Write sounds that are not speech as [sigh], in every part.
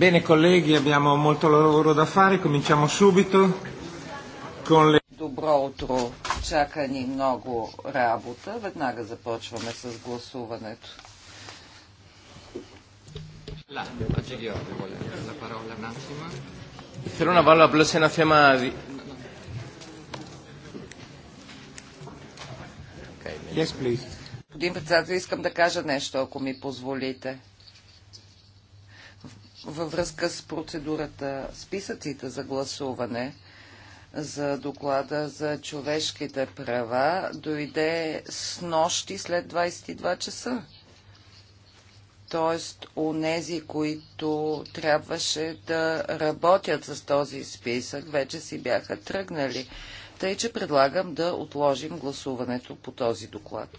Bene colleghi, abbiamo molto lavoro da fare, cominciamo subito con le... Добро утро! Чака ни много работа. Веднага започваме с гласуването. Господин председател, искам да кажа нещо, ако ми позволите във връзка с процедурата, списъците за гласуване за доклада за човешките права дойде с нощи след 22 часа. Тоест, онези, които трябваше да работят с този списък, вече си бяха тръгнали. Тъй, че предлагам да отложим гласуването по този доклад.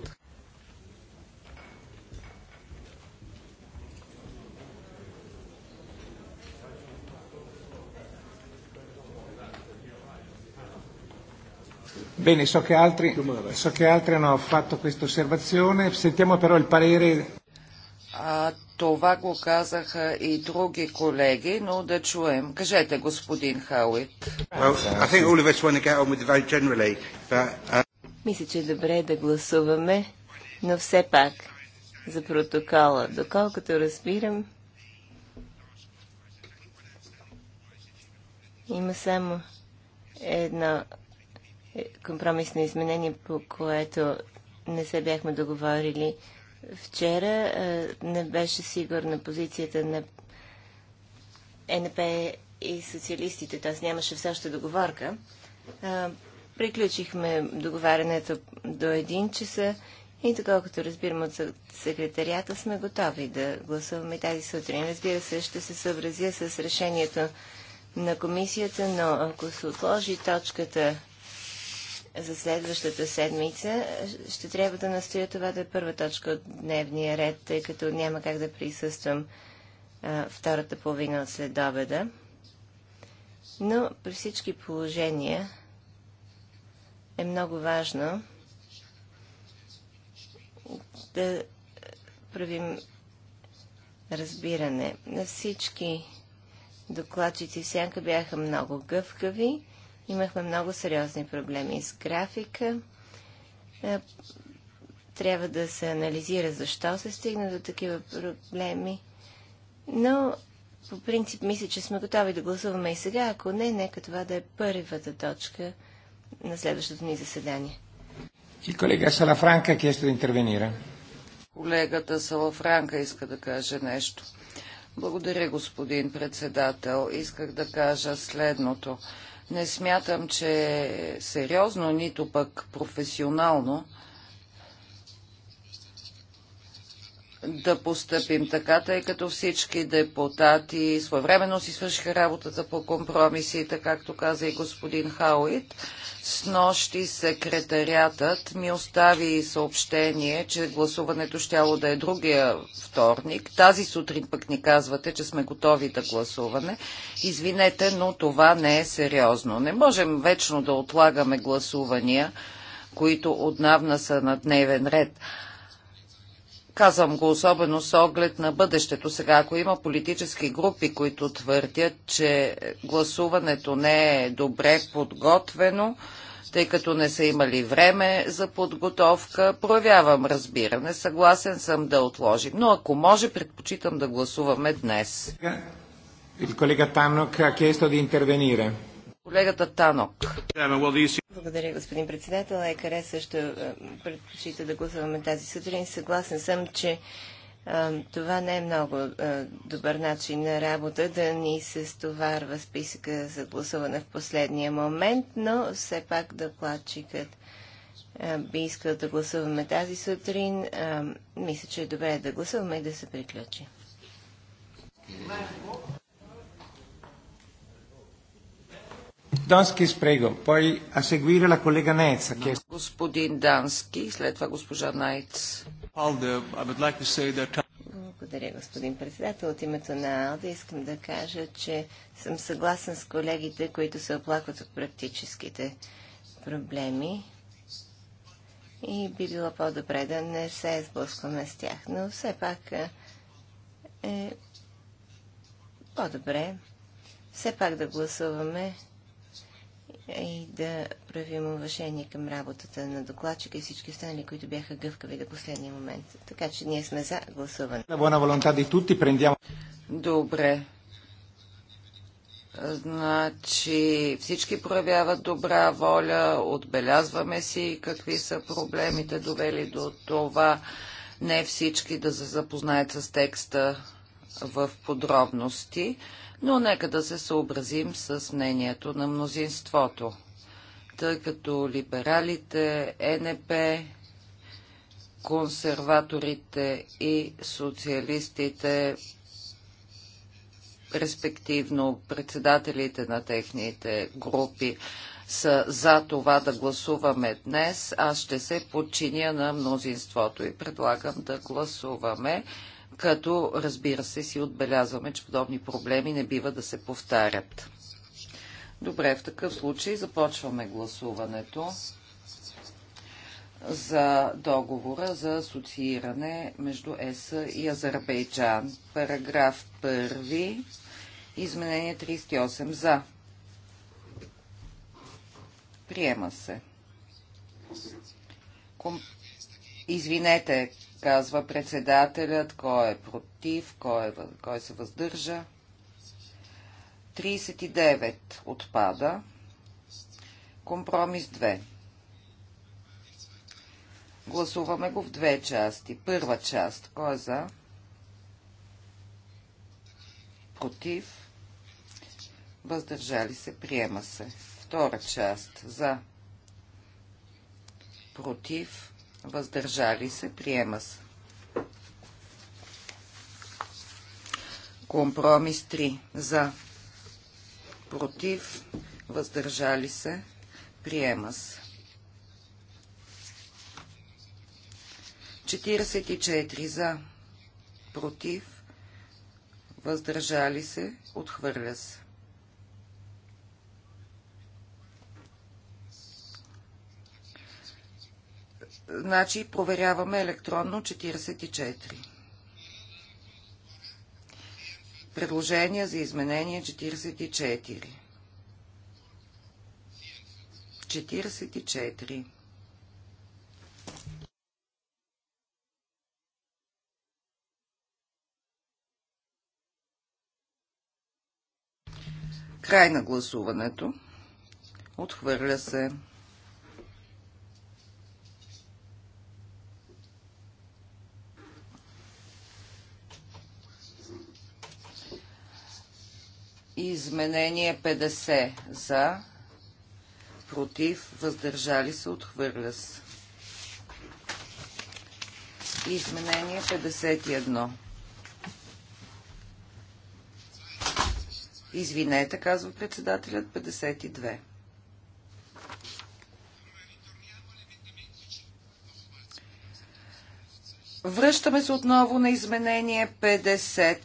Bene, so che, altri, so che altri hanno fatto questa osservazione. Sentiamo però il parere. А, това го казаха и други колеги, но да чуем. Кажете, господин Хауит. Well, uh... Мисля, че е добре да гласуваме, но все пак за протокола. Доколкото разбирам, има само едно компромисно изменение, по което не се бяхме договорили вчера. Е, не беше сигурна позицията на НП и социалистите, т.е. нямаше все още договорка. Е, приключихме договарянето до 1 часа и доколкото разбирам от секретарията, сме готови да гласуваме тази сутрин. Разбира се, ще се съобразя с решението на комисията, но ако се отложи точката за следващата седмица. Ще трябва да настоя това да е първа точка от дневния ред, тъй като няма как да присъствам а, втората половина от обеда. Но при всички положения е много важно да правим разбиране. На всички докладчици в сянка бяха много гъвкави Имахме много сериозни проблеми с графика. Е, трябва да се анализира защо се стигна до такива проблеми. Но по принцип мисля, че сме готови да гласуваме и сега. Ако не, нека това да е първата точка на следващото ни заседание. И колега Салафранка ще да интервенира. Колегата Салафранка иска да каже нещо. Благодаря, господин председател. Исках да кажа следното. Не смятам, че е сериозно, нито пък професионално да постъпим така, тъй като всички депутати своевременно си свършиха работата по компромисите, както каза и господин Хауит. С нощи секретариатът ми остави съобщение, че гласуването щяло да е другия вторник. Тази сутрин пък ни казвате, че сме готови да гласуваме. Извинете, но това не е сериозно. Не можем вечно да отлагаме гласувания, които отдавна са на дневен ред. Казвам го особено с оглед на бъдещето. Сега, ако има политически групи, които твърдят, че гласуването не е добре подготвено, тъй като не са имали време за подготовка, проявявам разбиране. Съгласен съм да отложим. Но ако може, предпочитам да гласуваме днес. Колега collega ha chiesto di intervenire. Колегата Танок. Благодаря, господин председател. ЕКР също е, предпочита да гласуваме тази сутрин. Съгласен съм, че е, това не е много е, добър начин на работа, да ни се стоварва списъка за гласуване в последния момент, но все пак плачи, като би искал да гласуваме тази сутрин. Мисля, че е добре да гласуваме и да се приключи. Дански прего. Пой а seguire la collega Нейц. Господин Дански, след това госпожа Найц. Благодаря, господин председател. От името на АЛДА искам да кажа, че съм съгласен с колегите, които се оплакват от практическите проблеми и би било по-добре да не се сблъскваме с тях. Но все пак е по-добре все пак да гласуваме е и да проявим уважение към работата на докладчика и всички останали, които бяха гъвкави до последния момент. Така че ние сме за гласуване. Добре. Значи всички проявяват добра воля, отбелязваме си какви са проблемите довели до това. Не всички да се запознаят с текста в подробности но нека да се съобразим с мнението на мнозинството, тъй като либералите, НП, консерваторите и социалистите, респективно председателите на техните групи, са за това да гласуваме днес, аз ще се подчиня на мнозинството и предлагам да гласуваме като разбира се си отбелязваме, че подобни проблеми не бива да се повтарят. Добре, в такъв случай започваме гласуването за договора за асоцииране между ЕС и Азербайджан. Параграф 1. Изменение 38 за. Приема се. Ком... Извинете, казва председателят, кой е против, кой, е, кой се въздържа. 39 отпада. Компромис 2. Гласуваме го в две части. Първа част. Кой е за? Против. Въздържали се. Приема се. Втора част. За. Против въздържали се, приема се. Компромис 3 за, против, въздържали се, приема се. 44 за, против, въздържали се, отхвърля се. Значи проверяваме електронно 44. Предложение за изменение 44. 44. Край на гласуването. Отхвърля се. Изменение 50 за, против, въздържали се, отхвърля се. Изменение 51. Извинете, казва председателят 52. Връщаме се отново на изменение 50.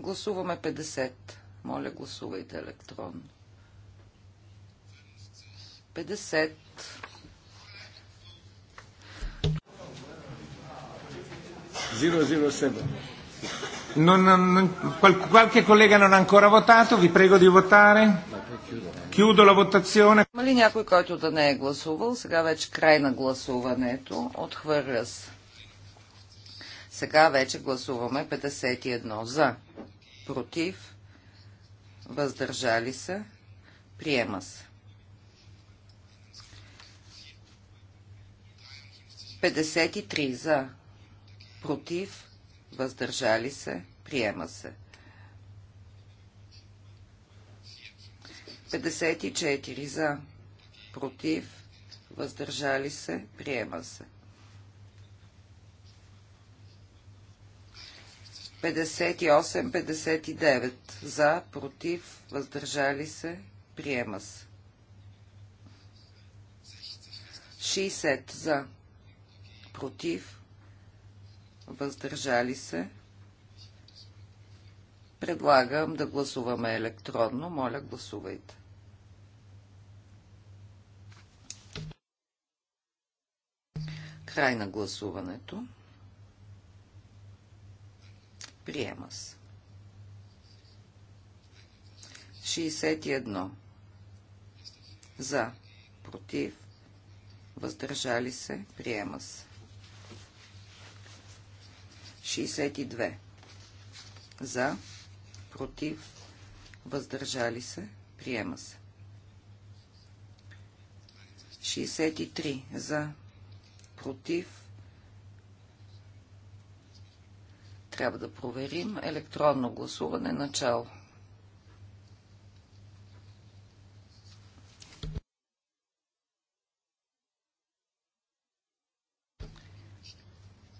Гласуваме 50. Моля, гласувайте електронно. 50. Non, Non, non, qual, qualche collega non ha ancora votato, vi prego di votare. Chiudo la votazione. Има ли някой, който да не е гласувал? Сега вече край на гласуването. Отхвърля се. Сега вече гласуваме 51 за против, въздържали се, приема се. 53 за, против, въздържали се, приема се. 54 за, против, въздържали се, приема се. 55 58-59 за, против, въздържали се, приема се. 60 за, против, въздържали се. Предлагам да гласуваме електронно. Моля, гласувайте. Край на гласуването. Приема се. 61. За. Против. Въздържали се. Приема се. 62. За. Против. Въздържали се. Приема се. 63. За. Против. трябва да проверим. Електронно гласуване начало.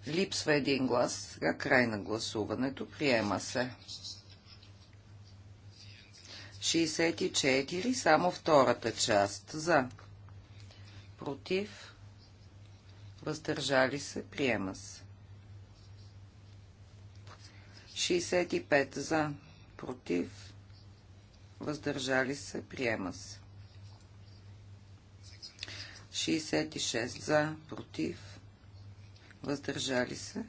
Липсва един глас. Сега край на гласуването. Приема се. 64, само втората част. За. Против. Въздържали се. Приема се. 65 за, против, въздържали се, приема се. 66 за, против, въздържали се,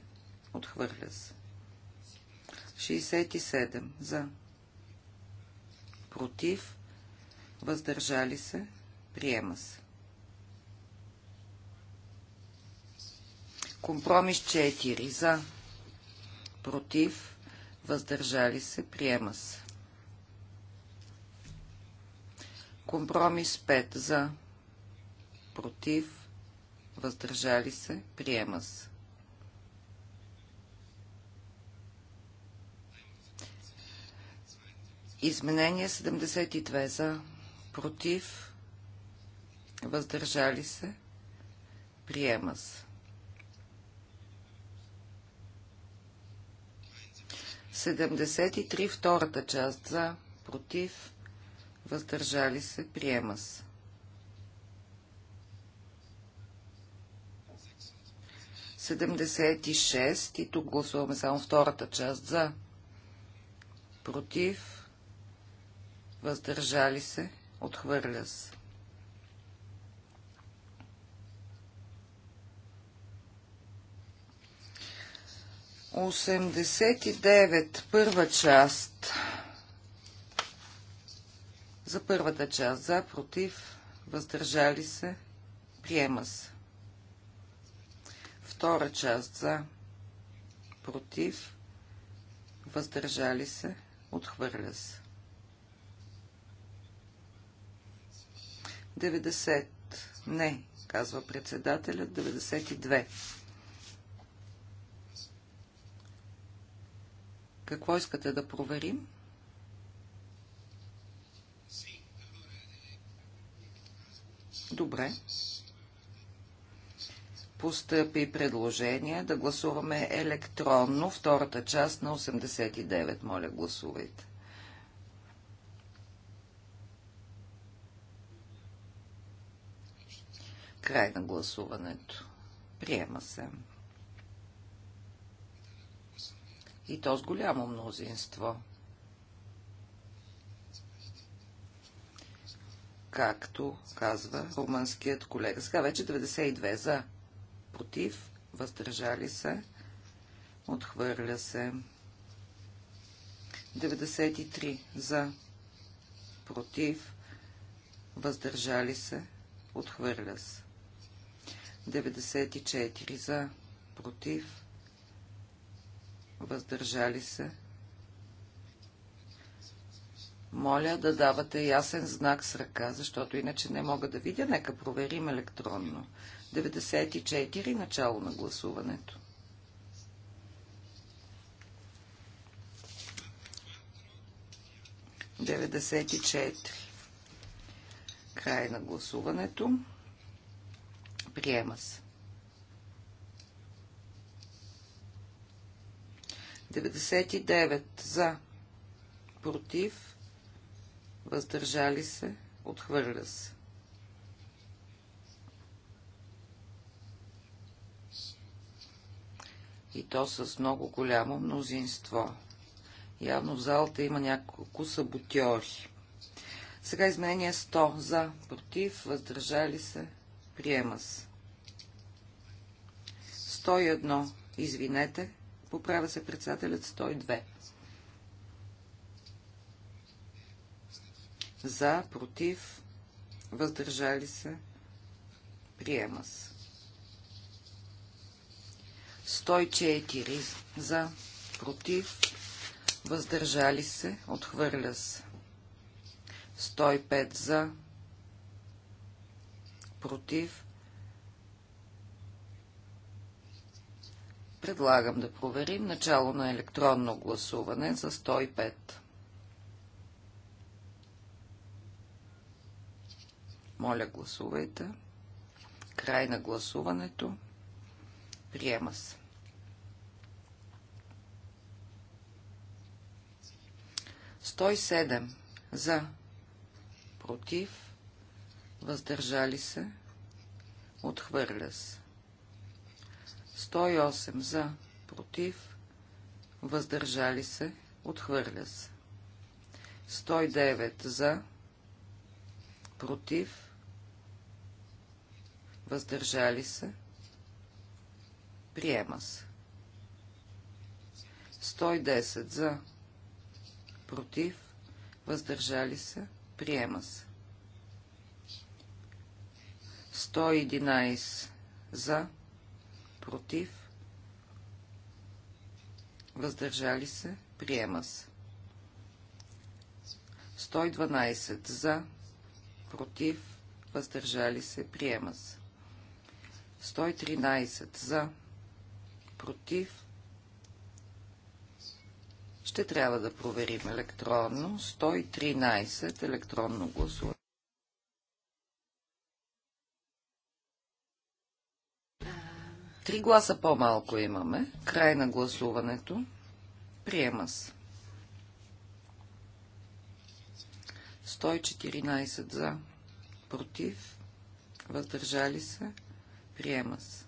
отхвърля се. 67 за, против, въздържали се, приема се. Компромис 4 за, против, въздържали се, приема се. Компромис 5 за, против, въздържали се, приема се. Изменение 72 за, против, въздържали се, приема се. 73, втората част за, против, въздържали се, приема се. 76 и тук гласуваме само втората част за, против, въздържали се, отхвърля се. 89, първа част. За първата част. За, против, въздържали се, приема се. Втора част. За, против, въздържали се, отхвърля се. 90. Не, казва председателят. 92. Какво искате да проверим? Добре. Постъпи предложение да гласуваме електронно втората част на 89. Моля, гласувайте. Край на гласуването. Приема се. и то с голямо мнозинство. Както казва румънският колега. Сега вече 92 за, против, въздържали се, отхвърля се. 93 за, против, въздържали се, отхвърля се. 94 за, против, въздържали се. Моля да давате ясен знак с ръка, защото иначе не мога да видя. Нека проверим електронно. 94 начало на гласуването. Край на гласуването. Приема се. 99 за, против, въздържали се, отхвърля се. И то с много голямо мнозинство. Явно в залата има няколко саботьори. Сега изменение 100 за, против, въздържали се, приема се. 101, извинете, Поправя се председателят 102. За, против, въздържали се, приема се. 104 за, против, въздържали се, отхвърля се. 105 за, против, Предлагам да проверим начало на електронно гласуване за 105. Моля, гласувайте. Край на гласуването. Приема се. Стой седем. За. Против. Въздържали се. Отхвърля се. 108 за, против, въздържали се, отхвърля се. 109 за, против, въздържали се, приема се. 110 за, против, въздържали се, приема се. 111 за, против, против, въздържали се, приема се. 112 за, против, въздържали се, приема се. 113 за, против. Ще трябва да проверим електронно. 113 електронно гласуване. Три гласа по-малко имаме. Край на гласуването. Приема се. 114 за. Против. Въздържали се. Приема се.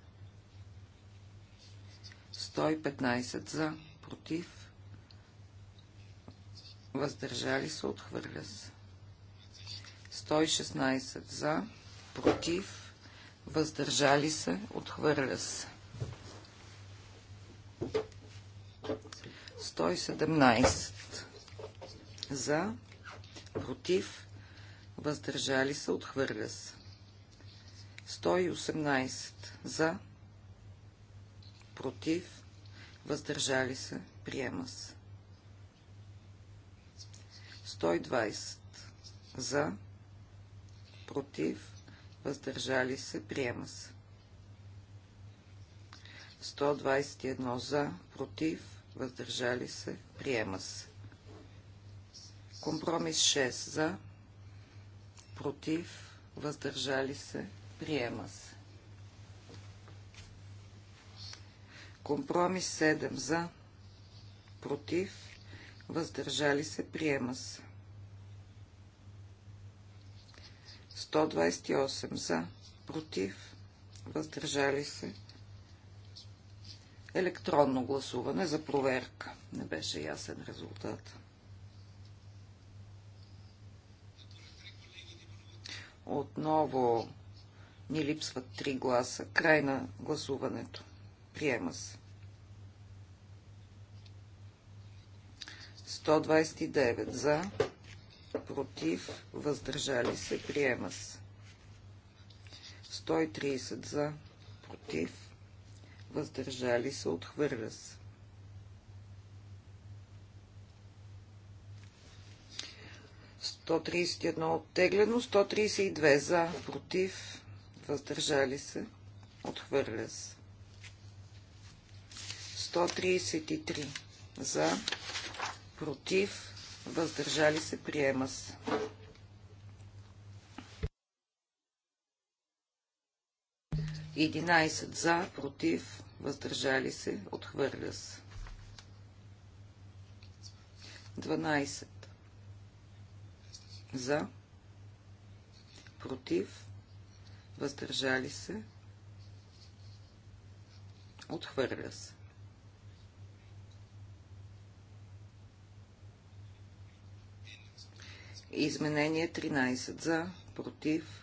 115 за. Против. Въздържали се. Отхвърля се. 116 за. Против. Въздържали се. Отхвърля се. 117 за, против, въздържали се, отхвърля се. 118 за, против, въздържали се, приема се. 120 за, против, въздържали се, приема се. 121 за, против, въздържали се, приема се. Компромис 6 за, против, въздържали се, приема се. Компромис 7 за, против, въздържали се, приема се. 128 за, против, въздържали се, електронно гласуване за проверка. Не беше ясен резултат. Отново ни липсват три гласа. Край на гласуването. Приема се. 129 за, против, въздържали се, приема се. 130 за, против, въздържали се, отхвърля се. едно оттеглено, 132 за, против, въздържали се, отхвърля се. 133 за, против, въздържали се, приема се. 11 за, против, въздържали се, отхвърля се. 12 за, против, въздържали се, отхвърля се. Изменение 13 за, против,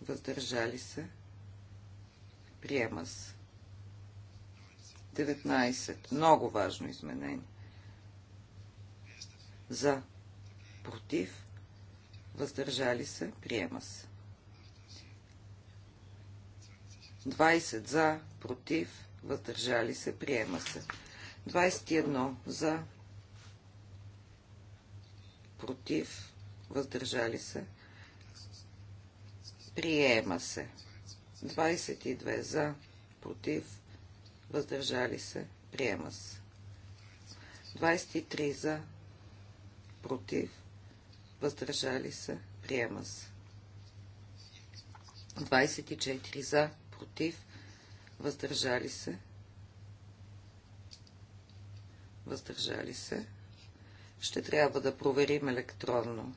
въздържали се, приема се. 19. Много важно изменение. За, против, въздържали се, приема се. 20 за, против, въздържали се, приема се. 21 за, против, въздържали се, Приема се. 22 за, против, въздържали се, приема се. 23 за, против, въздържали се, приема се. 24 за, против, въздържали се, въздържали се. Ще трябва да проверим електронно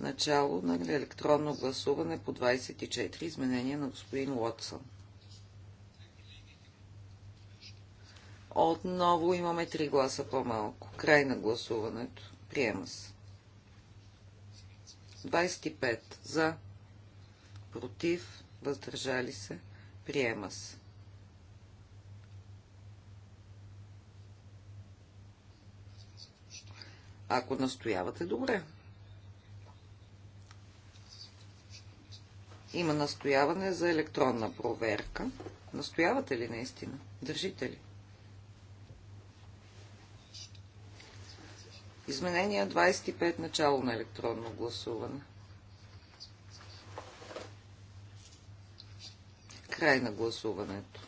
начало на електронно гласуване по 24 изменения на господин Уотсън. Отново имаме 3 гласа по-малко. Край на гласуването. Приема се. 25 за, против, въздържали се, приема се. Ако настоявате, добре. Има настояване за електронна проверка. Настоявате ли наистина? Държите ли? Изменение 25. Начало на електронно гласуване. Край на гласуването.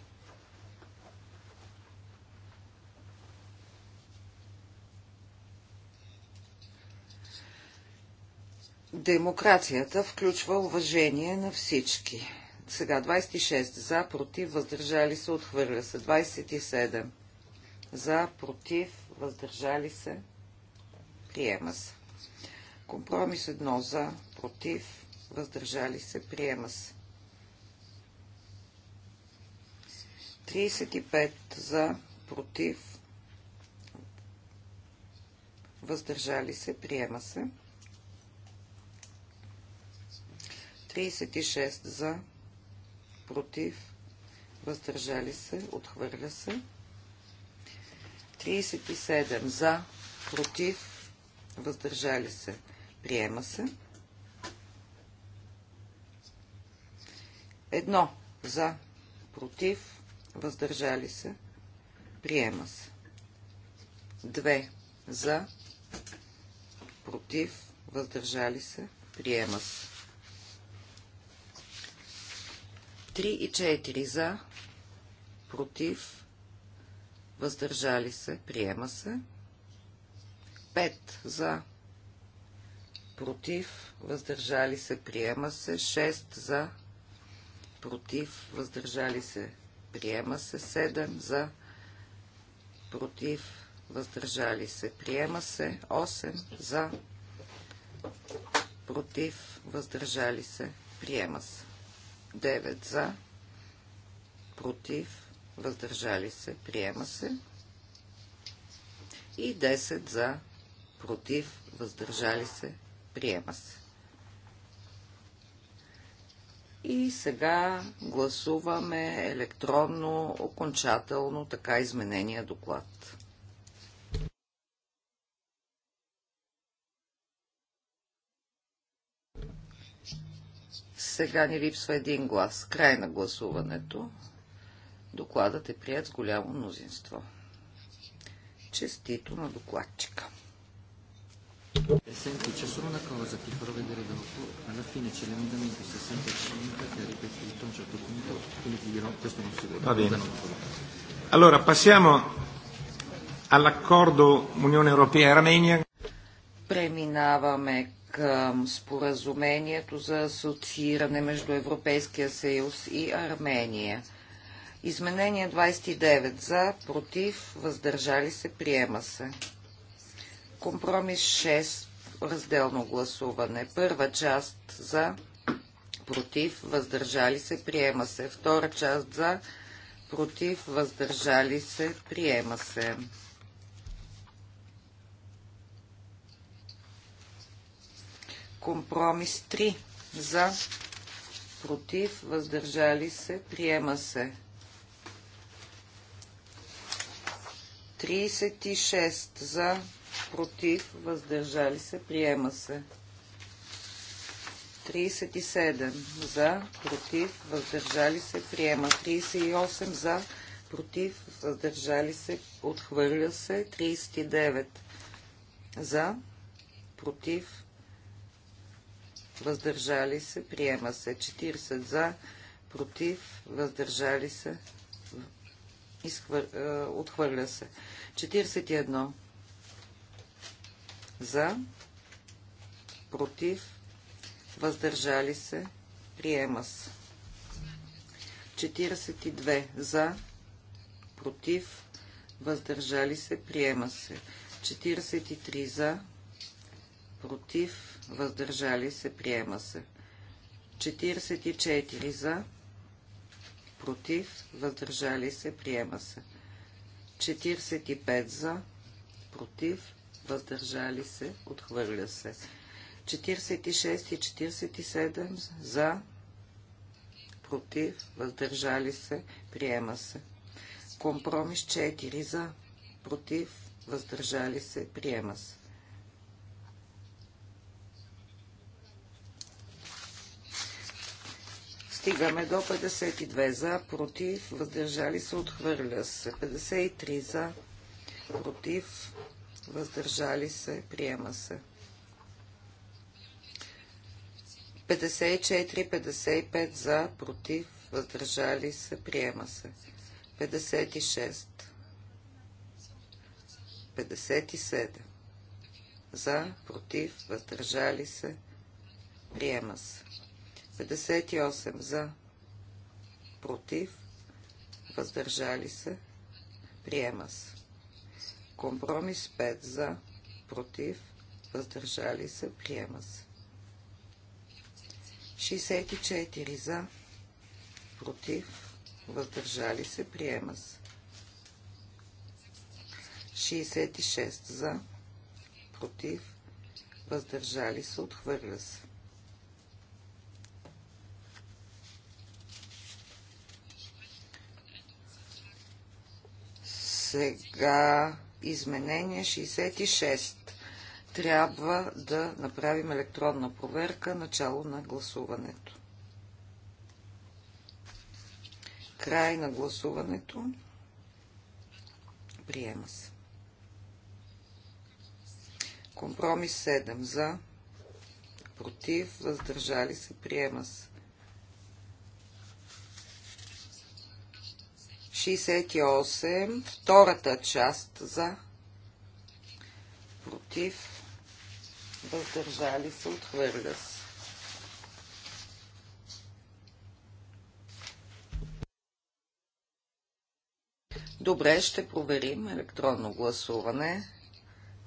Демокрацията включва уважение на всички. Сега 26 за, против, въздържали се, отхвърля се. 27 за, против, въздържали се, приема се. Компромис 1 за, против, въздържали се, приема се. 35 за, против, въздържали се, приема се. 36 за, против, въздържали се, отхвърля се. 37 за, против, въздържали се, приема се. Едно за, против, въздържали се, приема се. 2 за, против, въздържали се, приема се. 3 и 4 за, против, въздържали се, приема се. 5 за, против, въздържали се, приема се. 6 за, против, въздържали се, приема се. 7 за, против, въздържали се, приема се. 8 за, против, въздържали се, приема се. 9 за, против, въздържали се, приема се. И 10 за, против, въздържали се, приема се. И сега гласуваме електронно, окончателно, така изменения доклад. сега ни липсва един глас. Край на гласуването. Докладът е прият с голямо мнозинство. Честито на докладчика. Есенко, часово на кого за пифоро да вопу, а на фине че лемин да ми се сен печенинка, те репети и тонча тукунито, или ти дирам, тесто му се Va bene. Allora, passiamo all'accordo Unione Europea-Armenia. Преминаваме към споразумението за асоцииране между Европейския съюз и Армения. Изменение 29 за, против, въздържали се, приема се. Компромис 6, разделно гласуване. Първа част за, против, въздържали се, приема се. Втора част за, против, въздържали се, приема се. Компромис 3 за, против, въздържали се, приема се. 36 за, против, въздържали се, приема се. 37 за, против, въздържали се, приема. 38 за, против, въздържали се, отхвърля се. 39 за, против, въздържали се, приема се. 40 за, против, въздържали се, изхвър... Е, отхвърля се. 41 за, против, въздържали се, приема се. 42 за, против, въздържали се, приема се. 43 за, против, въздържали се, приема се. 44 за, против, въздържали се, приема се. 45 за, против, въздържали се, отхвърля се. 46 и 47 за, против, въздържали се, приема се. Компромис 4 за, против, въздържали се, приема се. Стигаме до 52 за, против, въздържали се, отхвърля се. 53 за, против, въздържали се, приема се. 54, 55 за, против, въздържали се, приема се. 56, 57 за, против, въздържали се, приема се. 58 за, против, въздържали се, приема се. Компромис 5 за, против, въздържали се, приема се. 64 за, против, въздържали се, приема се. 66 за, против, въздържали се, отхвърля се. Сега изменение 66. Трябва да направим електронна проверка, начало на гласуването. Край на гласуването. Приема се. Компромис 7 за, против, въздържали се, приема се. 68, втората част за, против, въздържали се, отхвърля се. Добре, ще проверим електронно гласуване,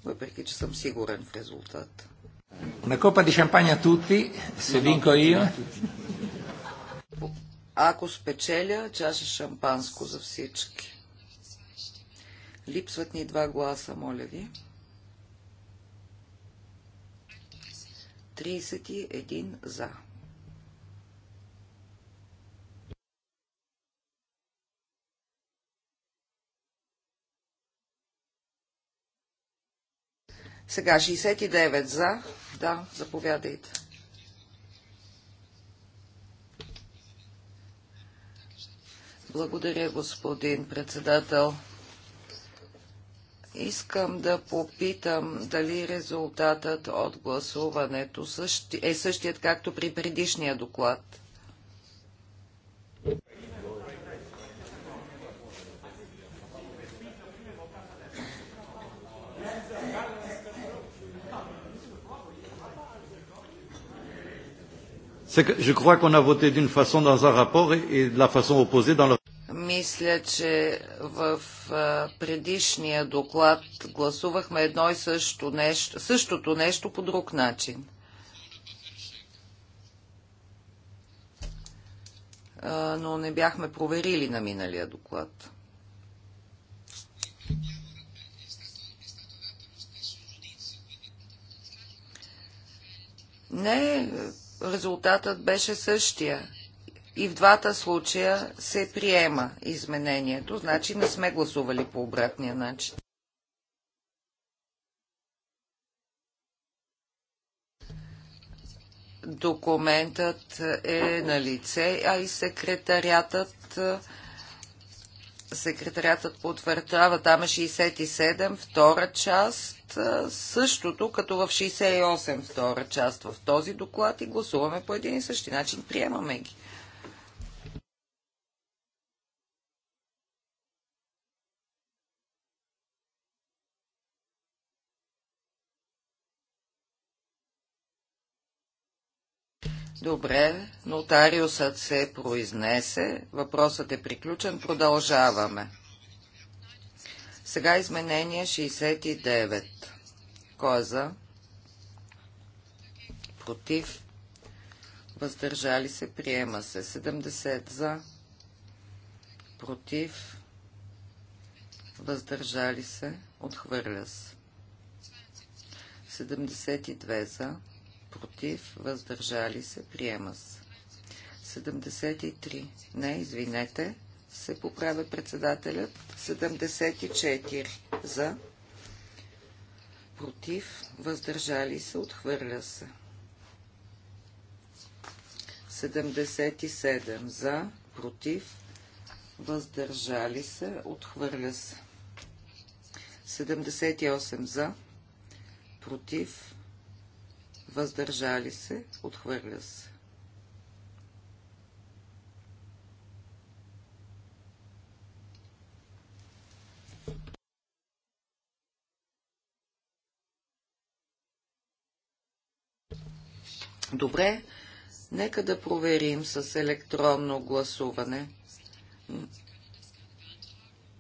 въпреки че съм сигурен в резултата. Una coppa di champagne a tutti, se vinco io. Ако спечеля, чаша шампанско за всички. Липсват ни два гласа, моля ви. 31 за. Сега 69 за. Да, заповядайте. Благодаря, господин председател. Искам да попитам дали резултатът от гласуването е същият както при предишния доклад. Je crois qu'on a voté d'une façon dans un rapport et, et de la façon opposée dans le мисля, че в предишния доклад гласувахме едно и също нещо, същото нещо по друг начин. Но не бяхме проверили на миналия доклад. Не, резултатът беше същия. И в двата случая се приема изменението, значи не сме гласували по обратния начин. Документът е на лице, а и секретарятът секретарятът потвърждава, там е 67, втора част, същото като в 68, втора част в този доклад и гласуваме по един и същи начин, приемаме ги. Добре, нотариусът се произнесе, въпросът е приключен, продължаваме. Сега изменение 69. Кой е за? Против? Въздържали се? Приема се. 70 за? Против? Въздържали се? Отхвърля се. 72 за? против, въздържали се, приема се. 73. Не, извинете, се поправя председателят. 74. За, против, въздържали се, отхвърля се. 77. За, против, въздържали се, отхвърля се. 78. За, против, въздържали се, отхвърля се. Добре, нека да проверим с електронно гласуване.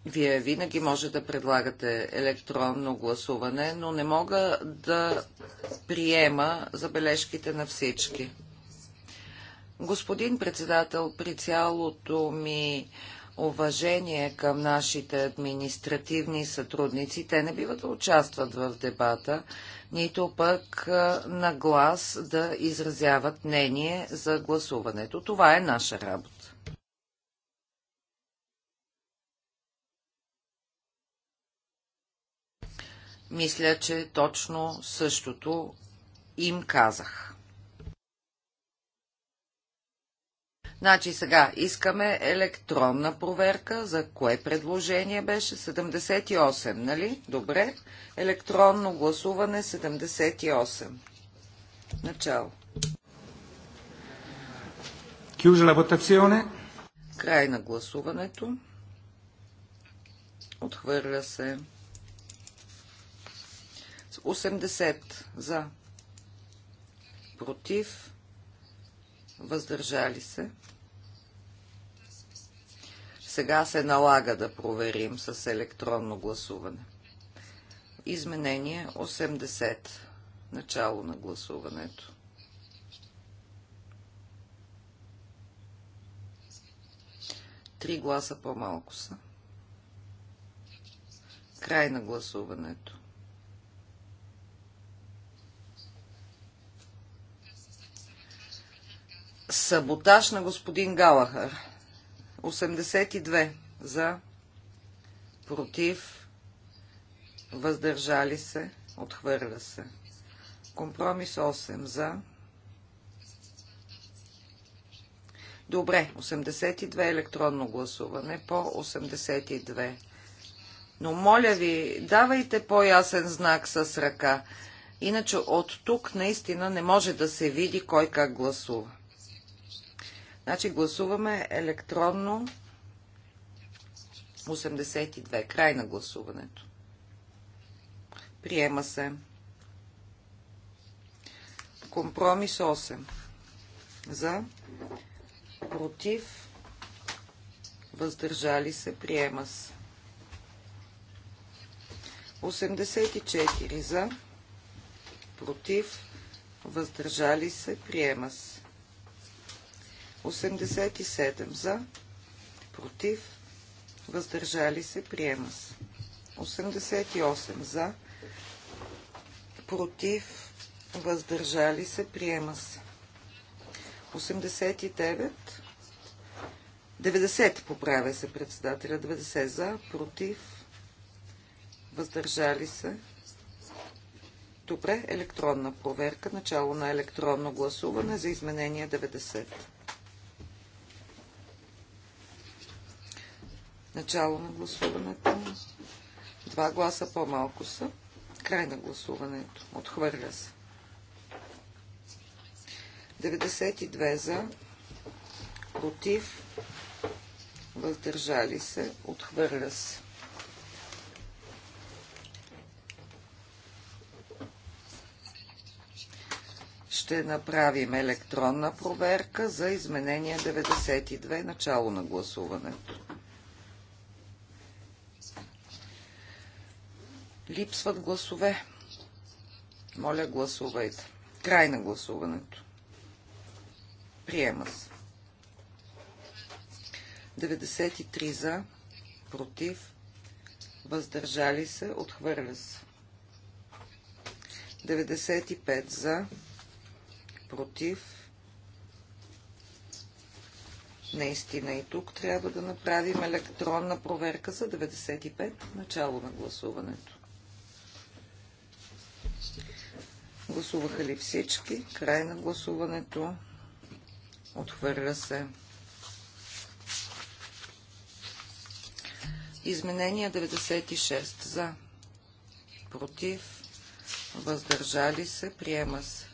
Вие винаги може да предлагате електронно гласуване, но не мога да приема забележките на всички. Господин председател, при цялото ми уважение към нашите административни сътрудници, те не биват да участват в дебата, нито пък на глас да изразяват мнение за гласуването. Това е наша работа. Мисля, че точно същото им казах. Значи сега искаме електронна проверка, за кое предложение беше 78, нали? Добре. Електронно гласуване 78. Начало. Chiusa la votazione. Край на гласуването. Отхвърля се. 80 за. Против. Въздържали се. Сега се налага да проверим с електронно гласуване. Изменение 80. Начало на гласуването. Три гласа по-малко са. Край на гласуването. Саботаж на господин Галахър. 82 за, против, въздържали се, отхвърля се. Компромис 8 за. Добре, 82 електронно гласуване по 82. Но моля ви, давайте по-ясен знак с ръка. Иначе от тук наистина не може да се види кой как гласува. Значи гласуваме електронно 82. Край на гласуването. Приема се. Компромис 8. За. Против. Въздържали се. Приема се. 84. За. Против. Въздържали се. Приема се. 87 за, против, въздържали се, приема се. 88 за, против, въздържали се, приема се. 89, 90 поправя се председателя, 90 за, против, въздържали се. Добре, електронна проверка, начало на електронно гласуване за изменение 90. Начало на гласуването. Два гласа по-малко са. Край на гласуването. Отхвърля се. 92 за. Против. Въздържали се. Отхвърля се. ще направим електронна проверка за изменение 92, начало на гласуването. Липсват гласове. Моля, гласувайте. Край на гласуването. Приема се. 93 за, против, въздържали се, отхвърля се. 95 за, против. Наистина и тук трябва да направим електронна проверка за 95, начало на гласуването. Гласуваха ли всички? Край на гласуването. Отхвърля се. Изменение 96. За. Против. Въздържали се. Приема се.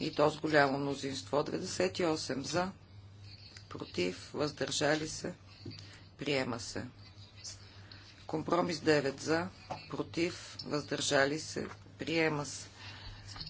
И то с голямо мнозинство. 98. За. Против. Въздържали се. Приема се. Компромис 9. За. Против. Въздържали се. Приема се.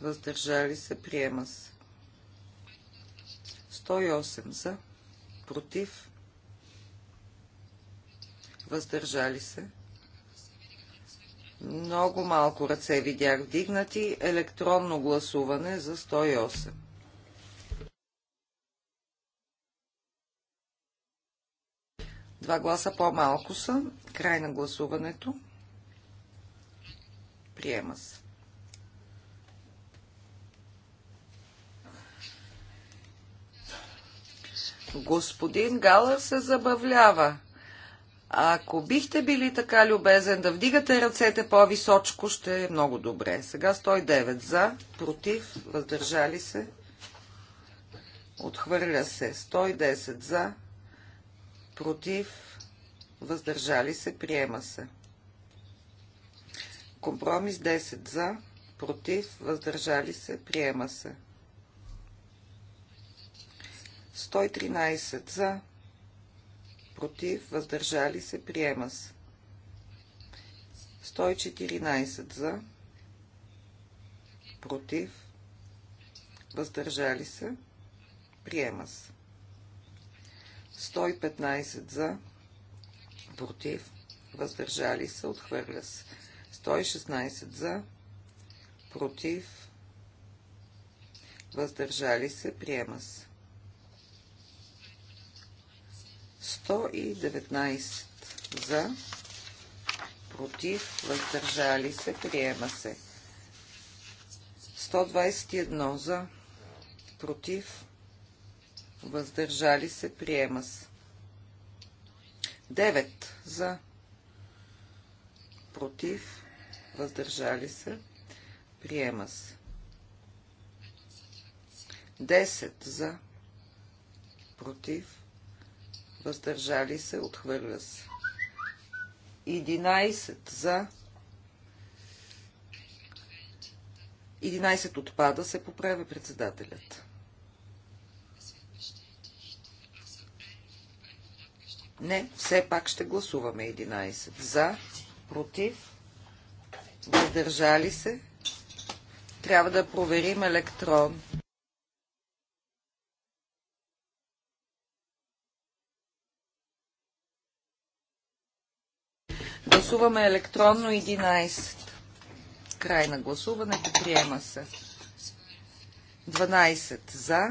въздържали се, приема се. 108 за, против, въздържали се. Много малко ръце видях вдигнати. Електронно гласуване за 108. Два гласа по-малко са. Край на гласуването. Приема се. Господин Галър се забавлява. Ако бихте били така любезен да вдигате ръцете по-височко, ще е много добре. Сега 109 за, против, въздържали се. Отхвърля се 110 за, против, въздържали се, приема се. Компромис 10 за, против, въздържали се, приема се. 113 за, против, въздържали се, приема се. 114 за, против, въздържали се, приема се. 115 за, против, въздържали се, отхвърля се. 116 за, против, въздържали се, приема се. 119 за, против, въздържали се, приема се. 121 за, против, въздържали се, приема се. 9 за, против, въздържали се, приема се. 10 за, против, въздържали се, отхвърля се. 11 за, 11 отпада, се поправя председателят. Не, все пак ще гласуваме 11. За, против, въздържали се. Трябва да проверим електрон. Гласуваме електронно 11. Край на гласуването. Приема се. 12 за.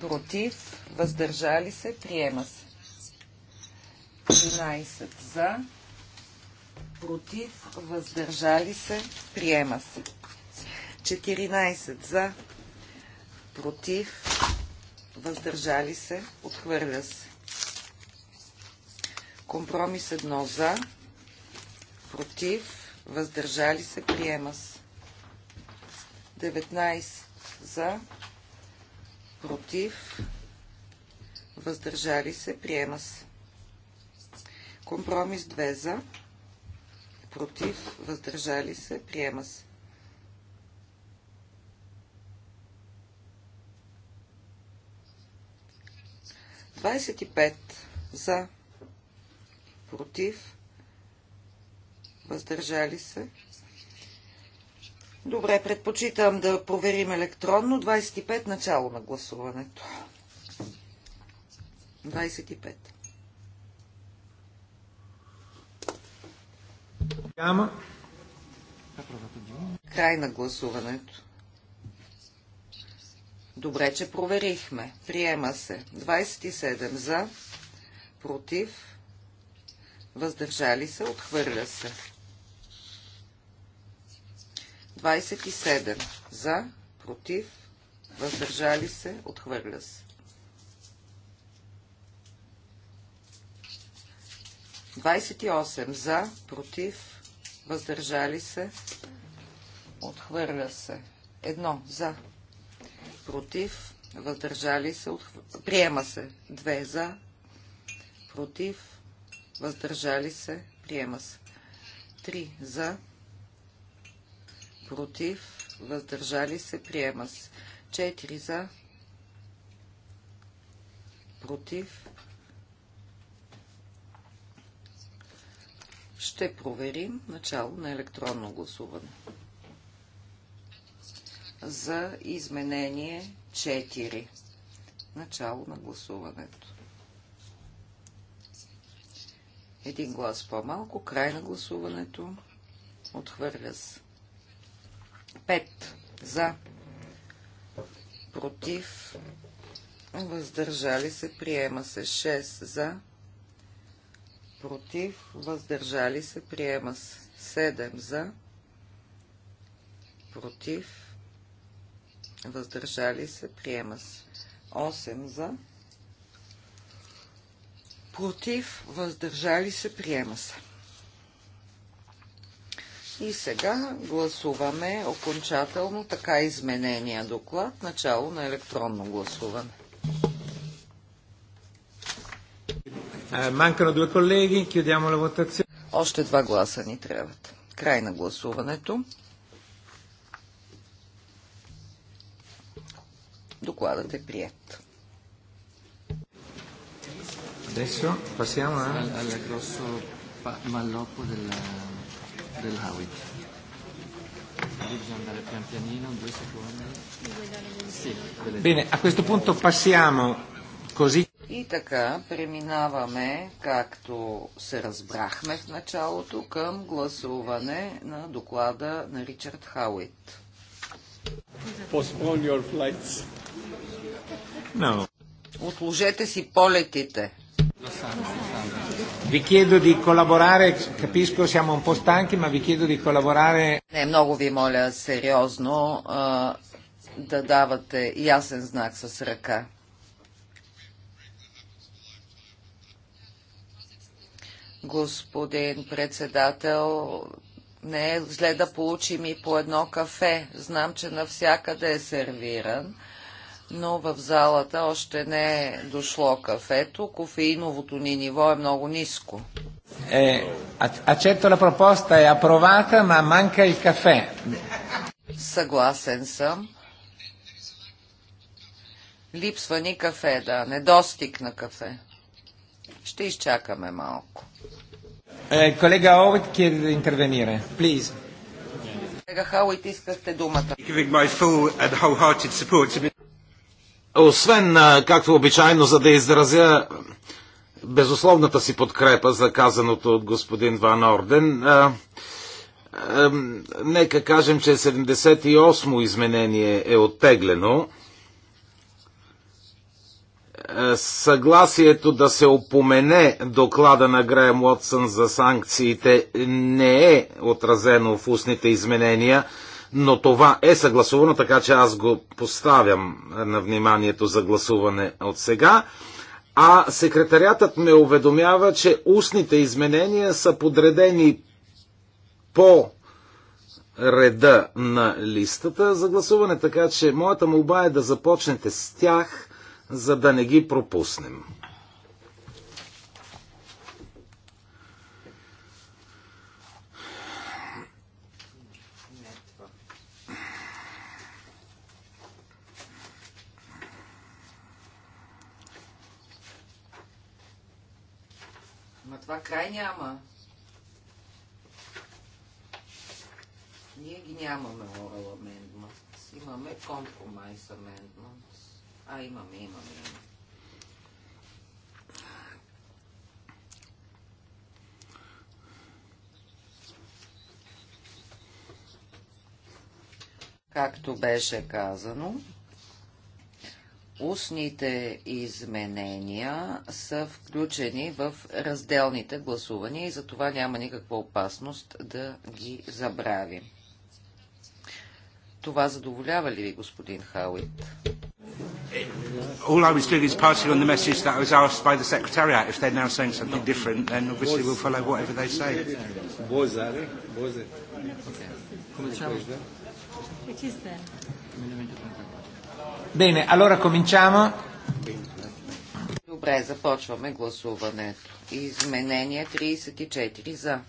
Против. Въздържали се. Приема се. 13 за. Против. Въздържали се. Приема се. 14 за. Против. Въздържали се. Отхвърля се. Компромис 1 за, против, въздържали се, приема се. 19 за, против, въздържали се, приема се. Компромис 2 за, против, въздържали се, приема се. Двадесет и пет за против, въздържали се. Добре, предпочитам да проверим електронно. 25 начало на гласуването. 25. Няма. Край на гласуването. Добре, че проверихме. Приема се. 27 за, против, въздържали се, отхвърля се. 27 за, против, въздържали се, отхвърля се. 28 за, против, въздържали се, отхвърля се. Едно за, против, въздържали се, отхвърля. приема се. Две за, против, въздържали се, приема се. 3 за, против, въздържали се, приема се. 4 за, против. Ще проверим начало на електронно гласуване. За изменение 4. Начало на гласуването. Един глас по-малко. Край на гласуването. Отхвърля се. 5 за. Против. Въздържали се. Приема се. 6 за. Против. Въздържали се. Приема се. 7 за. Против. Въздържали се. Приема се. 8 за против, въздържали се, приема се. И сега гласуваме окончателно така изменения доклад, начало на електронно гласуване. на две колеги, кидямо ли votazione. Още два гласа ни трябват. Край на гласуването. Докладът е прият. Adesso passiamo a... al, al grosso malloppo del, del Howitt. pian pianino, due Sì, Bene, a questo punto passiamo così. И така преминаваме, както се разбрахме в началото, към гласуване на доклада на Ричард Хауит. Postpone your flights. No. Отложете си полетите. Vi chiedo di collaborare, capisco siamo un po' stanchi, ma vi chiedo di collaborare. Не, много ви моля сериозно а, да давате ясен знак с ръка. Господин председател, не е зле да получим и по едно кафе. Знам, че навсякъде е сервиран но в залата още не е дошло кафето. Кофеиновото ни ниво е много ниско. Е, accetto la proposta è approvata, ma manca il caffè. Съгласен съм. Липсва ни кафе, да. Недостиг на кафе. Ще изчакаме малко. Е, колега Овид ке да интервенира. Please. Колега Хауит, искахте думата. Освен, както обичайно, за да изразя безусловната си подкрепа за казаното от господин Ван Орден, нека кажем, че 78-о изменение е оттеглено. Съгласието да се опомене доклада на Греем Уотсън за санкциите не е отразено в устните изменения – но това е съгласувано, така че аз го поставям на вниманието за гласуване от сега. А секретариатът ме уведомява, че устните изменения са подредени по реда на листата за гласуване, така че моята молба е да започнете с тях, за да не ги пропуснем. това край няма. Ние ги нямаме oral amendments. Имаме compromise amendments. А, имаме, имаме, имаме. Както беше казано, Устните изменения са включени в разделните гласувания и за това няма никаква опасност да ги забравим. Това задоволява ли ви, господин Хауит? All I was doing is passing on the message that I was asked by the Secretariat. If they're now saying something different, then obviously we'll follow whatever they say. Okay. It is there. Bene, allora cominciamo. Добре, започваме гласуването. Изменение 34 за.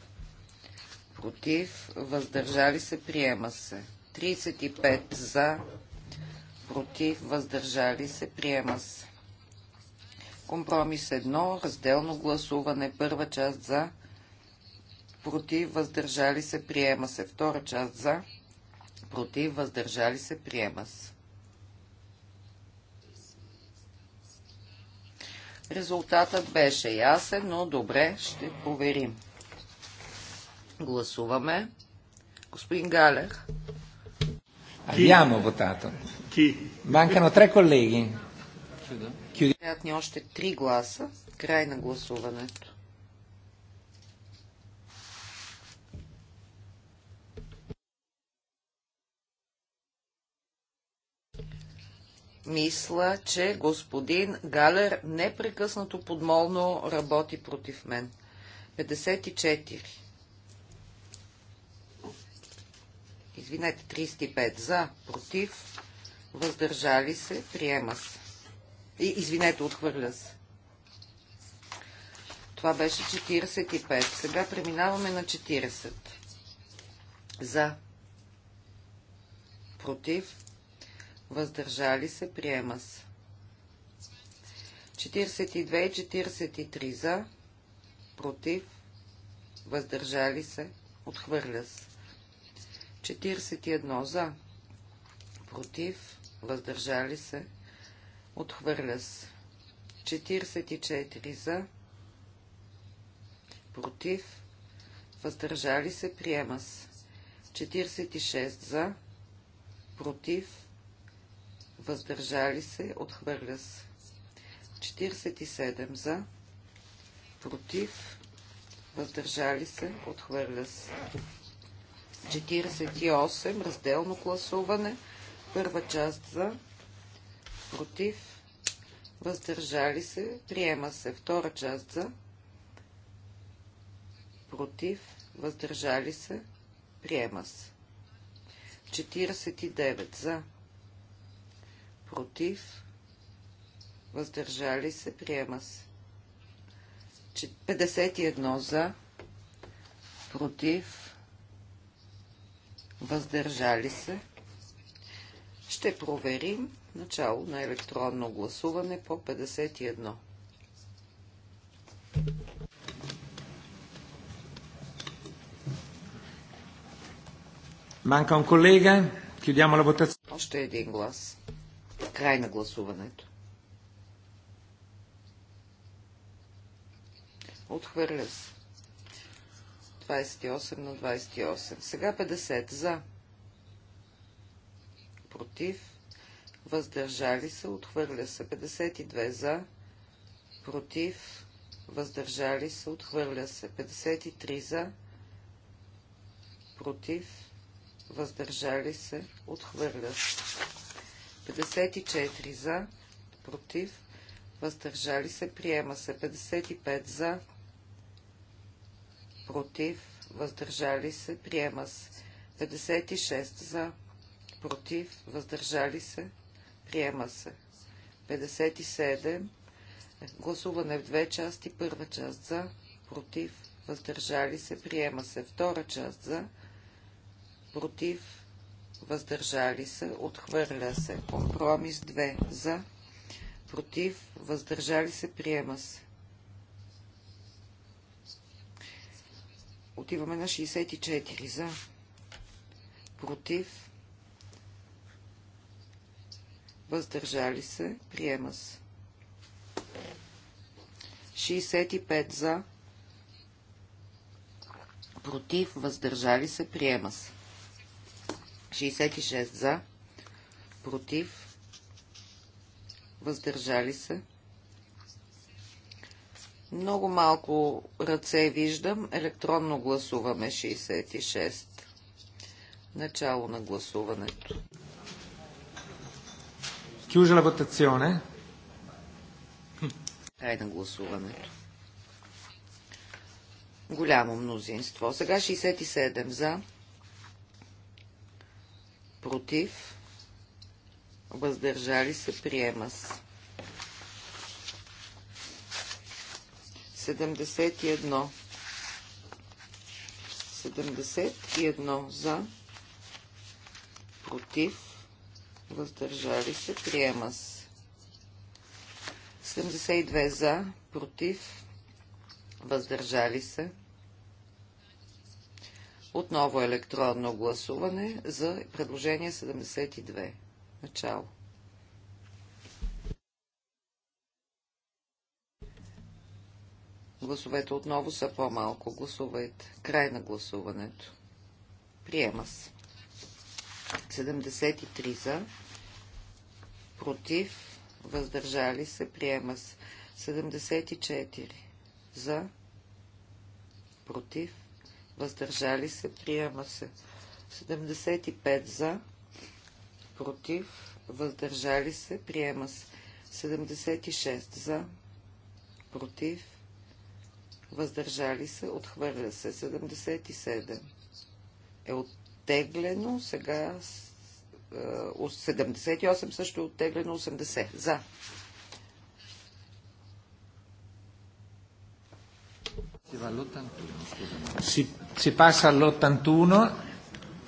Против, въздържали се, приема се. 35 за. Против, въздържали се, приема се. Компромис 1, разделно гласуване, първа част за. Против, въздържали се, приема се. Втора част за. Против, въздържали се, приема се. Резултатът беше ясен, но добре, ще проверим. Гласуваме. Господин Галер. Abbiamo votato. Mancano tre colleghi. Трябват ни още три гласа. Край на гласуването. Мисля, че господин Галер непрекъснато подмолно работи против мен. 54. Извинете, 35. За, против, въздържали се, приема се. И, извинете, отхвърля се. Това беше 45. Сега преминаваме на 40. За, против, въздържали се, приема се. 42 и 43 за, против, въздържали се, отхвърля се. 41 за, против, въздържали се, отхвърля се. 44 за, против, въздържали се, приема с 46 за, против, въздържали се, отхвърля се. 47 за, против, въздържали се, отхвърля се. 48, разделно класуване. първа част за, против, въздържали се, приема се, втора част за, против, въздържали се, приема се. 49 за, против, въздържали се, приема се. 51 за, против, въздържали се. Ще проверим начало на електронно гласуване по 51. Manca un collega. Chiudiamo la votazione. Още един глас. Край на гласуването. Отхвърля се. 28 на 28. Сега 50 за. Против. Въздържали се. Отхвърля се. 52 за. Против. Въздържали се. Отхвърля се. 53 за. Против. Въздържали се. Отхвърля се. 54 за, против, въздържали се, приема се 55 за, против, въздържали се, приема се 56 за, против, въздържали се, приема се 57. Гласуване в две части. Първа част за, против, въздържали се, приема се. Втора част за, против, въздържали се, отхвърля се. Компромис 2 за, против, въздържали се, приема се. Отиваме на 64 за, против, въздържали се, приема се. 65 за, против, въздържали се, приема се. 66 за, против, въздържали се. Много малко ръце виждам. Електронно гласуваме 66. Начало на гласуването. Chiusa la votazione. Край на гласуването. Голямо мнозинство. Сега 67 за, против, въздържали се, приема се. 71. 71 за, против, въздържали се, приема се. 72 за, против, въздържали се, отново електронно гласуване за предложение 72. Начало. Гласовете отново са по-малко. Гласувайте. Край на гласуването. Приема се. 73 за. Против. Въздържали се. Приема се. 74 за. Против въздържали се, приема се. 75 за, против, въздържали се, приема се. 76 за, против, въздържали се, отхвърля се. 77 е оттеглено, сега 78 е, също е оттеглено, 80 за, Si, si passa all'81.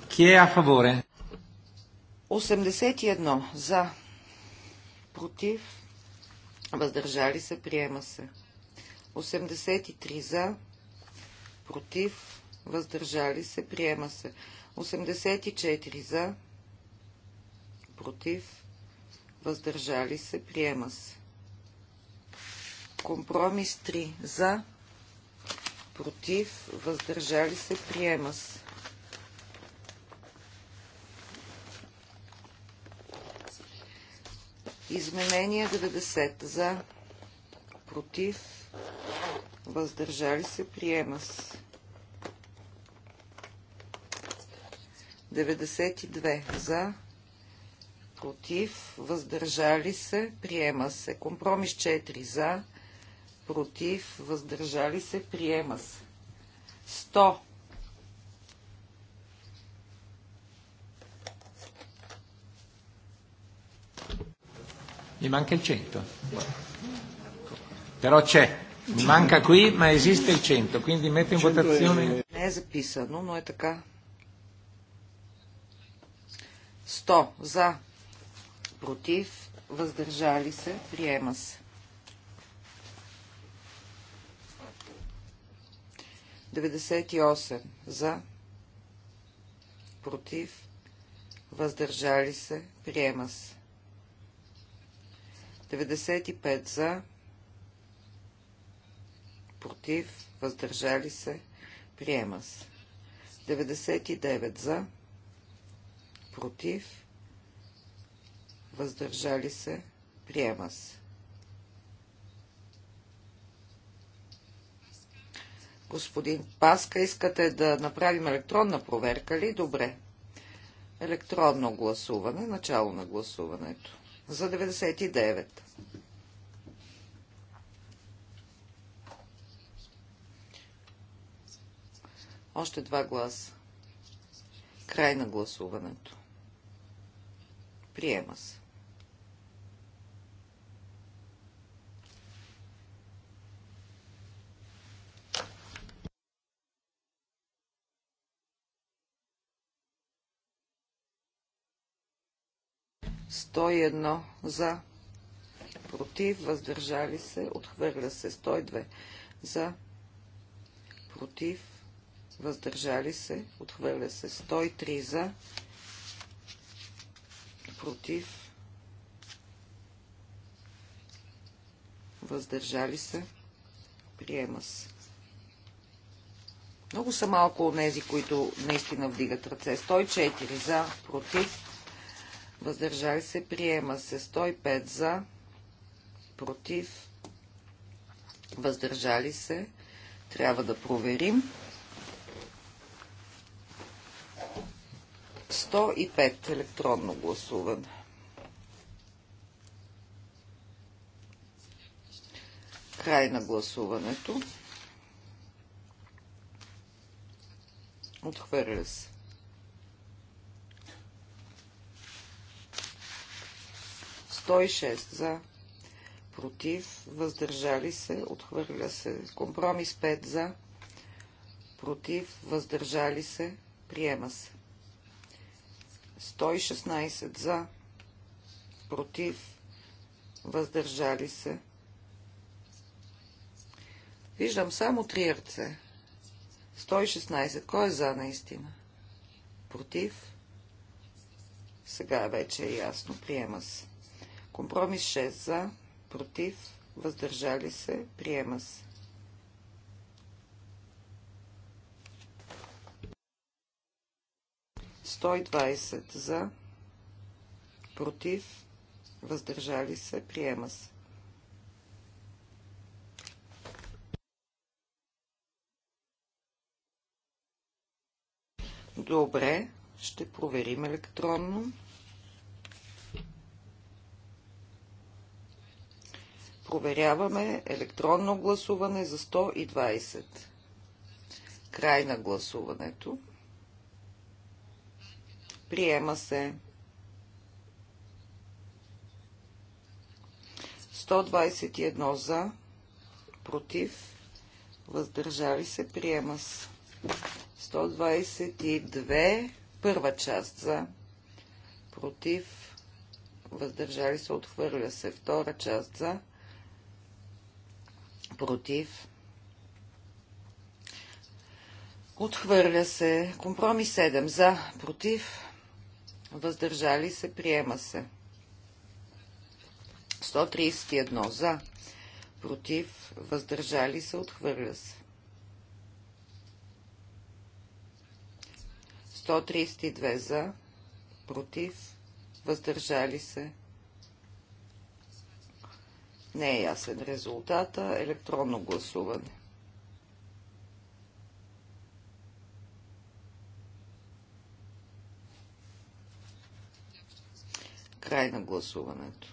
Chi è a favore? 81 за. Против. Въздържали се. Приема се. 83 за. Против. Въздържали се. Приема се. 84 за. Против. Въздържали се. Приема се. Компромис 3 за против, въздържали се, приема се. Изменение 90 за против, въздържали се, приема се. 92 за против, въздържали се, приема се. Компромис 4 за против, въздържали се, приема се. 100. Mi manca il 100. Però c'è. Mi manca qui, ma esiste il 100, quindi metto in votazione. Не е записано, но е така. 100 за, против, въздържали се, приема се. 98 за, против, въздържали се, приема се. 95 за, против, въздържали се, приема се. 99 за, против, въздържали се, приема се. Господин Паска, искате да направим електронна проверка ли? Добре. Електронно гласуване, начало на гласуването. За 99. Още два гласа. Край на гласуването. Приема се. 101 за, против, въздържали се, отхвърля се. 102 за, против, въздържали се, отхвърля се. 103 за, против, въздържали се, приема се. Много са малко от тези, които наистина вдигат ръце. 104 за, против, въздържали се, приема се 105 за, против, въздържали се, трябва да проверим. 105 електронно гласуване. Край на гласуването. Отхвърля се. 106 за, против, въздържали се, отхвърля се. Компромис 5 за, против, въздържали се, приема се. 116 за, против, въздържали се. Виждам само три ръце. 116. Кой е за наистина? Против? Сега вече е ясно. Приема се. Компромис 6 за, против, въздържали се, приема се. 20 за, против, въздържали се, приема се. Добре, ще проверим електронно. Проверяваме електронно гласуване за 120. Край на гласуването. Приема се. 121 за, против, въздържали се, приема се. 122, първа част за, против, въздържали се, отхвърля се, втора част за, против, отхвърля се. Компромис 7 за, против, въздържали се, приема се. 131 за, против, въздържали се, отхвърля се. 132 за, против, въздържали се, не е ясен резултата. Електронно гласуване. Край на гласуването.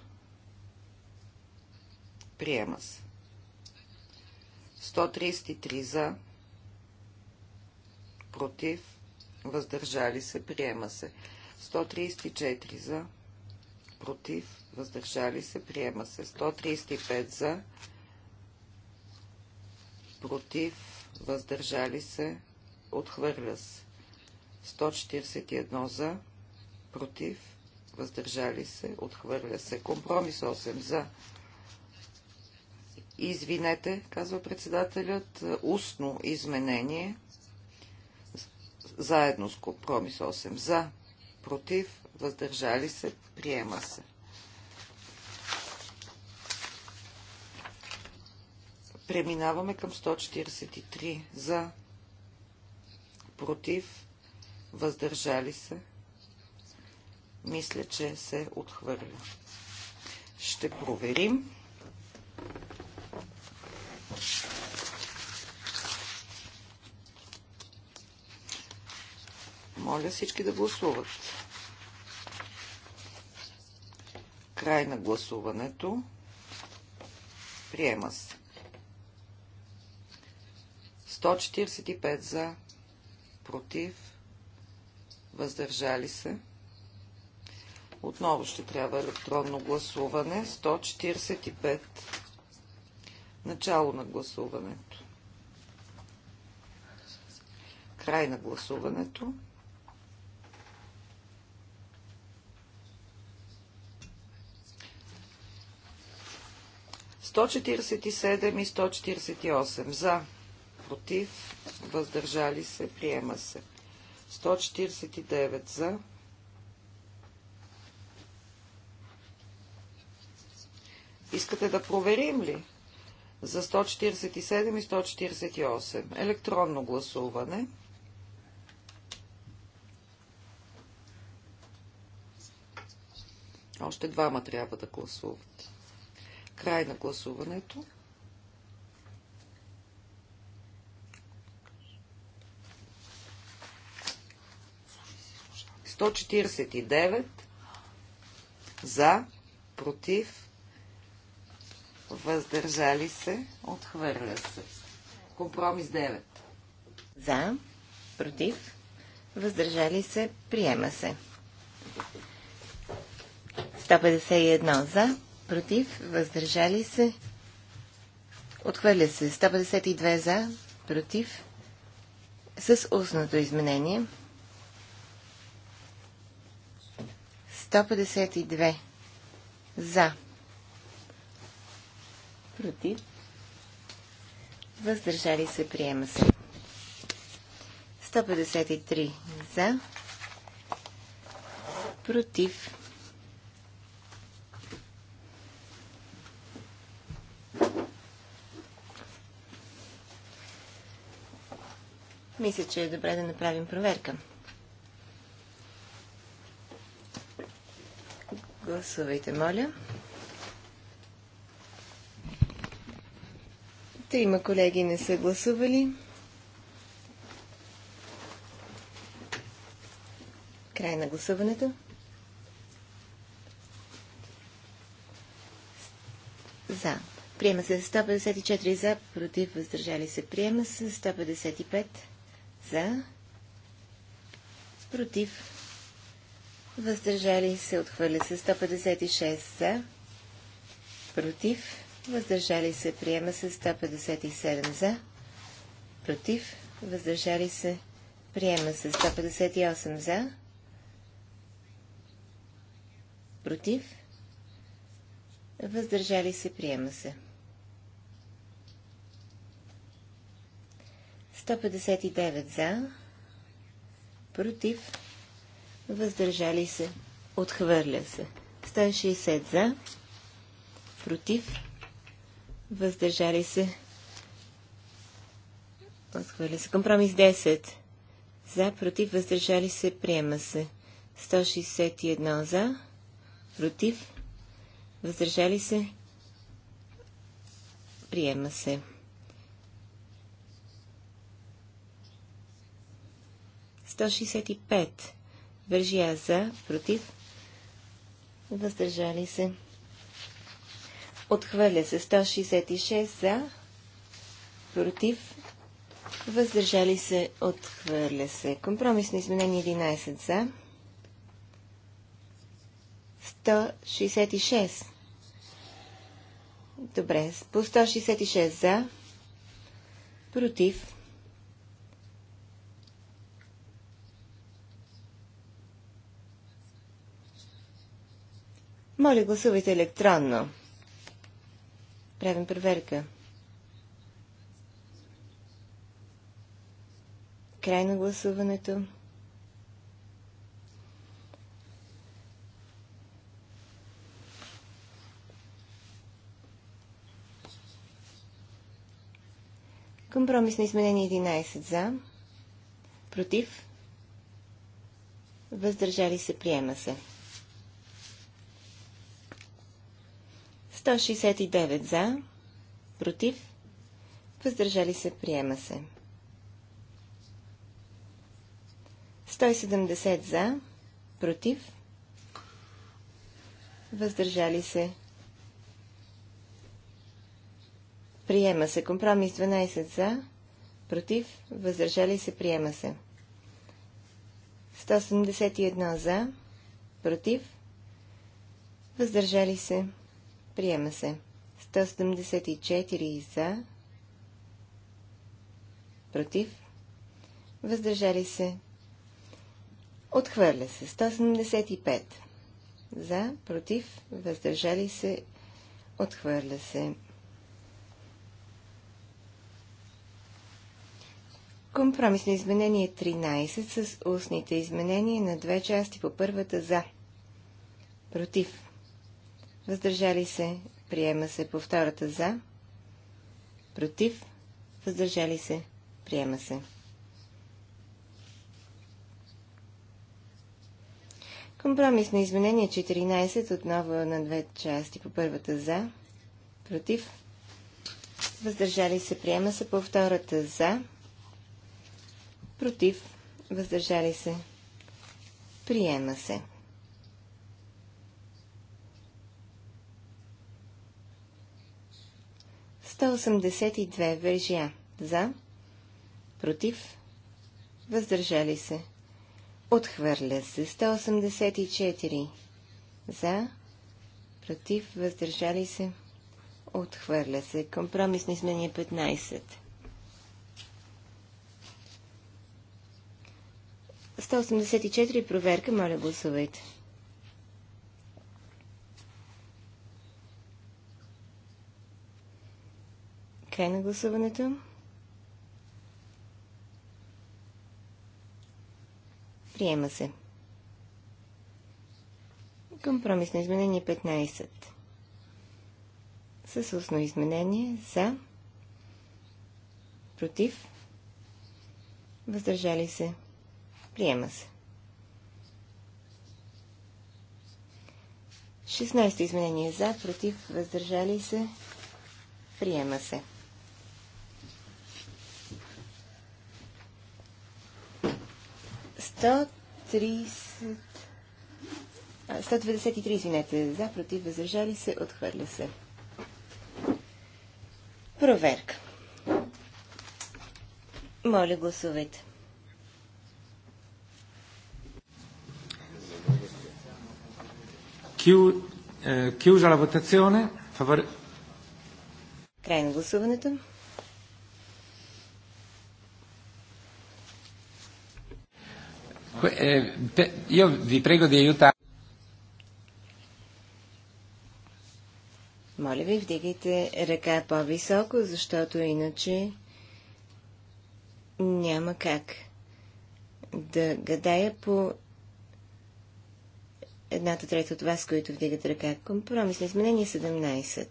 Приема се. 133 за. Против. Въздържали се. Приема се. 134 за против, въздържали се, приема се. 135 за, против, въздържали се, отхвърля се. 141 за, против, въздържали се, отхвърля се. Компромис 8 за. Извинете, казва председателят, устно изменение, заедно с компромис 8 за, против, въздържали се, приема се. Преминаваме към 143 за, против, въздържали се. Мисля, че се отхвърля. Ще проверим. Моля всички да гласуват. Край на гласуването. Приема се. 145 за, против, въздържали се. Отново ще трябва електронно гласуване. 145. Начало на гласуването. Край на гласуването. 147 и 148 за, против, въздържали се, приема се. 149 за, Искате да проверим ли? За 147 и 148. Електронно гласуване. Още двама трябва да гласуват. Край на гласуването. Сто за, против, въздържали се, отхвърля се. Компромис 9. За, против, въздържали се, приема се. 151 за, против, въздържали се. Отхвърля се 152 за, против, с устното изменение. 152 за, против, въздържали се, приема се. 153 за, против, Мисля, че е добре да направим проверка. Гласувайте, моля. Трима колеги не са гласували. Край на гласуването. За. Приема се 154 за, против въздържали се. Приема се 155 за. Против. Въздържали се. Отхвърля се. 156 за. Против. Въздържали се. Приема се. 157 за. Против. Въздържали се. Приема се. 158 за. Против. Въздържали се. Приема се. 159 за, против, въздържали се, отхвърля се. 160 за, против, въздържали се, отхвърля се. Компромис 10 за, против, въздържали се, приема се. 161 за, против, въздържали се, приема се. 165. Вържия за, против, въздържали се. Отхвърля се 166 за, против, въздържали се, отхвърля се. Компромисно изменение 11 за, 166. Добре, по 166 за, против, Моля, гласувайте електронно. Правим проверка. Край на гласуването. Компромис на изменение 11 за. Против. Въздържали се. Приема се. 169 за, против, въздържали се, приема се. 170 за, против, въздържали се. Приема се. Компромис 12 за, против, въздържали се, приема се. 171 за, против, въздържали се. Приема се. 174 за. Против. Въздържали се. Отхвърля се. 175. За. Против. Въздържали се. Отхвърля се. Компромисно изменение 13 с устните изменения на две части по първата за. Против въздържали се, приема се по втората за, против, въздържали се, приема се. Компромис на изменение 14, отново на две части по първата за, против, въздържали се, приема се по втората за, против, въздържали се, приема се. 182 вържия за, против, въздържали се. Отхвърля се 184 за, против, въздържали се. Отхвърля се. Компромисни изменения 15. 184 проверка, моля гласувайте. Край на гласуването. Приема се. Компромисно изменение 15. С устно изменение за, против, въздържали се, приема се. 16 изменение за, против, въздържали се, приема се. 193, извинете, за, против, въздържали се, отхвърля се. Проверка. Моля, гласувайте. Chiusa la votazione. Край на гласуването. Eh, io vi prego di aiutare. Моля ви, вдигайте ръка по-високо, защото иначе няма как да гадая по едната трета от вас, които вдигат ръка. на изменение 17.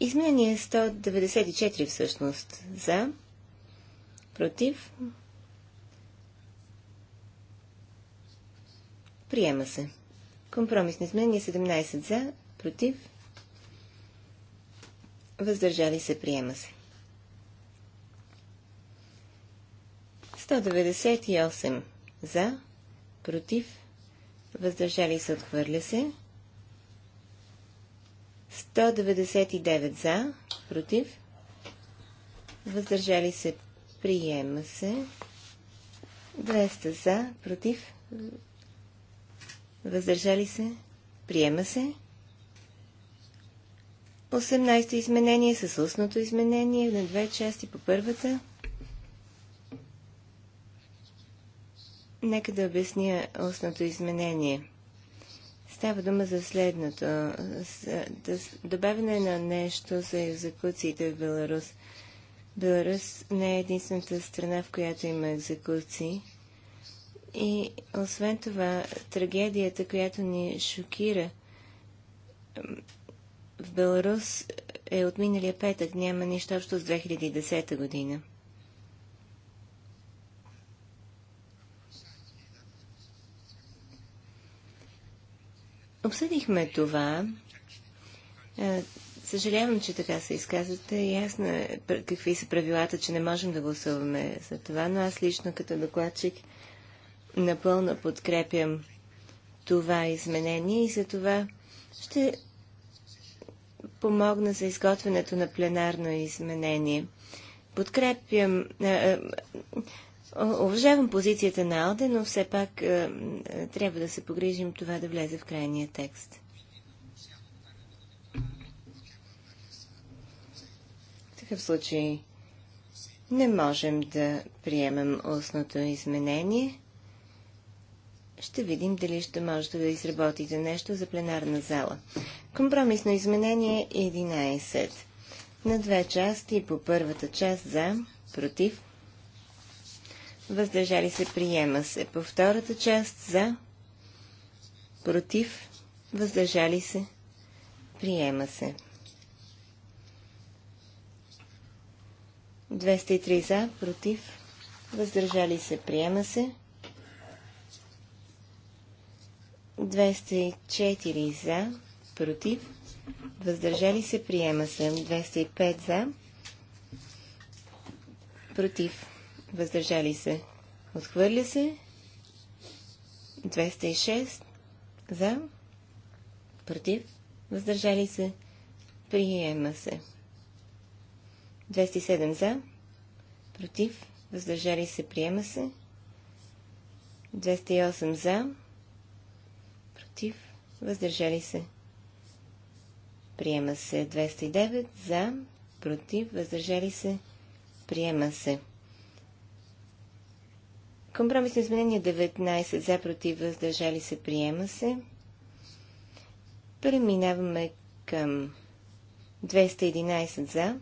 Изменение 194 всъщност. За. Против. Приема се. Компромисни изменения 17 за, против. Въздържали се, приема се. 198 за, против. Въздържали се, отхвърля се. 199 за, против. Въздържали се, Приема се. 200 за, против. Въздържали се. Приема се. 18 изменение с устното изменение на две части по първата. Нека да обясня устното изменение. Става дума за следното. Добавяне на нещо за екзекуциите в Беларус – Беларус не е единствената страна, в която има екзекуции. И освен това, трагедията, която ни шокира в Беларус е от миналия петък, няма нищо общо с 2010 година. Обсъдихме това. Е, Съжалявам, че така се изказвате. Ясно е какви са правилата, че не можем да гласуваме за това, но аз лично като докладчик напълно подкрепям това изменение и за това ще помогна за изготвянето на пленарно изменение. Подкрепям, уважавам позицията на Алде, но все пак трябва да се погрижим това да влезе в крайния текст. никакъв случай не можем да приемем устното изменение. Ще видим дали ще можете да изработите нещо за пленарна зала. Компромисно изменение 11. На две части по първата част за, против, въздържали се, приема се. По втората част за, против, въздържали се, приема се. 203 за, против, въздържали се, приема се. 204 за, против, въздържали се, приема се. 205 за, против, въздържали се, отхвърля се. 206 за, против, въздържали се, приема се. 207 за, против, въздържали се, приема се. 208 за, против, въздържали се. Приема се 209 за, против, въздържали се, приема се. Компромисно изменение 19 за, против, въздържали се, приема се. Преминаваме към 211 за,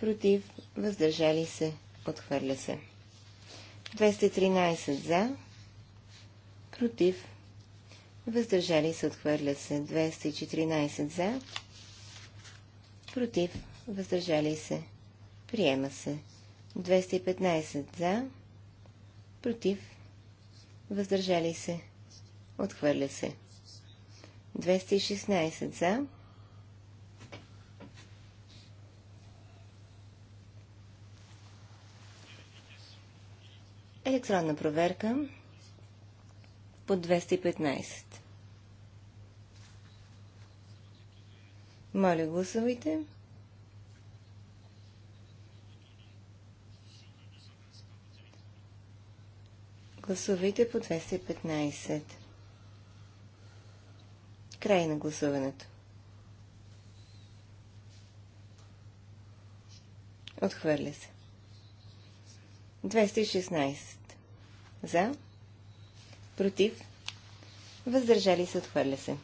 против, въздържали се, отхвърля се. 213 за, против, въздържали се, отхвърля се. 214 за, против, въздържали се, приема се. 215 за, против, въздържали се, отхвърля се. 216 за, Електронна проверка по 215. Моля, гласувайте. Гласувайте по 215. Край на гласуването. Отхвърля се. 216. За. Против. Въздържали се. Отхвърля се.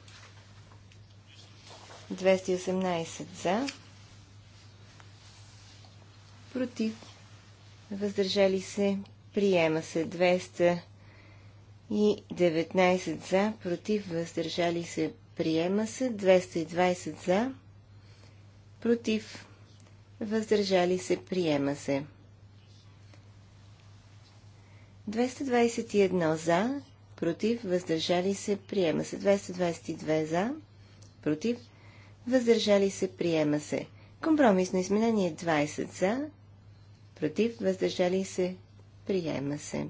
218 за. Против. Въздържали се. Приема се. 219 за. Против. Въздържали се. Приема се. 220 за. Против. Въздържали се. Приема се. 221 за, против, въздържали се, приема се. 222 за, против, въздържали се, приема се. Компромисно изменение 20 за, против, въздържали се, приема се.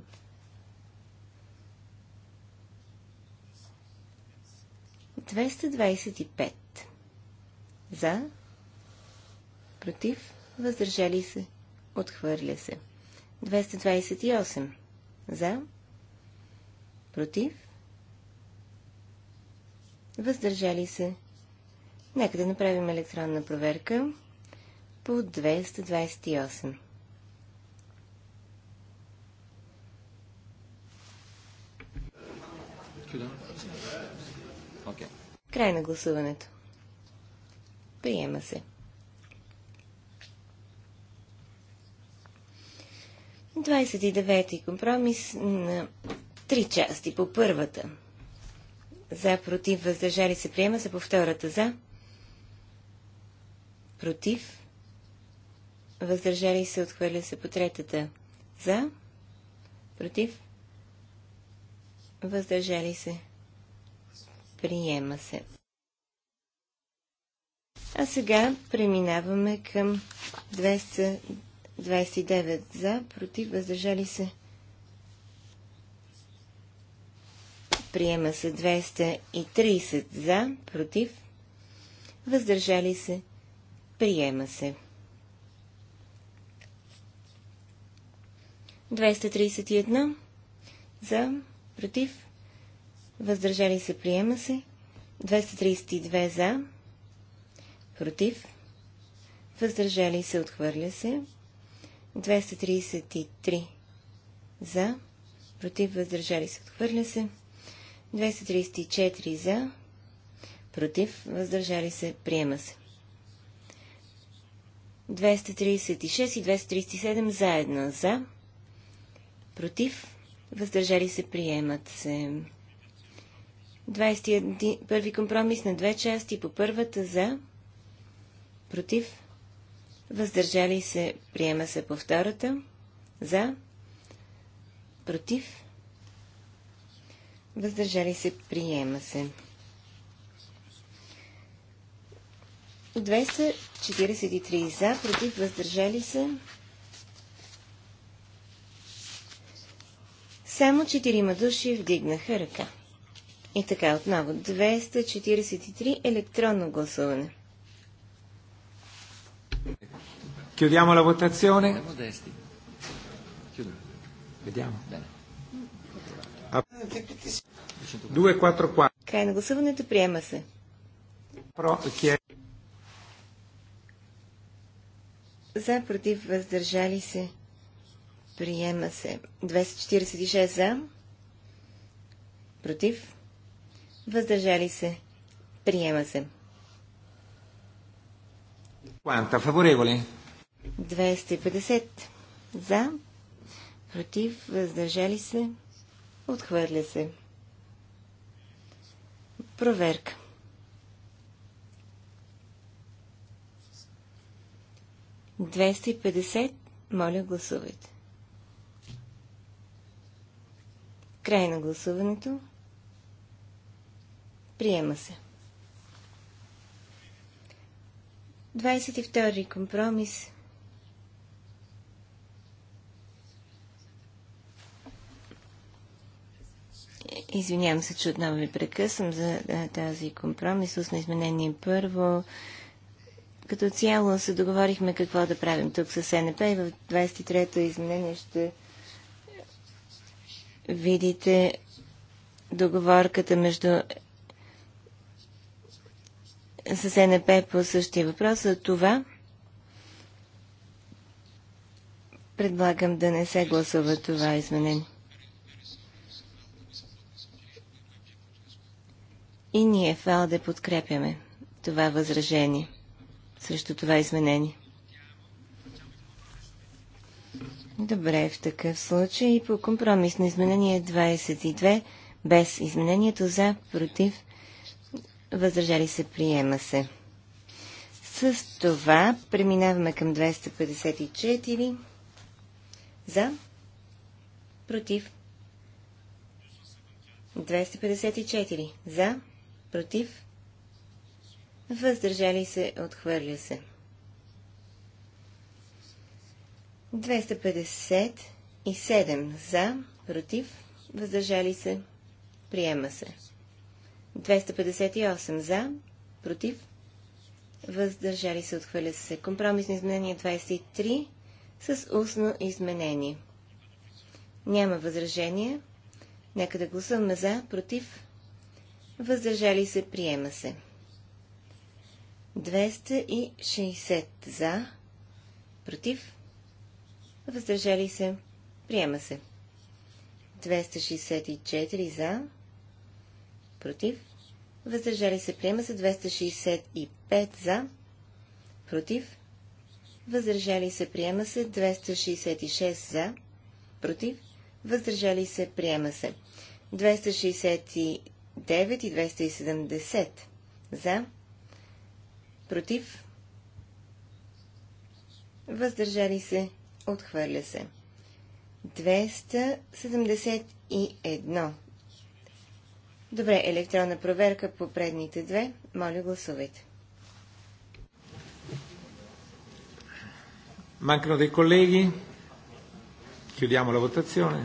Двеста За. Против. Въздържали се. Отхвърля се. 228. За. Против. Въздържали се. Нека да направим електронна проверка по 228. Край на гласуването. Приема се. 29-ти компромис на три части по първата. За, против, въздържали се, приема се по втората. За, против, въздържали се, отхвърля се по третата. За, против, въздържали се, приема се. А сега преминаваме към 200 29 за, против, въздържали се. Приема се 230 за, против, въздържали се. Приема се. 231 за, против, въздържали се, приема се. 232 за, против, въздържали се, отхвърля се. 233 за, против въздържали се, отхвърля се. 234 за, против въздържали се, приема се. 236 и 237 заедно за, против въздържали се, приемат се. 21 първи компромис на две части по първата за, против въздържали се, приема се по втората, за, против, въздържали се, приема се. 243 за, против, въздържали се. Само 4 души вдигнаха ръка. И така отново. 243 електронно гласуване. Chiudiamo la votazione. Vediamo. 244. Край на гласуването приема се. Про, за, против, въздържали се. Приема се. 246 за. Против. Въздържали се. Приема се. Quanta favorevole? 250 за, против, въздържали се, отхвърля се. Проверка. Двести Моля, гласувайте. Край на гласуването. Приема се. 22 компромис. Извинявам се, че отново ви прекъсвам за тази компромис. Устно изменение първо. Като цяло се договорихме какво да правим тук с НП и в 23-то изменение ще видите договорката между с НП по същия въпрос. За това предлагам да не се гласува това изменение. И ние в АЛДЕ подкрепяме това възражение срещу това изменение. Добре, в такъв случай по компромис на изменение 22 без изменението за, против, възражали се, приема се. С това преминаваме към 254 за, против, 254 за, против, въздържали се, отхвърля се. 257 за, против, въздържали се, приема се. 258 за, против, въздържали се, отхвърля се. Компромисно изменение 23 с устно изменение. Няма възражение. Нека да гласуваме за, против, въздържали се, приема се. 260 за, против, въздържали се, приема се. 264 за, против, въздържали се, приема се. 265 за, против, въздържали се, приема се. 266 за, против, въздържали се, приема се. 267 9 и 270 за, против, въздържали се, отхвърля се. 271. Добре, електронна проверка по предните две. Моля, гласувайте. Mancano dei colleghi? Chiudiamo la votazione.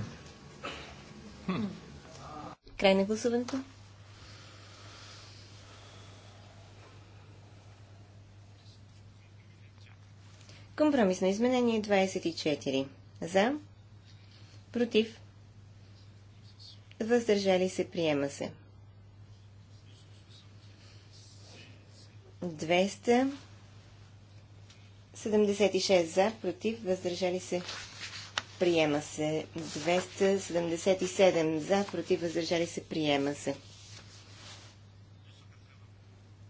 Край гласуването. Компромисно изменение 24. За. Против. Въздържали се. Приема се. 276 за, против, въздържали се. Приема се. 277 за, против, въздържали се. Приема се.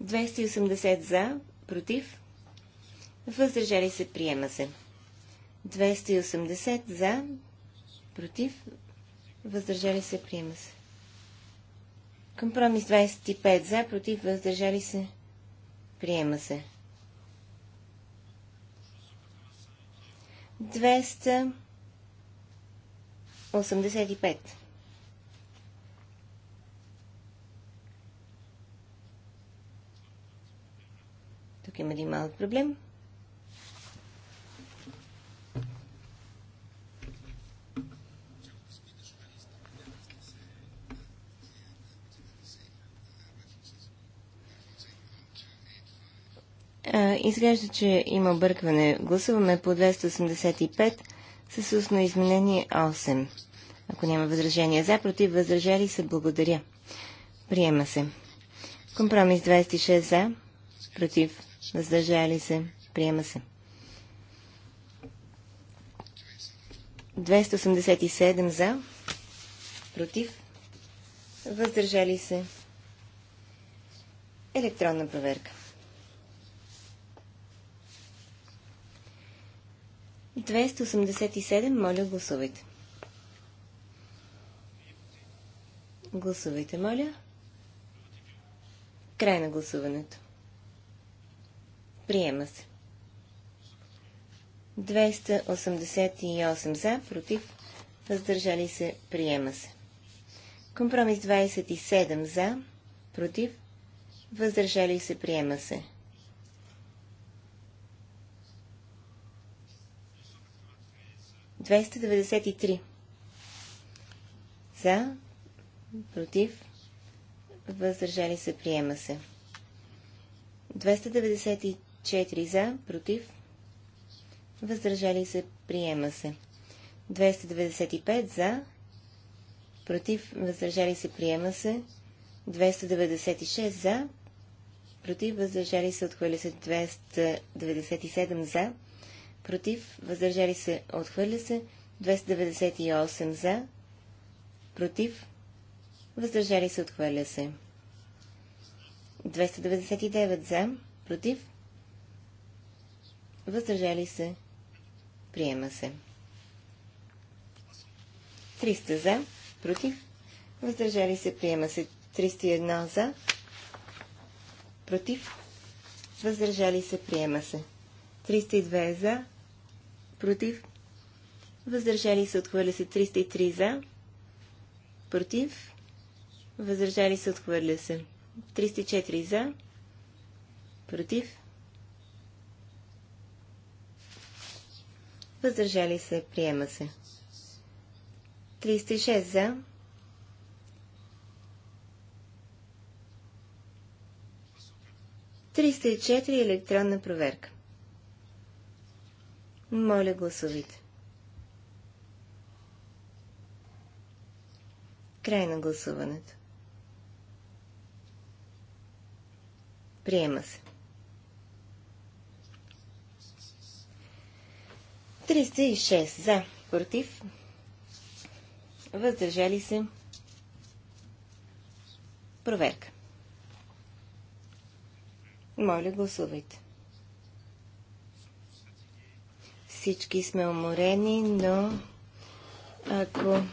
280 за, против, въздържали се, приема се. 280 за, против, въздържали се, приема се. Компромис 25 за, против, въздържали се, приема се. 285. Тук има един малък проблем. 285. изглежда, че има объркване. Гласуваме по 285 с устно изменение 8. Ако няма възражения за, против, възражали се, благодаря. Приема се. Компромис 26 за, против, въздържали се, приема се. 287 за, против, въздържали се. Електронна проверка. 287, моля гласувайте. Гласувайте, моля. Край на гласуването. Приема се. 288 за, против, въздържали се, приема се. Компромис 27 за, против, въздържали се, приема се. 293. За, против, въздържали се, приема се. 294 за, против, въздържали се, приема се. 295 за, против, въздържали се, приема се. 296 за, против, въздържали се, отхвърля се 297 за, против, въздържали се, отхвърля се, 298 за, против, въздържали се, отхвърля се. 299 за, против, въздържали се, приема се. 300 за, против, въздържали се, приема се. 301 за, против, въздържали се, приема се. 302 за, против, въздържали се, отхвърля се 303 за, против, въздържали се, отхвърля се 304 за, против, въздържали се, приема се 306 за, Триста и четири електронна проверка. Моля, гласувайте. Край на гласуването. Приема се. 306 за, против, въздържали се. Проверка. Моля, гласувайте. Всички сме уморени, но ако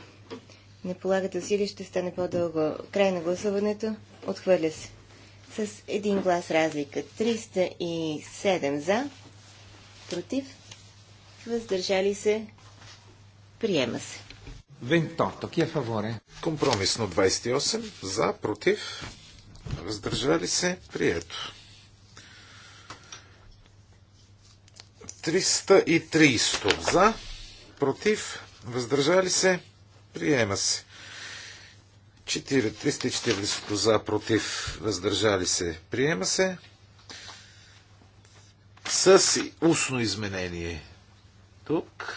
не полагате усилия, ще стане по-дълго. Край на гласуването. Отхвърля се. С един глас разлика. 307 за. Против. Въздържали се. Приема се. Винто, тук е фаворе? Компромисно 28. За. Против. Въздържали се. Прието. 330 за, против, въздържали се, приема се. 340 за, против, въздържали се, приема се. С устно изменение. Тук.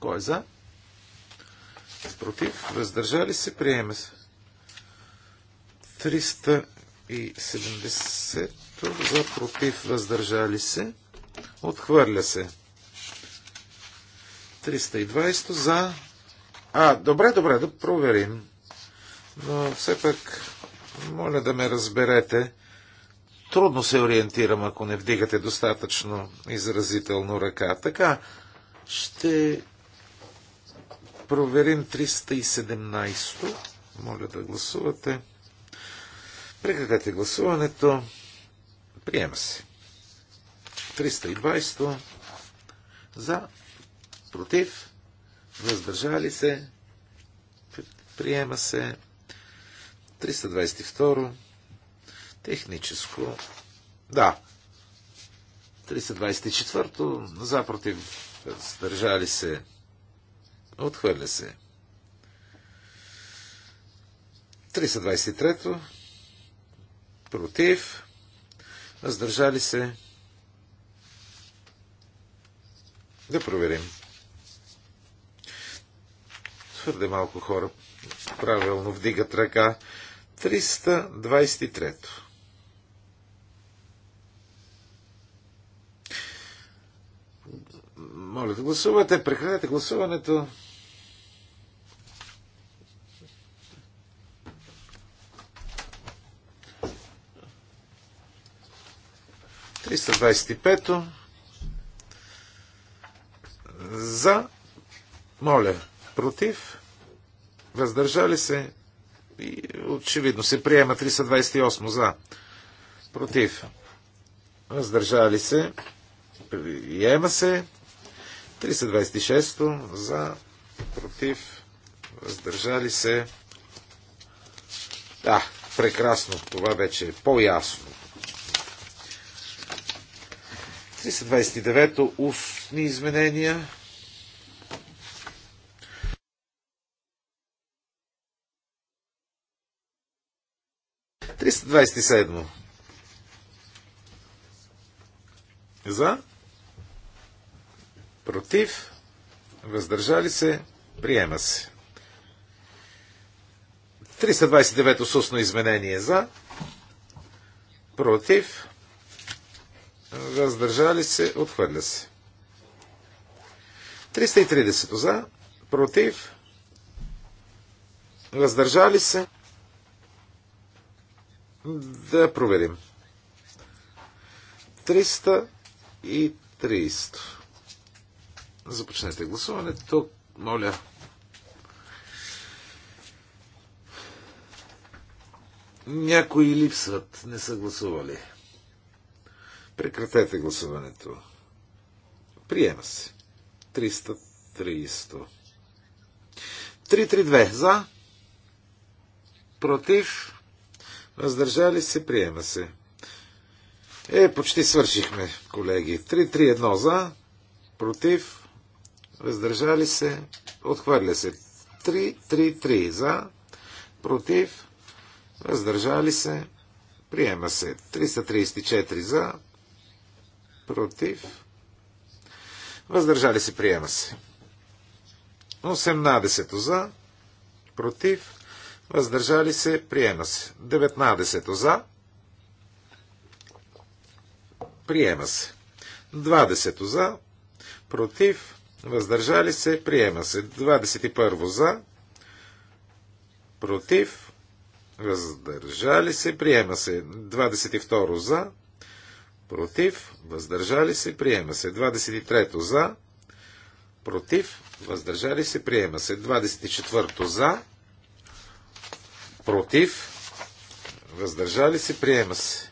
Кой е за? Против, въздържали се, приема се. 370 за, против, въздържали се. Отхвърля се. 320 за... А, добре, добре, да проверим. Но все пак, моля да ме разберете. Трудно се ориентирам, ако не вдигате достатъчно изразително ръка. Така, ще проверим 317. Моля да гласувате. Прекратете гласуването. Приема се. 320 за, против, въздържали се, приема се 322 техническо, да, 324 за, против, въздържали се, отхвърля се. 323 против, въздържали се, Да проверим. Твърде малко хора правилно вдигат ръка. 323. Моля да гласувате. Прекратете гласуването. Триста за. Моля. Против. Въздържали се. И очевидно се приема 328 за. Против. Въздържали се. Приема се. 326 за. Против. Въздържали се. Да, прекрасно. Това вече е по-ясно. 329 устни изменения. 327. За. Против. Въздържали се. Приема се. 329 осусно изменение за. Против. Въздържали се. Отхвърля се. 330 за. Против. Въздържали се. Да проверим. 300 и 300. Започнете гласуването. Моля. Някои липсват, не са гласували. Прекратете гласуването. Приема се. 300, 300. 332 за. Против. Въздържали се, приема се. Е, почти свършихме, колеги. 3-3-1 за, против, въздържали се, отхвърля се. 3-3-3 за, против, въздържали се, приема се. 334 за, против, въздържали се, приема се. 18 за, против, въздържали се, приема се. 19 за, приема се. 20 за, против, въздържали се, приема се. 21 за, против, въздържали се, приема се. 22 за, против, въздържали се, приема се. 23 за, против, въздържали се, приема се. 24 за, против, въздържали се, приема се.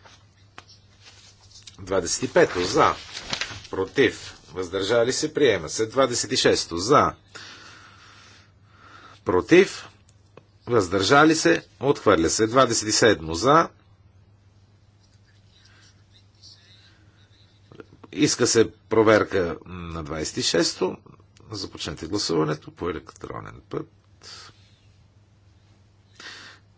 25 за, против, въздържали се, приема се. 26 за, против, въздържали се, отхвърля се. 27 за, иска се проверка на 26-то. Започнете гласуването по електронен път.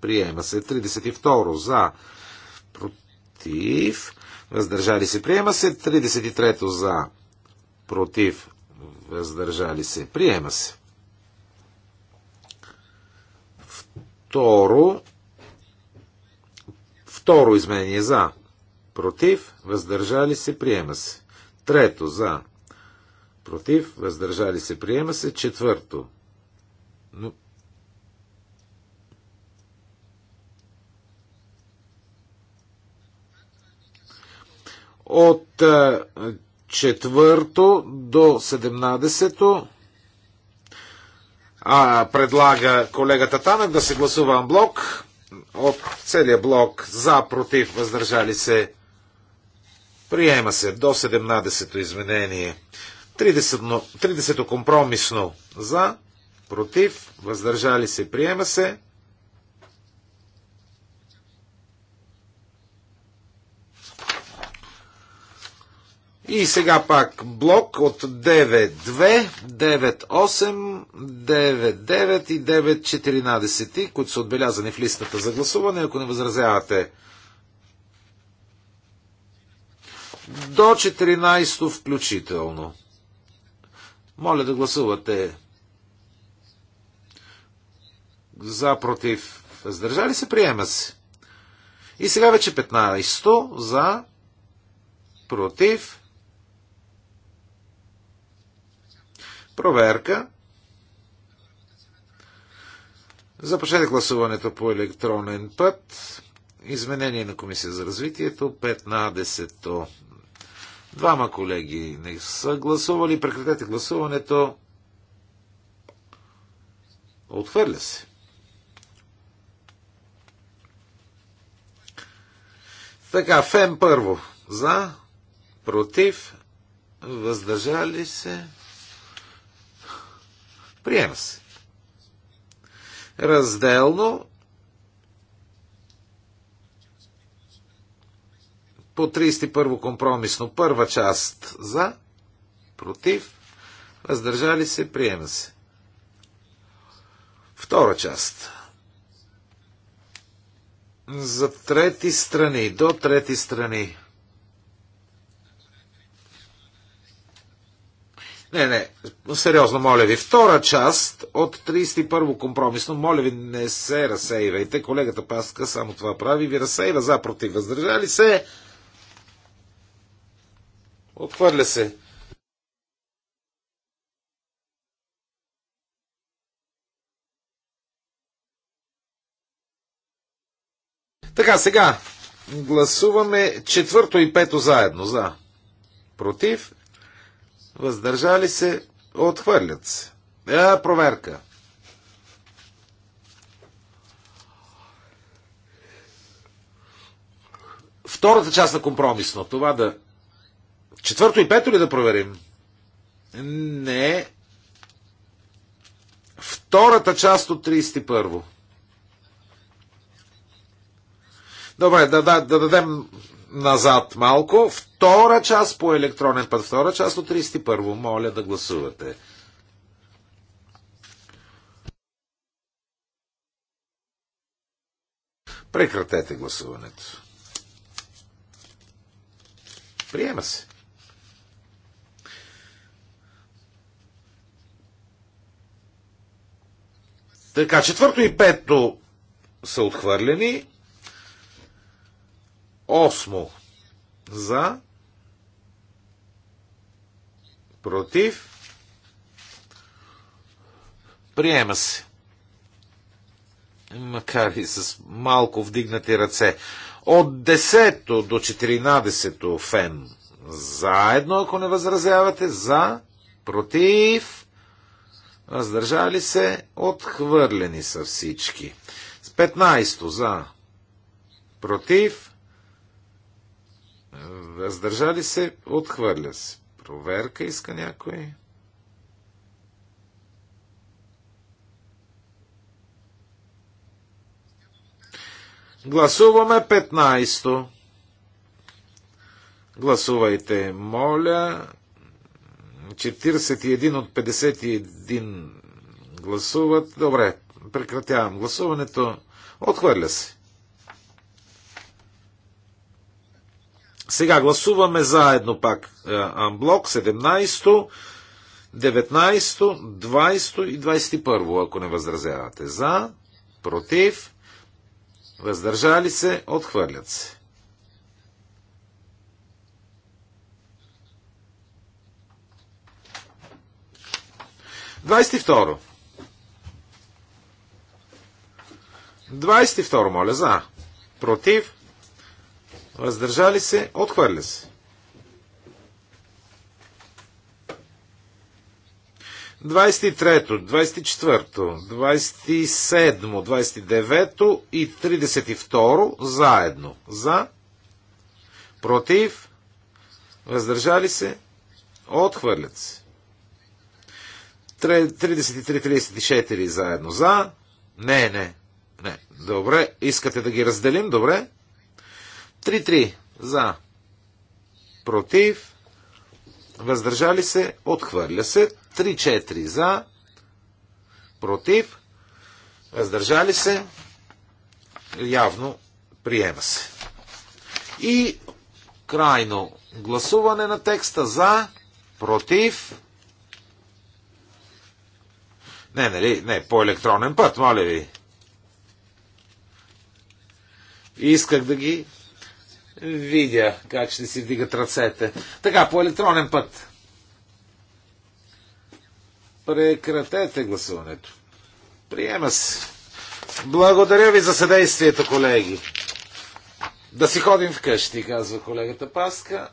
Приема се. 32 за. Против. Въздържали се. Приема се. 33 за. Против. Въздържали се. Приема се. Второ. Второ изменение за. Против. Въздържали се. Приема се. Трето за. Против. Въздържали се. Приема се. Четвърто. Но От е, четвърто до 17 а, предлага колегата Танък да се гласува блок от целия блок за, против, въздържали се. Приема се до 17-то изменение. 30-то 30 компромисно за, против, въздържали се, приема се. И сега пак блок от 9.2, 9.8, 9.9 и 9-14, които са отбелязани в листата за гласуване, ако не възразявате. До 14 включително. Моля да гласувате за, против, въздържали се, приема се. И сега вече 15 за, против, Проверка. Започнете гласуването по електронен път. Изменение на Комисия за развитието 15-то. Двама колеги не са гласували. Прекратете гласуването. Отхвърля се. Така, фен първо. За, против, въздържали се, Приема се. Разделно по 31 компромисно първа част за, против, въздържали се, приема се. Втора част. За трети страни, до трети страни. Не, не, сериозно, моля ви. Втора част от 31-во компромисно, моля ви, не се разсейвайте. Колегата Паска само това прави. Ви разсейва за против. Въздържали се. Отхвърля се. Така, сега гласуваме четвърто и пето заедно. За. Против. Въздържали се, отхвърлят се. Е, проверка. Втората част на компромисно. Това да... Четвърто и пето ли да проверим? Не. Втората част от 31-во. Добре, да, да, да дадем назад малко. Втора част по електронен път. Втора част от 31. Моля да гласувате. Прекратете гласуването. Приема се. Така, четвърто и пето са отхвърлени. Осмо. За. Против. Приема се. Макар и с малко вдигнати ръце. От 10 до 14 фен. Заедно, ако не възразявате. За. Против. Въздържали се. Отхвърлени са всички. С 15 за. Против Въздържали се, отхвърля се. Проверка иска някой. Гласуваме 15-то. Гласувайте, моля. 41 от 51 гласуват. Добре, прекратявам гласуването. Отхвърля се. Сега гласуваме заедно пак Амблок 17-то, 19-то, 20-то и 21-во, ако не възразявате. За, против, въздържали се, отхвърлят се. Двайсти второ. 22, моля, за. Против. Въздържали се, отхвърля се. 23-то, 24-то, 27-то, 29-то и 32 заедно. За, против, въздържали се, отхвърлят се. 33-34 заедно за. Не, не, не. Добре, искате да ги разделим, добре. 3-3 за. Против. Въздържали се. Отхвърля се. 3-4 за. Против. Въздържали се. Явно приема се. И крайно гласуване на текста за. Против. Не, нали, не, по електронен път, моля ви. Исках да ги видя как ще си вдигат ръцете. Така, по електронен път. Прекратете гласуването. Приема се. Благодаря ви за съдействието, колеги. Да си ходим вкъщи, казва колегата Паска.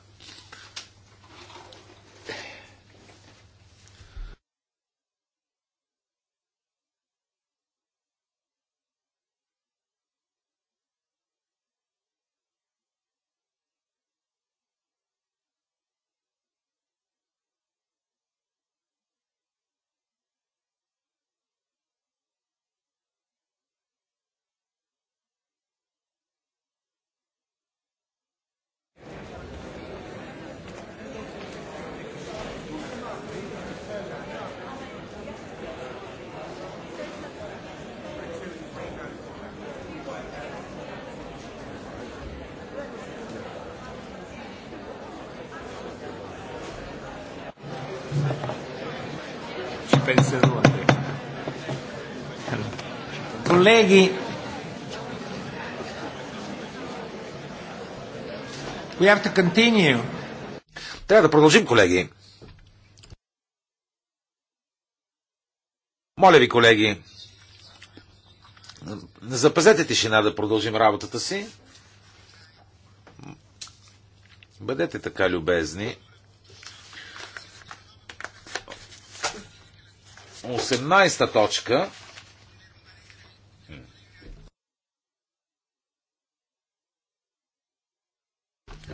colleghi, we have to continue. Трябва да продължим, колеги. Моля ви, колеги, запазете тишина да продължим работата си. Бъдете така любезни. 18 точка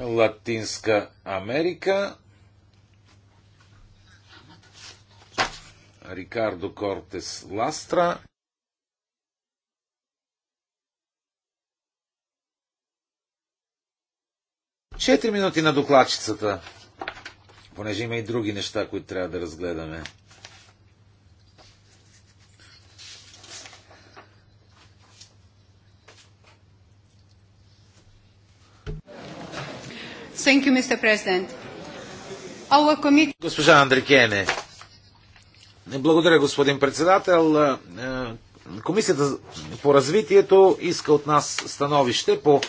Латинска Америка. Рикардо Кортес Ластра. Четири минути на докладчицата, понеже има и други неща, които трябва да разгледаме. Thank you, Mr. President. Our committee... Госпожа Андрикене. Благодаря, господин председател. Е, Комисията по развитието иска от нас становище по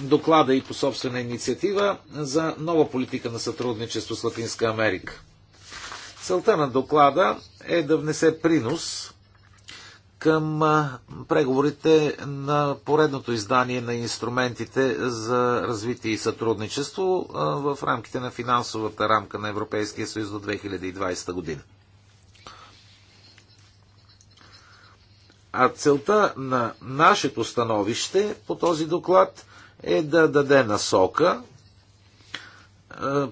доклада и по собствена инициатива за нова политика на сътрудничество с Латинска Америка. Целта на доклада е да внесе принос към преговорите на поредното издание на инструментите за развитие и сътрудничество в рамките на финансовата рамка на Европейския съюз до 2020 година. А целта на нашето становище по този доклад е да даде насока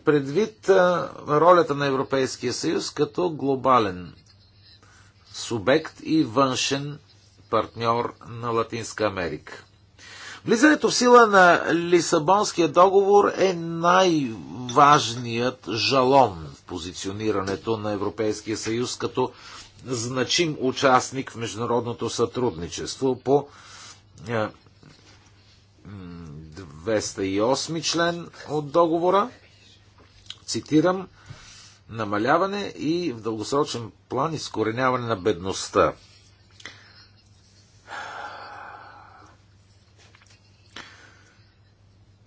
предвид ролята на Европейския съюз като глобален субект и външен партньор на Латинска Америка. Влизането в сила на Лисабонския договор е най-важният жалон в позиционирането на Европейския съюз като значим участник в международното сътрудничество по 208 е, член от договора. Цитирам, намаляване и в дългосрочен план изкореняване на бедността.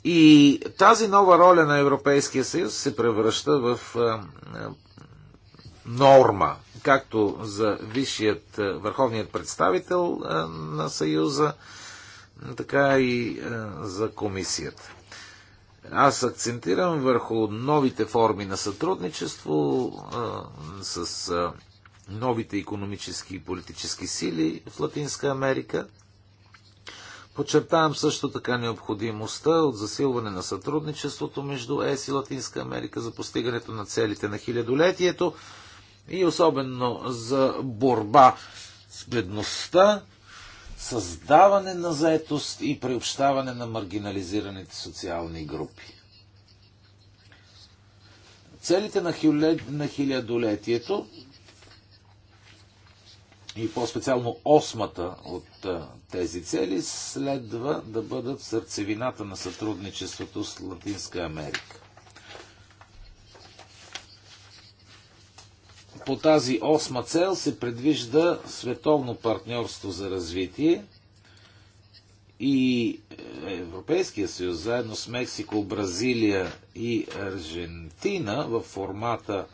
И тази нова роля на Европейския съюз се превръща в норма, както за висшият върховният представител на Съюза, така и за комисията. Аз акцентирам върху новите форми на сътрудничество с а, новите економически и политически сили в Латинска Америка. Подчертавам също така необходимостта от засилване на сътрудничеството между ЕС и Латинска Америка за постигането на целите на хилядолетието и особено за борба с бедността, създаване на заетост и приобщаване на маргинализираните социални групи. Целите на, на хилядолетието и по-специално осмата от тези цели следва да бъдат сърцевината на сътрудничеството с Латинска Америка. по тази осма цел се предвижда световно партньорство за развитие и Европейския съюз, заедно с Мексико, Бразилия и Аржентина в формата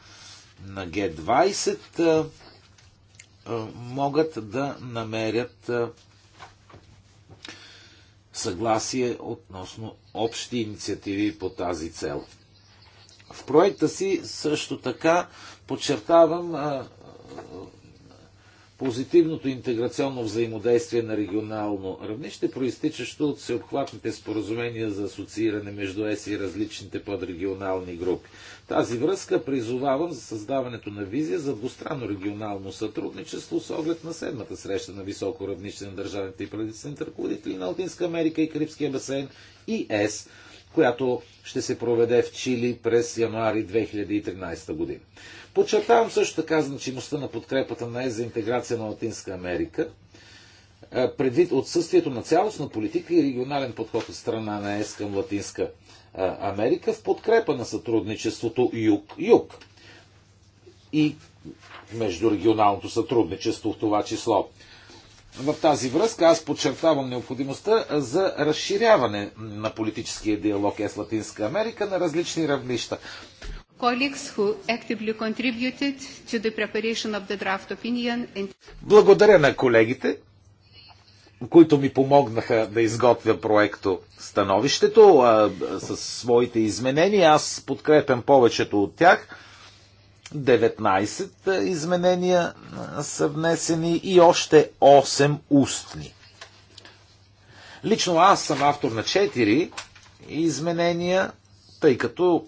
на Г-20 могат да намерят съгласие относно общи инициативи по тази цел. В проекта си също така Подчертавам позитивното интеграционно взаимодействие на регионално равнище, проистичащо от всеобхватните споразумения за асоцииране между ЕС и различните подрегионални групи. Тази връзка призовавам за създаването на визия за двустранно регионално сътрудничество с оглед на седмата среща на високо равнище на държавните и правителствените ръководители на Латинска Америка и Карибския басейн и ЕС, която ще се проведе в Чили през януари 2013 година. Подчертавам също така значимостта на подкрепата на ЕС за интеграция на Латинска Америка, предвид отсъствието на цялостна политика и регионален подход от страна на ЕС към Латинска Америка в подкрепа на сътрудничеството Юг-Юг и междурегионалното сътрудничество в това число. В тази връзка аз подчертавам необходимостта за разширяване на политическия диалог ЕС Латинска Америка на различни равнища colleagues who actively contributed to the preparation of the draft opinion and... Благодаря на колегите, които ми помогнаха да изготвя проекто становището а, с своите изменения. Аз подкрепям повечето от тях. 19 изменения са внесени и още 8 устни. Лично аз съм автор на 4 изменения, тъй като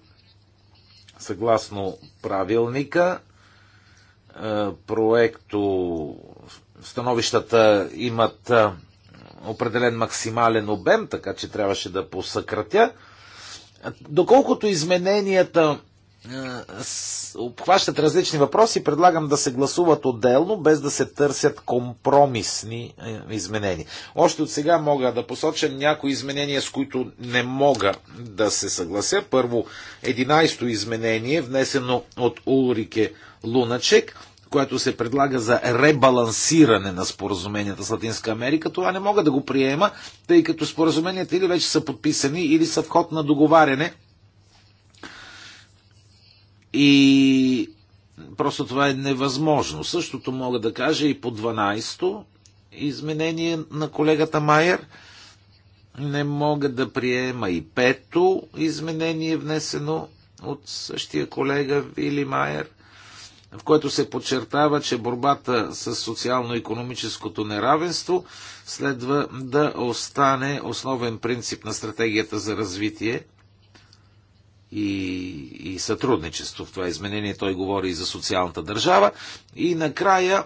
съгласно правилника. Е, проекто становищата имат е, определен максимален обем, така че трябваше да посъкратя. Доколкото измененията е, обхващат различни въпроси, предлагам да се гласуват отделно, без да се търсят компромисни е, изменения. Още от сега мога да посоча някои изменения, с които не мога да се съглася. Първо, 11-то изменение, внесено от Улрике Луначек, което се предлага за ребалансиране на споразуменията с Латинска Америка, това не мога да го приема, тъй като споразуменията или вече са подписани, или са вход на договаряне и просто това е невъзможно. Същото мога да кажа и по 12-то изменение на колегата Майер. Не мога да приема и пето изменение, внесено от същия колега Вили Майер, в което се подчертава, че борбата с социално-економическото неравенство следва да остане основен принцип на стратегията за развитие и, и сътрудничество. В това изменение той говори и за социалната държава. И накрая,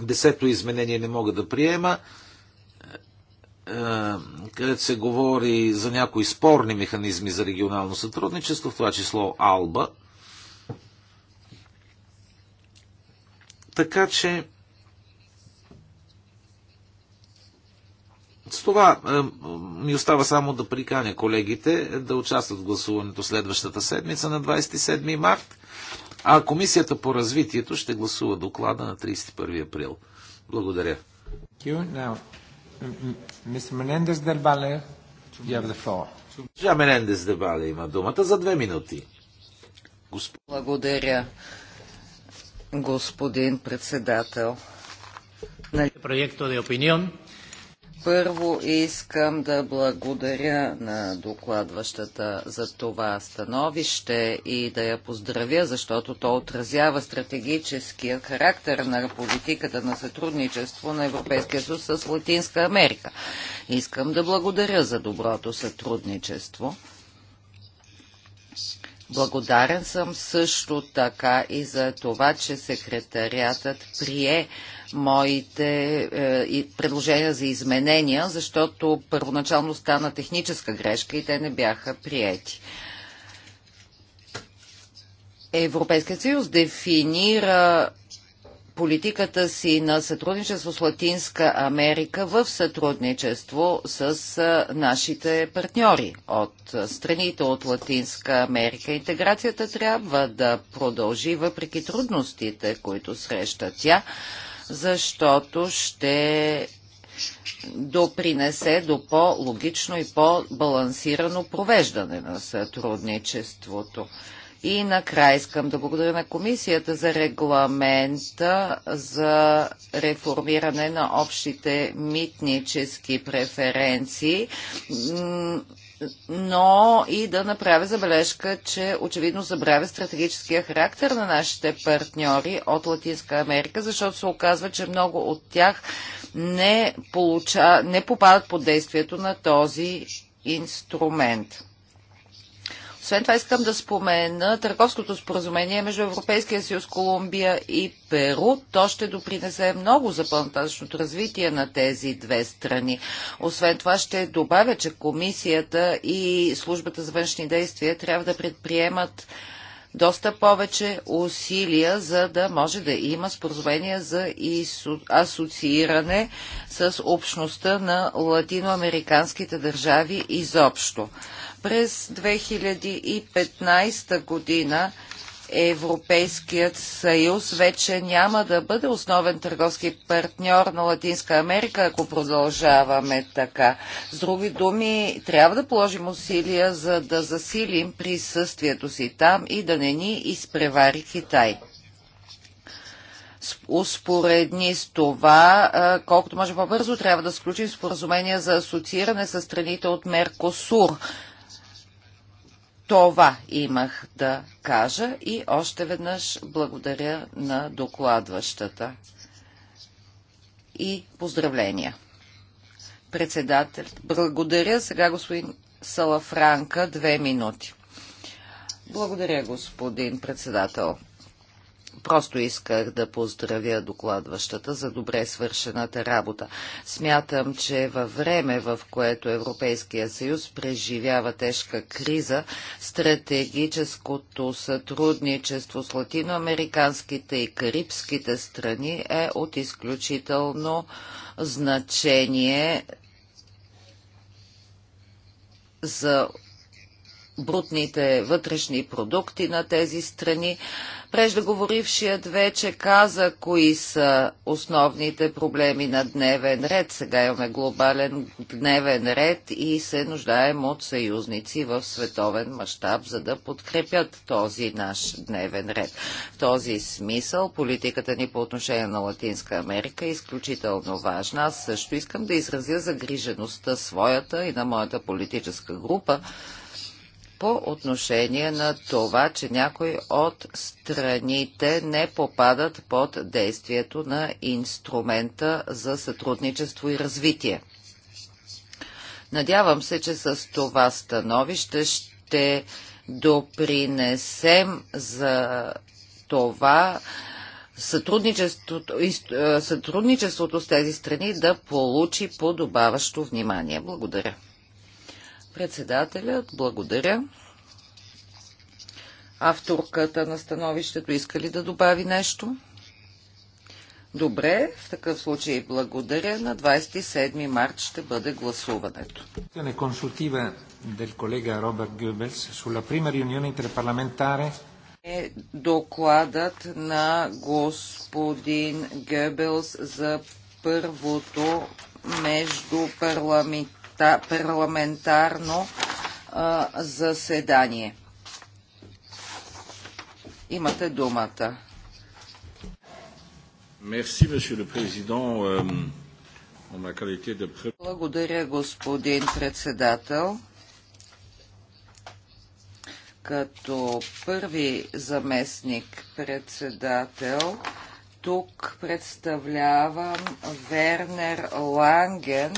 десето изменение не мога да приема, е, където се говори за някои спорни механизми за регионално сътрудничество, в това число Алба. Така че С това е, ми остава само да приканя колегите да участват в гласуването следващата седмица на 27 март, а Комисията по развитието ще гласува доклада на 31 април. Благодаря. Госпожа Менендес Дебале има думата за две минути. Госп... Благодаря, господин председател. Проекто де опинион. Първо искам да благодаря на докладващата за това становище и да я поздравя, защото то отразява стратегическия характер на политиката на сътрудничество на Европейския съюз с Латинска Америка. Искам да благодаря за доброто сътрудничество. Благодарен съм също така и за това, че секретариатът прие моите е, предложения за изменения, защото първоначално стана техническа грешка и те не бяха приети. Европейският съюз дефинира политиката си на сътрудничество с Латинска Америка в сътрудничество с нашите партньори от страните от Латинска Америка. Интеграцията трябва да продължи въпреки трудностите, които среща тя, защото ще допринесе до по-логично и по-балансирано провеждане на сътрудничеството. И накрая искам да благодаря на комисията за регламента за реформиране на общите митнически преференции но и да направя забележка, че очевидно забравя стратегическия характер на нашите партньори от Латинска Америка, защото се оказва, че много от тях не, получа, не попадат под действието на този инструмент. Освен това искам да спомена търговското споразумение между Европейския съюз, Колумбия и Перу. То ще допринесе много за по развитие на тези две страни. Освен това ще добавя, че комисията и службата за външни действия трябва да предприемат доста повече усилия, за да може да има споразумение за асоцииране с общността на латиноамериканските държави изобщо. През 2015 година Европейският съюз вече няма да бъде основен търговски партньор на Латинска Америка, ако продължаваме така. С други думи, трябва да положим усилия, за да засилим присъствието си там и да не ни изпревари Китай. Успоредни с това, колкото може по-бързо, трябва да сключим споразумение за асоцииране с страните от Меркосур – това имах да кажа и още веднъж благодаря на докладващата и поздравления. Председател, благодаря. Сега господин Салафранка, две минути. Благодаря, господин председател. Просто исках да поздравя докладващата за добре свършената работа. Смятам, че във време, в което Европейския съюз преживява тежка криза, стратегическото сътрудничество с латиноамериканските и карибските страни е от изключително значение за брутните вътрешни продукти на тези страни. Преждеговорившият вече каза кои са основните проблеми на дневен ред. Сега имаме глобален дневен ред и се нуждаем от съюзници в световен мащаб, за да подкрепят този наш дневен ред. В този смисъл политиката ни по отношение на Латинска Америка е изключително важна. Аз също искам да изразя загрижеността своята и на моята политическа група по отношение на това, че някои от страните не попадат под действието на инструмента за сътрудничество и развитие. Надявам се, че с това становище ще допринесем за това сътрудничеството, е, сътрудничеството с тези страни да получи подобаващо внимание. Благодаря. Председателят, благодаря. Авторката на становището иска ли да добави нещо? Добре, в такъв случай благодаря. На 27 март ще бъде гласуването. Консултива del collega Robert Goebbels sulla prima riunione интерпарламентаре. е докладът на господин Гебелс за първото между парламент парламентарно а, заседание. Имате думата. Мерси, президент. Euh, Благодаря, господин председател. Като първи заместник председател, тук представлявам Вернер Ланген,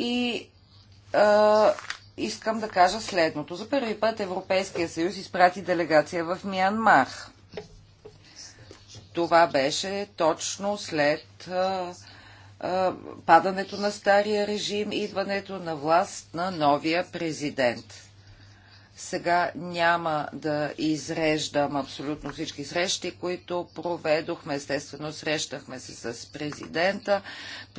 и а, искам да кажа следното. За първи път Европейския съюз изпрати делегация в Миянмар. Това беше точно след а, а, падането на стария режим, идването на власт на новия президент. Сега няма да изреждам абсолютно всички срещи, които проведохме. Естествено, срещнахме се с президента,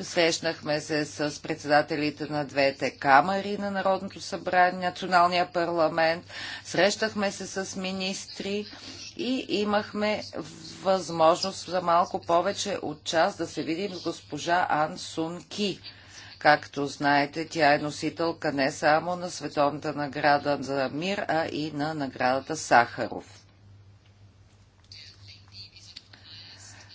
срещнахме се с председателите на двете камери на Народното събрание, Националния парламент, срещахме се с министри и имахме възможност за малко повече от час да се видим с госпожа Ан Сун Ки Както знаете, тя е носителка не само на Световната награда за мир, а и на наградата Сахаров.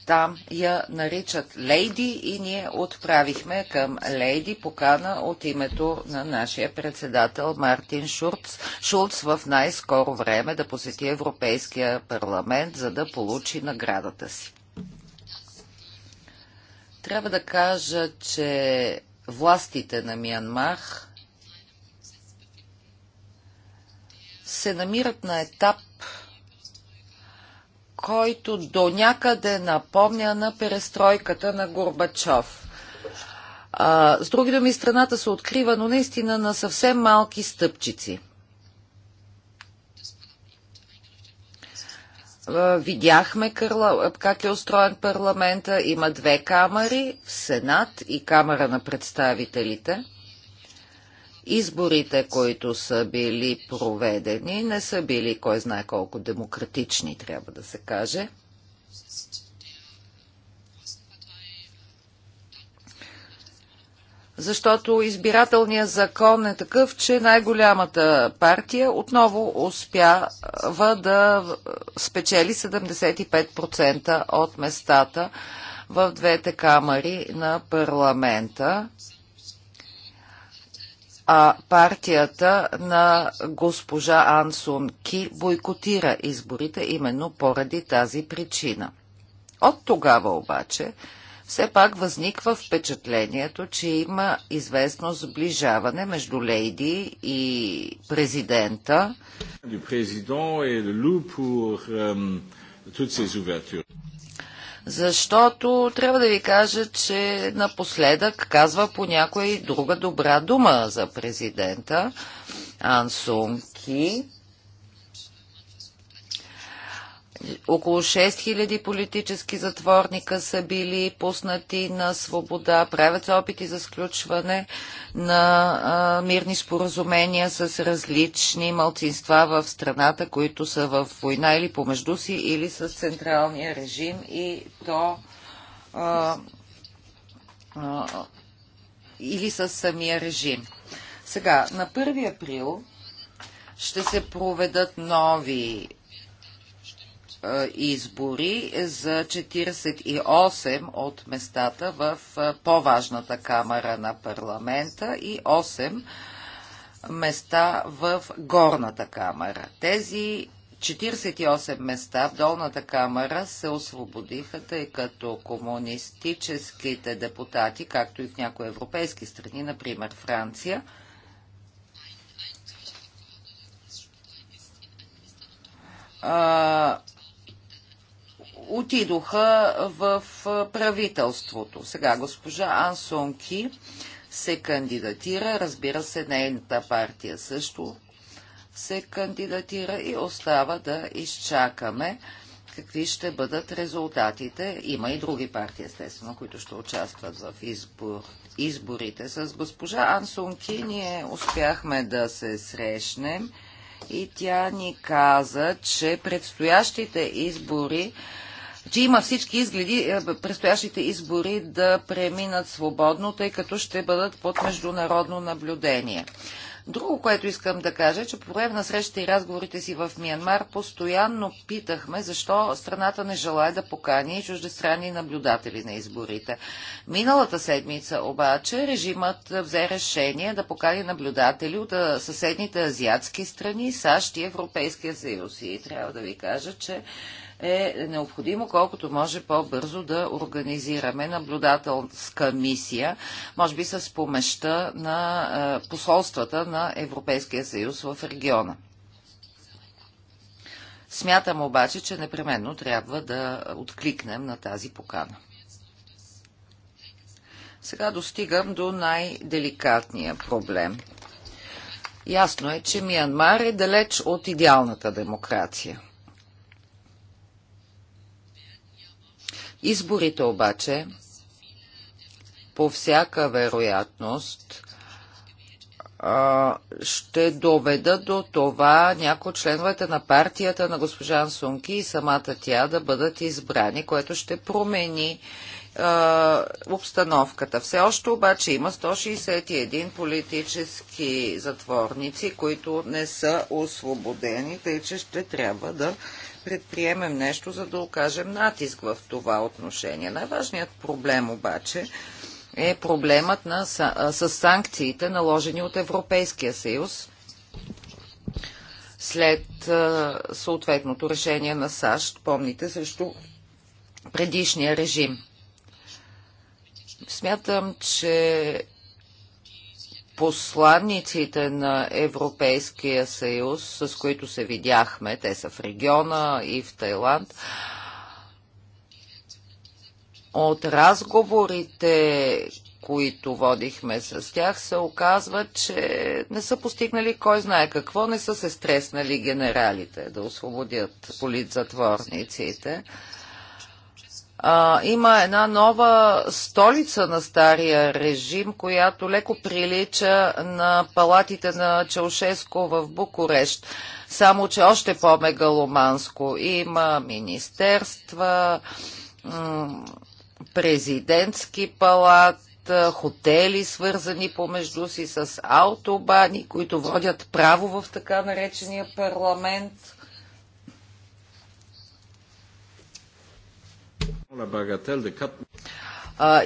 Там я наричат Лейди и ние отправихме към Лейди покана от името на нашия председател Мартин Шурц, Шулц в най-скоро време да посети Европейския парламент, за да получи наградата си. Трябва да кажа, че властите на Миянмах се намират на етап, който до някъде напомня на перестройката на Горбачов. с други думи, страната се открива, но наистина на съвсем малки стъпчици – Е, видяхме е, как е устроен парламента. Има две камери Сенат и Камера на представителите. Изборите, които са били проведени, не са били кой знае колко демократични, трябва да се каже. защото избирателният закон е такъв, че най-голямата партия отново успява да спечели 75% от местата в двете камери на парламента. А партията на госпожа Ансун Ки бойкотира изборите именно поради тази причина. От тогава обаче все пак възниква впечатлението, че има известно сближаване между Лейди и президента. Euh, Защото трябва да ви кажа, че напоследък казва по някоя и друга добра дума за президента Ансунки. Около 6000 политически затворника са били пуснати на свобода, правят се опити за сключване на а, мирни споразумения с различни малцинства в страната, които са в война или помежду си, или с централния режим и то а, а, или с самия режим. Сега, на 1 април ще се проведат нови е, избори за 48 от местата в е, по-важната камера на парламента и 8 места в горната камера. Тези 48 места в долната камера се освободиха, тъй като комунистическите депутати, както и в някои европейски страни, например Франция, а, отидоха в правителството. Сега госпожа Ансонки се кандидатира, разбира се, нейната партия също се кандидатира и остава да изчакаме какви ще бъдат резултатите. Има и други партии, естествено, които ще участват в избор, изборите. С госпожа Ансунки ние успяхме да се срещнем и тя ни каза, че предстоящите избори че има всички изгледи е, предстоящите избори да преминат свободно, тъй като ще бъдат под международно наблюдение. Друго, което искам да кажа, е, че по време на срещите и разговорите си в Миянмар постоянно питахме защо страната не желая да покани чуждестранни наблюдатели на изборите. Миналата седмица обаче режимът взе решение да покани наблюдатели от съседните азиатски страни, САЩ и Европейския съюз. И трябва да ви кажа, че е необходимо колкото може по-бързо да организираме наблюдателска мисия, може би с помеща на е, посолствата на Европейския съюз в региона. Смятам обаче, че непременно трябва да откликнем на тази покана. Сега достигам до най-деликатния проблем. Ясно е, че Миянмар е далеч от идеалната демокрация – Изборите обаче по всяка вероятност ще доведа до това някои от членовете на партията на госпожа Сунки и самата тя да бъдат избрани, което ще промени обстановката. Все още обаче има 161 политически затворници, които не са освободени, тъй че ще трябва да предприемем нещо, за да окажем натиск в това отношение. Най-важният проблем обаче е проблемът на, с санкциите, наложени от Европейския съюз след съответното решение на САЩ, помните, срещу предишния режим. Смятам, че посланниците на Европейския съюз, с които се видяхме, те са в региона и в Тайланд, от разговорите, които водихме с тях, се оказва, че не са постигнали кой знае какво, не са се стреснали генералите да освободят политзатворниците. затворниците а, има една нова столица на стария режим, която леко прилича на палатите на Чаушеско в Букурещ. Само, че още по-мегаломанско. Има министерства, президентски палат, хотели, свързани помежду си с аутобани, които водят право в така наречения парламент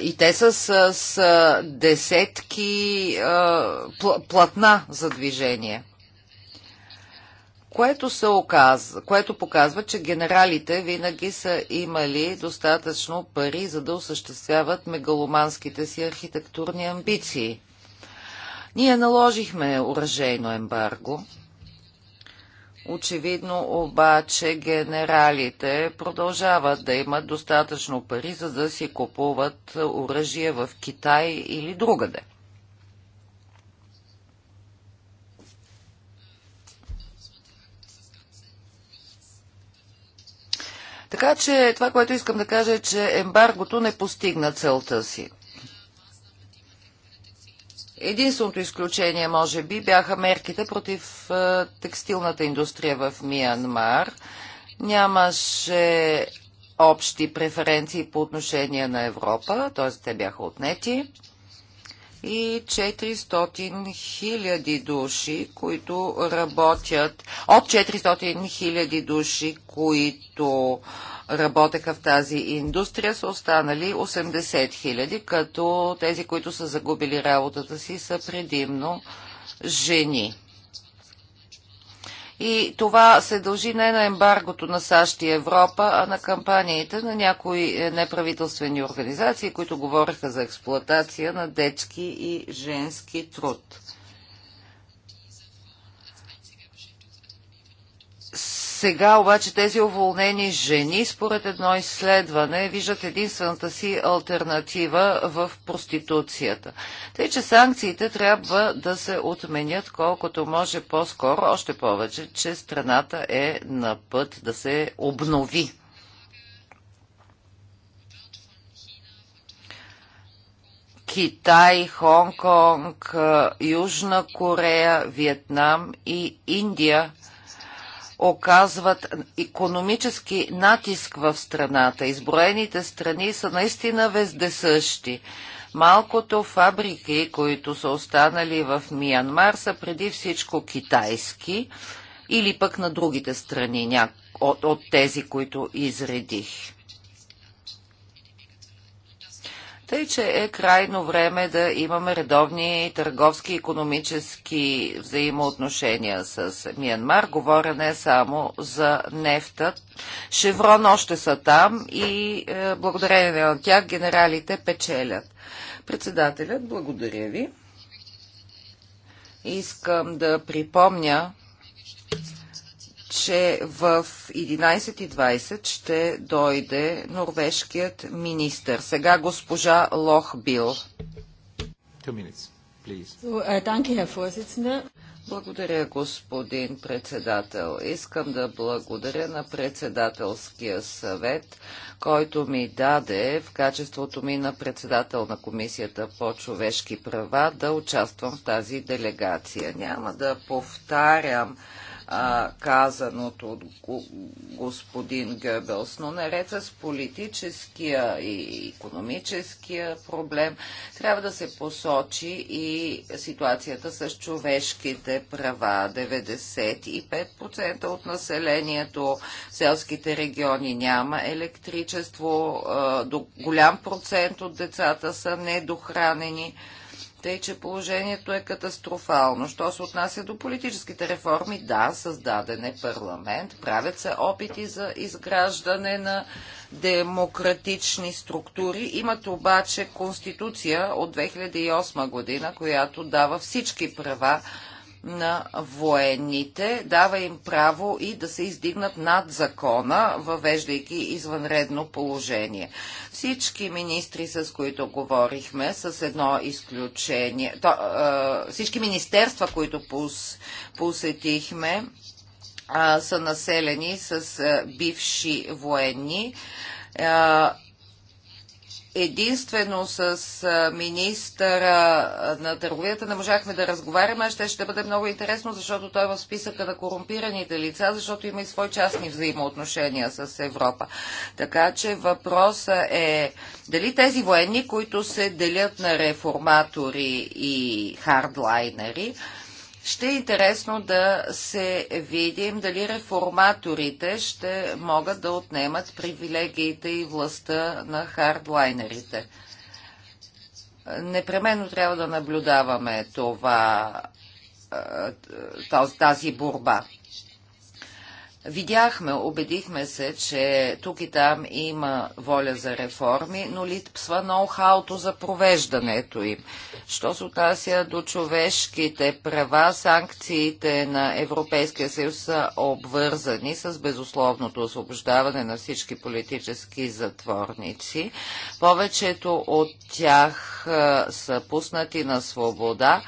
И те са с, с десетки платна за движение което, се оказва, което показва, че генералите винаги са имали достатъчно пари, за да осъществяват мегаломанските си архитектурни амбиции. Ние наложихме оръжейно ембарго Очевидно обаче генералите продължават да имат достатъчно пари, за да си купуват оръжие в Китай или другаде. Така че това, което искам да кажа е, че ембаргото не постигна целта си. Единственото изключение, може би, бяха мерките против е, текстилната индустрия в Миянмар. Нямаше общи преференции по отношение на Европа, т.е. те бяха отнети. И 400 000 души, които работят, от 400 хиляди души, които работеха в тази индустрия, са останали 80 хиляди, като тези, които са загубили работата си, са предимно жени. И това се дължи не на ембаргото на САЩ и Европа, а на кампаниите на някои неправителствени организации, които говореха за експлоатация на детски и женски труд. Сега обаче тези уволнени жени, според едно изследване, виждат единствената си альтернатива в проституцията. Тъй, че санкциите трябва да се отменят колкото може по-скоро, още повече, че страната е на път да се обнови. Китай, Хонг-Конг, Южна Корея, Виетнам и Индия – оказват економически натиск в страната. Изброените страни са наистина вездесъщи. Малкото фабрики, които са останали в Миянмар, са преди всичко китайски или пък на другите страни от, от тези, които изредих. Тъй, че е крайно време да имаме редовни търговски и економически взаимоотношения с Миянмар. Говоря не само за нефта. Шеврон още са там и е, благодарение на тях генералите печелят. Председателят, благодаря ви. Искам да припомня че в 11.20 ще дойде норвежкият министр. Сега госпожа Лохбил. Uh, благодаря, господин председател. Искам да благодаря на председателския съвет, който ми даде в качеството ми на председател на Комисията по човешки права да участвам в тази делегация. Няма да повтарям а, казаното от господин Гебелс, но наред с политическия и економическия проблем трябва да се посочи и ситуацията с човешките права. 95% от населението в селските региони няма електричество, до голям процент от децата са недохранени. Тъй, че положението е катастрофално. Що се отнася до политическите реформи, да, създаден е парламент, правят се опити за изграждане на демократични структури. Имат обаче конституция от 2008 година, която дава всички права на военните, дава им право и да се издигнат над закона, въвеждайки извънредно положение. Всички министри, с които говорихме, с едно изключение, то, е, всички министерства, които пос, посетихме, е, са населени с е, бивши военни. Е, единствено с министъра на търговията не можахме да разговаряме, а ще ще бъде много интересно, защото той е в списъка на корумпираните лица, защото има и свои частни взаимоотношения с Европа. Така че въпросът е дали тези военни, които се делят на реформатори и хардлайнери, ще е интересно да се видим дали реформаторите ще могат да отнемат привилегиите и властта на хардлайнерите. Непременно трябва да наблюдаваме това, тази борба. Видяхме, убедихме се, че тук и там има воля за реформи, но липсва ноу-хауто за провеждането им. Що се отнася до човешките права, санкциите на Европейския съюз са обвързани с безусловното освобождаване на всички политически затворници. Повечето от тях са пуснати на свобода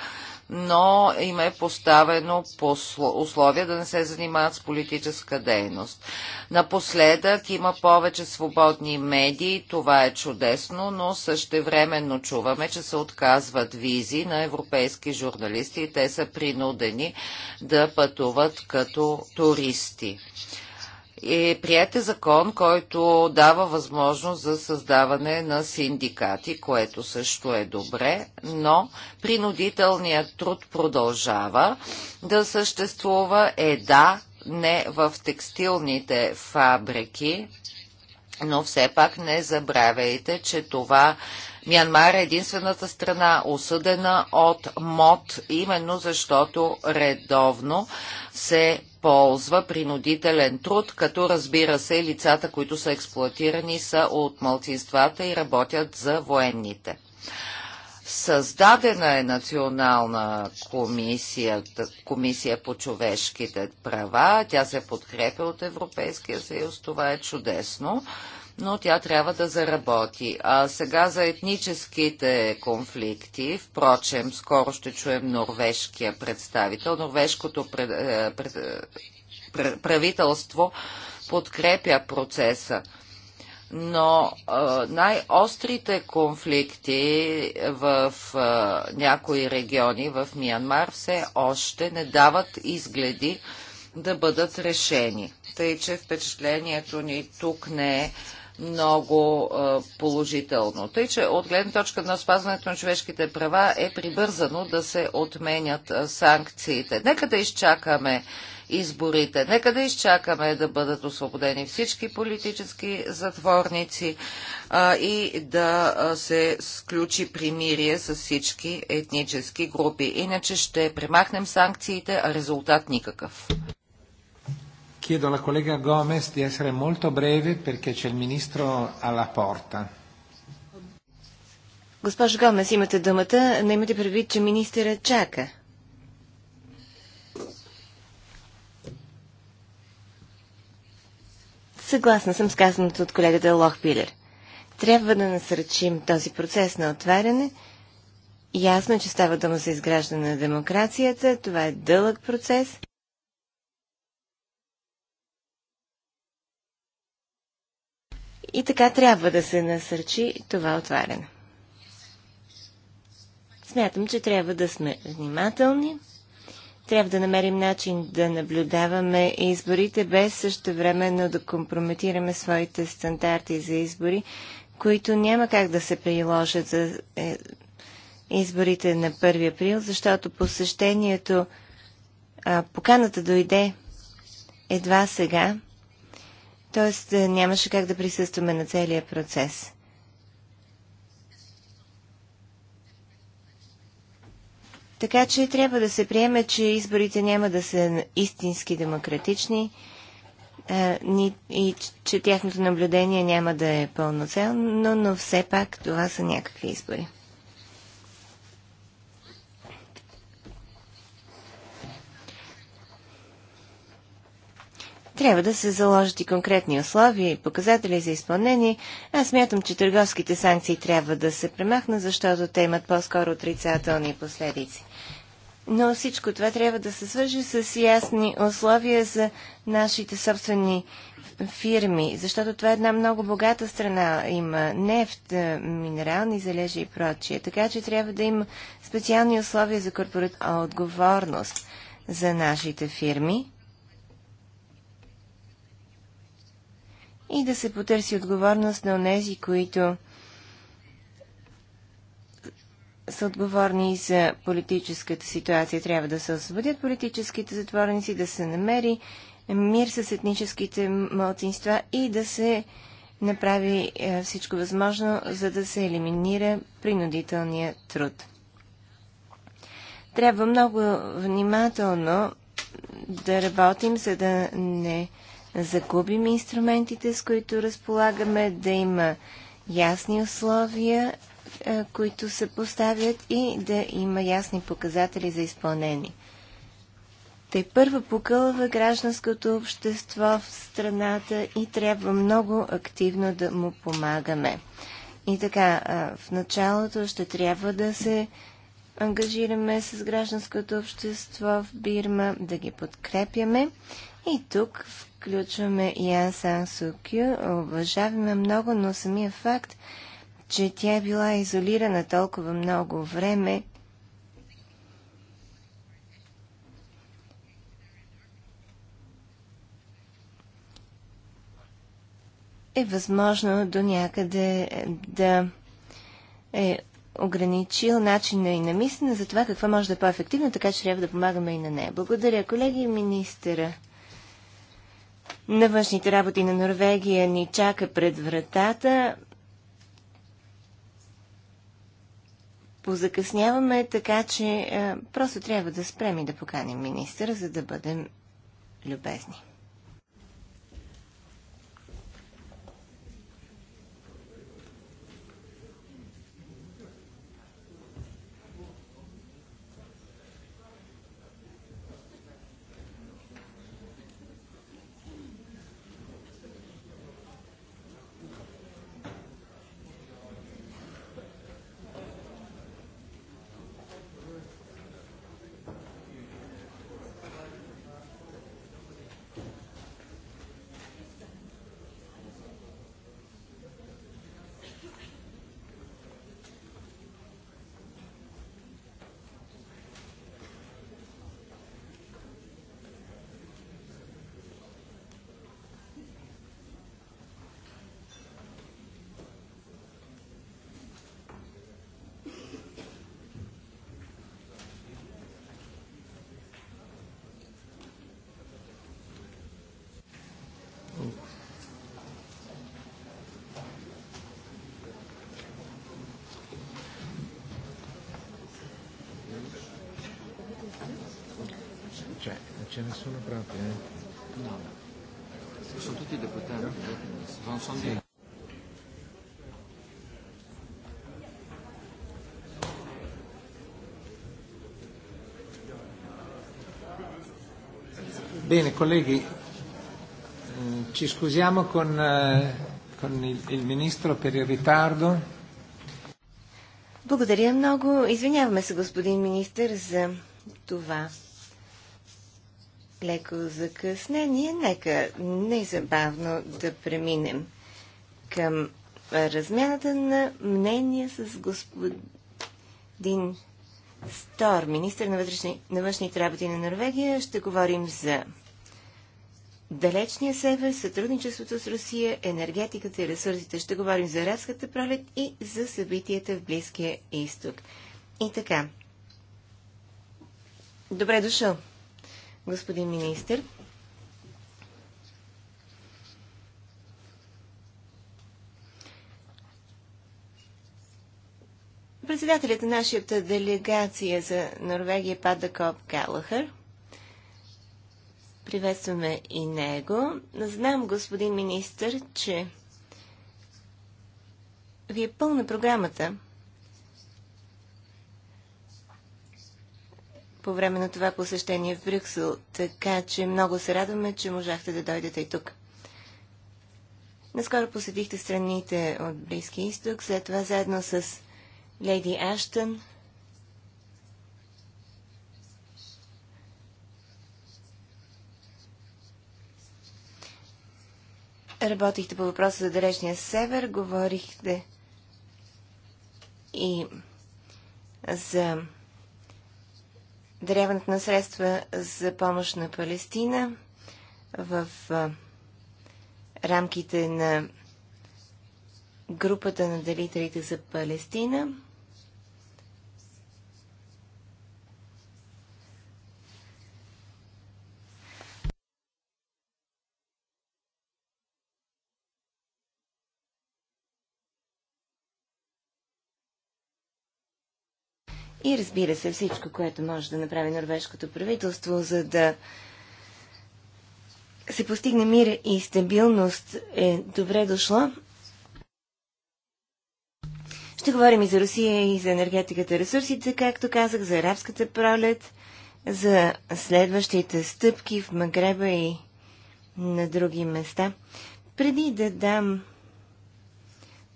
но им е поставено по условие да не се занимават с политическа дейност. Напоследък има повече свободни медии, това е чудесно, но същевременно чуваме, че се отказват визи на европейски журналисти и те са принудени да пътуват като туристи е приятен закон, който дава възможност за създаване на синдикати, което също е добре, но принудителният труд продължава да съществува е да, не в текстилните фабрики, но все пак не забравяйте, че това Мянмар е единствената страна, осъдена от МОД, именно защото редовно се използва принудителен труд, като разбира се лицата, които са експлуатирани са от малцинствата и работят за военните. Създадена е национална комисия, комисия по човешките права. Тя се подкрепя от Европейския съюз. Това е чудесно но тя трябва да заработи. А сега за етническите конфликти, впрочем, скоро ще чуем норвежкия представител. Норвежкото пред, е, пред, е, пред, правителство подкрепя процеса но е, най-острите конфликти в някои региони в Миянмар все още не дават изгледи да бъдат решени. Тъй, че впечатлението ни тук не е много положително. Тъй, че от гледна точка на спазването на човешките права е прибързано да се отменят санкциите. Нека да изчакаме изборите. Нека да изчакаме да бъдат освободени всички политически затворници а, и да се сключи примирие с всички етнически групи. Иначе ще премахнем санкциите, а резултат никакъв. Chiedo alla collega Gomez di essere molto breve perché c'è il ministro alla porta. Госпожо Гомес, имате думата, но имате предвид, че министъра чака. Съгласна съм с казаното от колегата Лохпилер. Трябва да насръчим този процес на отваряне. Ясно е, че става дума за изграждане на демокрацията. Това е дълъг процес. И така трябва да се насърчи това отваряне. Смятам, че трябва да сме внимателни, трябва да намерим начин да наблюдаваме изборите, без същевременно да компрометираме своите стандарти за избори, които няма как да се приложат за е, изборите на 1 април, защото посещението, поканата дойде едва сега Тоест е, нямаше как да присъстваме на целия процес. Така че трябва да се приеме, че изборите няма да са истински демократични а, е, ни, и че тяхното наблюдение няма да е пълноценно, но все пак това са някакви избори. Трябва да се заложат и конкретни условия и показатели за изпълнение. Аз смятам, че търговските санкции трябва да се премахнат, защото те имат по-скоро отрицателни последици. Но всичко това трябва да се свържи с ясни условия за нашите собствени фирми, защото това е една много богата страна. Има нефт, е, минерални залежи и прочие. Така че трябва да има специални условия за корпоративна отговорност за нашите фирми. и да се потърси отговорност на онези, които са отговорни за политическата ситуация. Трябва да се освободят политическите затворници, да се намери мир с етническите малцинства и да се направи е, всичко възможно, за да се елиминира принудителния труд. Трябва много внимателно да работим, за да не загубим инструментите, с които разполагаме, да има ясни условия, които се поставят и да има ясни показатели за изпълнение. Те първа покълва гражданското общество в страната и трябва много активно да му помагаме. И така, в началото ще трябва да се ангажираме с гражданското общество в Бирма, да ги подкрепяме. И тук в включваме Ян Сан Сукю. Уважаваме много, но самия факт, че тя е била изолирана толкова много време, е възможно до някъде да е ограничил начина и на мислене за това какво може да е по-ефективно, така че трябва да помагаме и на нея. Благодаря, колеги и министъра на външните работи на Норвегия ни чака пред вратата. Позакъсняваме, така че а, е, просто трябва да спрем и да поканим министъра, за да бъдем любезни. entrati. Eh. No, sono tutti deputati, non sono Bene, colleghi, ci scusiamo con, con il, il ministro per il ritardo. Благодаря много. Извиняваме се, господин министр, за това леко закъснение, нека незабавно да преминем към размяната на мнения с господин Стор, министр на, вътрешни, на външните работи на Норвегия. Ще говорим за далечния север, сътрудничеството с Русия, енергетиката и ресурсите. Ще говорим за арабската пролет и за събитията в Близкия изток. И така. Добре дошъл господин министр. Председателят на нашата делегация за Норвегия Пада Коп Приветстваме и него. Знам, господин министр, че ви е пълна програмата – по време на това посещение в Брюксел, така че много се радваме, че можахте да дойдете и тук. Наскоро посетихте страните от Близкия изток, след това заедно с Леди Аштън. Работихте по въпроса за далечния север, говорихте и за даряването на средства за помощ на Палестина в рамките на групата на делителите за Палестина – И разбира се, всичко, което може да направи норвежкото правителство, за да се постигне мир и стабилност е добре дошло. Ще говорим и за Русия, и за енергетиката, ресурсите, както казах, за арабската пролет, за следващите стъпки в Магреба и на други места. Преди да дам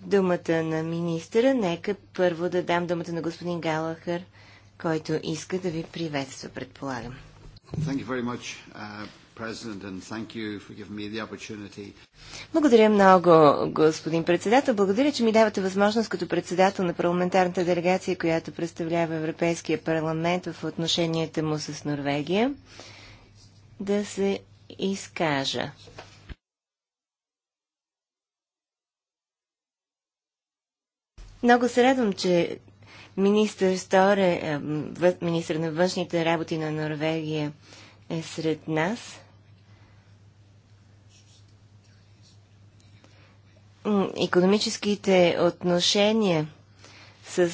думата на министъра, нека първо да дам думата на господин Галахър, който иска да ви приветства, предполагам. Uh, Благодаря много, господин председател. Благодаря, че ми давате възможност като председател на парламентарната делегация, която представлява Европейския парламент в отношенията му с Норвегия, да се изкажа. Много се радвам, че министър Сторе, е, министър на външните работи на Норвегия е сред нас. Економическите отношения с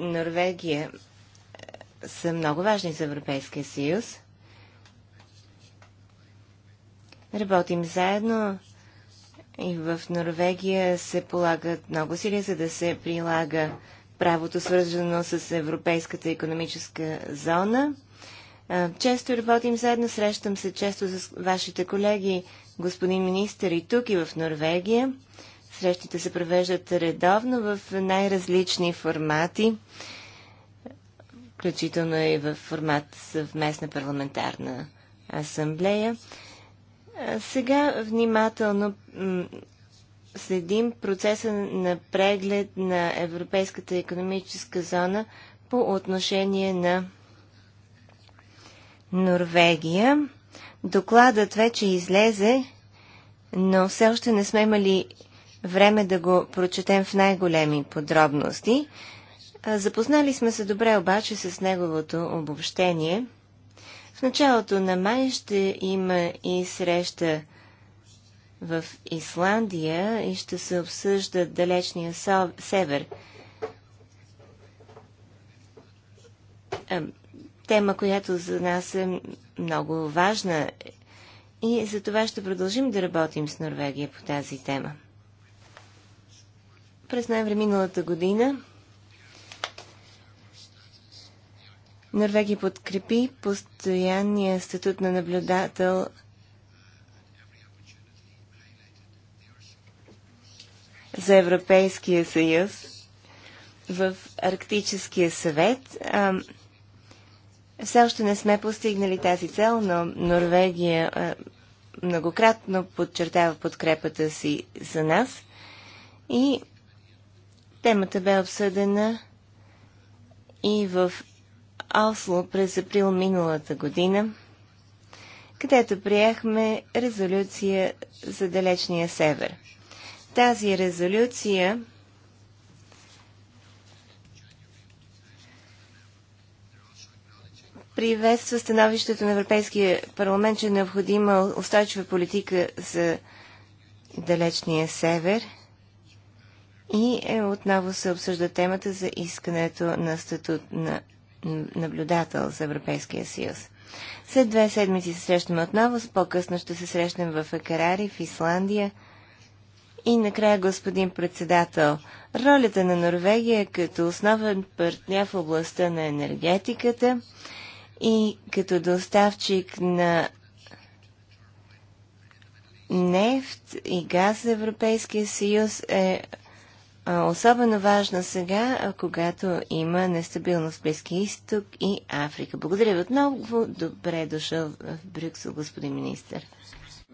Норвегия е, са много важни за Европейския съюз. Работим заедно и в Норвегия се полагат много усилия, за да се прилага правото свързано с Европейската економическа зона. Често работим заедно, срещам се често с вашите колеги, господин министър, и тук, и в Норвегия. Срещите се провеждат редовно в най-различни формати, включително и в формат съвместна парламентарна асамблея. Сега внимателно следим процеса на преглед на Европейската економическа зона по отношение на Норвегия. Докладът вече излезе, но все още не сме имали време да го прочетем в най-големи подробности. Запознали сме се добре обаче с неговото обобщение – в началото на май ще има и среща в Исландия и ще се обсъжда далечния север. Тема, която за нас е много важна и за това ще продължим да работим с Норвегия по тази тема. През ноември миналата година Норвегия подкрепи постоянния статут на наблюдател за Европейския съюз в Арктическия съвет. все още не сме постигнали тази цел, но Норвегия многократно подчертава подкрепата си за нас и темата бе обсъдена и в Осло през април миналата година, където приехме резолюция за далечния север. Тази резолюция приветства становището на Европейския парламент, че е необходима устойчива политика за далечния север и е, отново се обсъжда темата за искането на статут на наблюдател за Европейския съюз. След две седмици се срещаме отново, по-късно ще се срещнем в Акарари, в Исландия. И накрая, господин председател, ролята на Норвегия като основен партньор в областта на енергетиката и като доставчик на нефт и газ за Европейския съюз е особено важна сега, когато има нестабилност в Близкия изток и Африка. Благодаря ви отново. Добре дошъл в Брюксел, господин министр.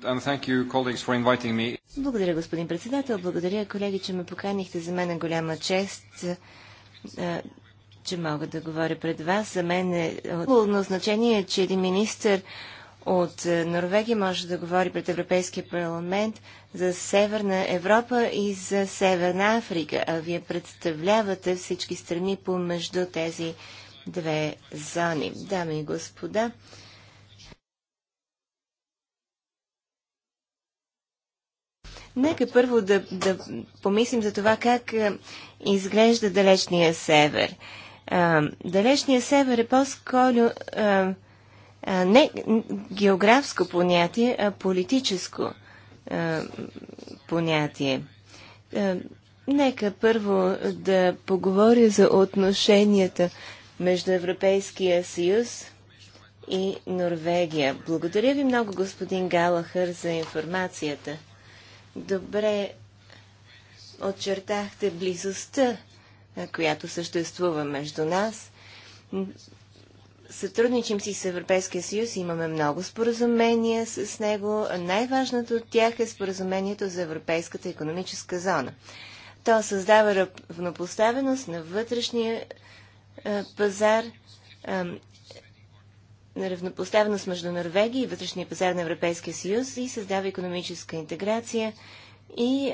You, благодаря, господин председател. Благодаря, колеги, че ме поканихте. За мен е голяма чест, че мога да говоря пред вас. За мен е от значение, че един министр от е, Норвегия може да говори пред Европейския парламент за Северна Европа и за Северна Африка, а вие представлявате всички страни помежду тези две зони. Дами и господа, Нека първо да, да помислим за това как е, изглежда далечния север. Е, далечния север е по-скоро не географско понятие, а политическо понятие. нека първо да поговоря за отношенията между Европейския съюз и Норвегия. Благодаря ви много, господин Галахър, за информацията. Добре отчертахте близостта, която съществува между нас. Сътрудничим си с Европейския съюз, имаме много споразумения с него. Най-важното от тях е споразумението за Европейската економическа зона. То създава равнопоставеност на вътрешния пазар, на равнопоставеност между Норвегия и вътрешния пазар на Европейския съюз и създава економическа интеграция и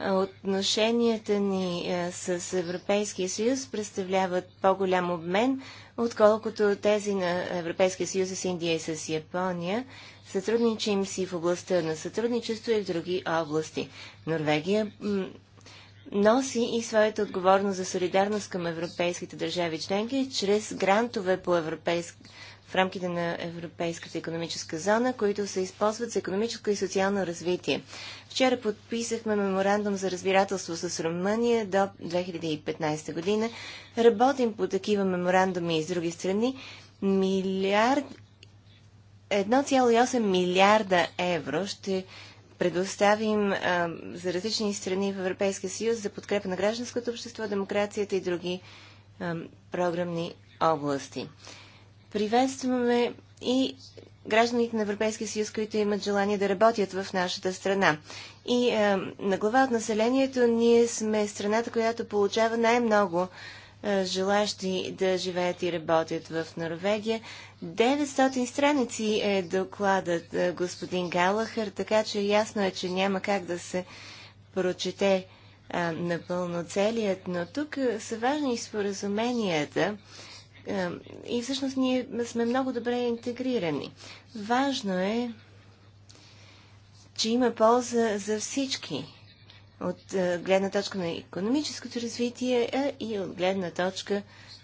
отношенията ни е, с Европейския съюз представляват по-голям обмен, отколкото тези на Европейския съюз с Индия и с Япония. Сътрудничим си в областта на сътрудничество и в други области. Норвегия носи и своята отговорност за солидарност към европейските държави членки чрез грантове по европейски в рамките на Европейската економическа зона, които се използват за економическо и социално развитие. Вчера подписахме меморандум за разбирателство с Румъния до 2015 година. Работим по такива меморандуми и с други страни. Милиард 1,8 милиарда евро ще предоставим а, за различни страни в Европейския съюз за подкрепа на гражданското общество, демокрацията и други а, програмни области. Приветстваме и гражданите на Европейския съюз, които имат желание да работят в нашата страна. И е, на глава от населението ние сме страната, която получава най-много е, желащи да живеят и работят в Норвегия. 900 страници е докладът е, господин Галахър, така че ясно е, че няма как да се прочете е, напълно целият, но тук е, са важни споразуменията. Да е, и всъщност ние сме много добре интегрирани. Важно е, че има полза за всички от е, гледна точка на економическото развитие и от гледна точка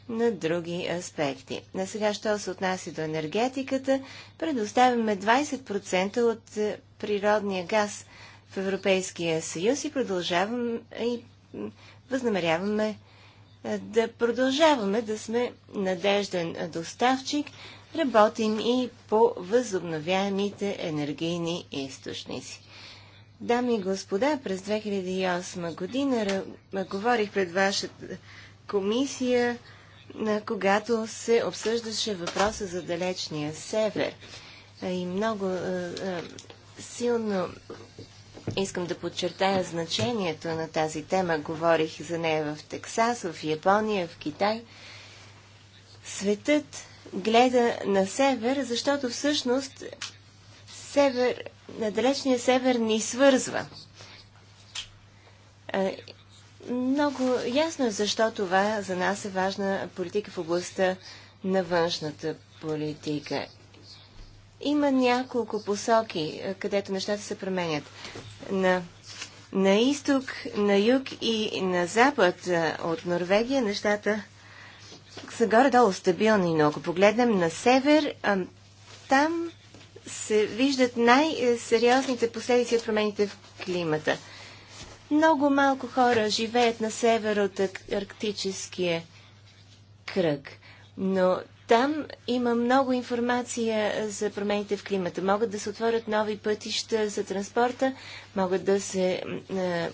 на други аспекти. На сега, що се отнася до енергетиката, предоставяме 20% от е, природния газ в Европейския съюз и продължаваме и възнамеряваме да продължаваме да сме надежден доставчик. Работим и по възобновяемите енергийни източници. Дами и господа, през 2008 година говорих пред вашата комисия, на когато се обсъждаше въпроса за далечния север. И много силно Искам да подчертая значението на тази тема. Говорих за нея в Тексас, в Япония, в Китай. Светът гледа на север, защото всъщност север, на далечния север ни свързва. Е, много ясно е защо това за нас е важна политика в областта на външната политика. Има няколко посоки, е, където нещата се променят. На, на изток, на юг и на запад е, от Норвегия нещата са горе-долу стабилни, но ако погледнем на север, е, там се виждат най-сериозните последици от промените в климата. Много малко хора живеят на север от Арктическия кръг, но там има много информация за промените в климата. Могат да се отворят нови пътища за транспорта, могат да се, е,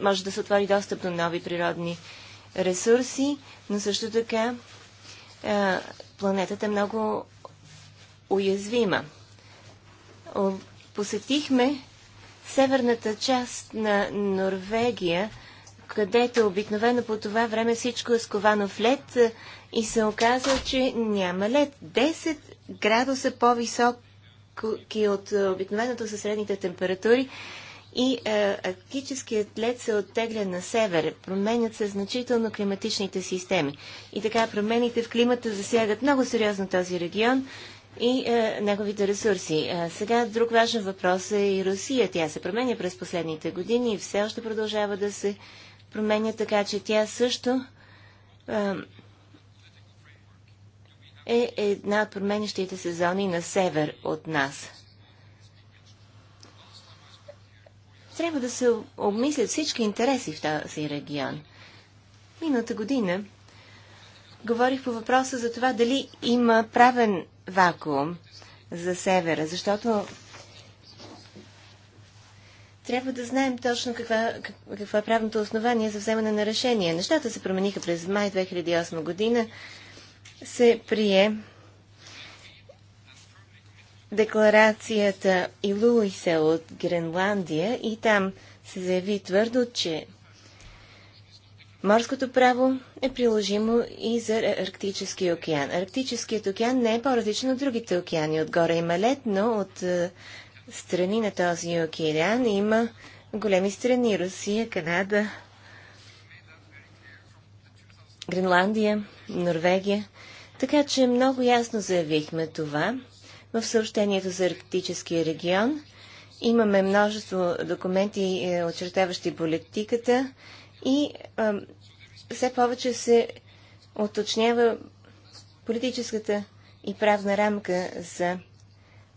може да се отвори достъп до нови природни ресурси, но също така е, планетата е много уязвима. Посетихме северната част на Норвегия, където обикновено по това време всичко е сковано в лед, е, и се оказа, че няма лед. 10 градуса по-високи от е, обикновеното със средните температури и е, арктическият лед се оттегля на север. Променят се значително климатичните системи. И така промените в климата засягат много сериозно този регион и е, неговите ресурси. А, е, сега друг важен въпрос е и Русия. Тя се променя през последните години и все още продължава да се променя така, че тя също е една от променящите се зони на север от нас. Трябва да се обмислят всички интереси в този регион. Миналата година говорих по въпроса за това дали има правен вакуум за севера, защото трябва да знаем точно каква, какво е правното основание за вземане на решение. Нещата се промениха през май 2008 година се прие декларацията Илуисе от Гренландия и там се заяви твърдо, че морското право е приложимо и за Арктическия океан. Арктическият океан не е по-различен от другите океани. Отгоре има лед, но от е, страни на този океан има големи страни. Русия, Канада, Гренландия, Норвегия. Така че много ясно заявихме това в съобщението за арктическия регион. Имаме множество документи, е, очертаващи политиката и а, все повече се уточнява политическата и правна рамка за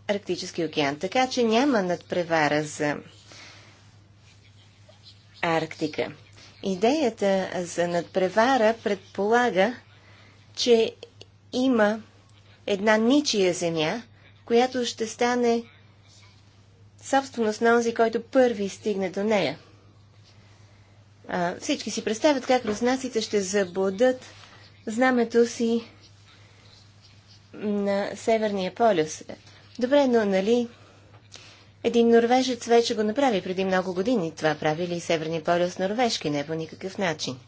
Арктически океан. Така че няма надпревара за Арктика. Идеята за надпревара предполага, че има една ничия земя, която ще стане собственост на онзи, който първи стигне до нея. А, всички си представят как руснаците ще заблудат знамето си на Северния полюс. Добре, но нали един норвежец вече го направи преди много години. Това прави ли Северния полюс норвежки? Не по никакъв начин.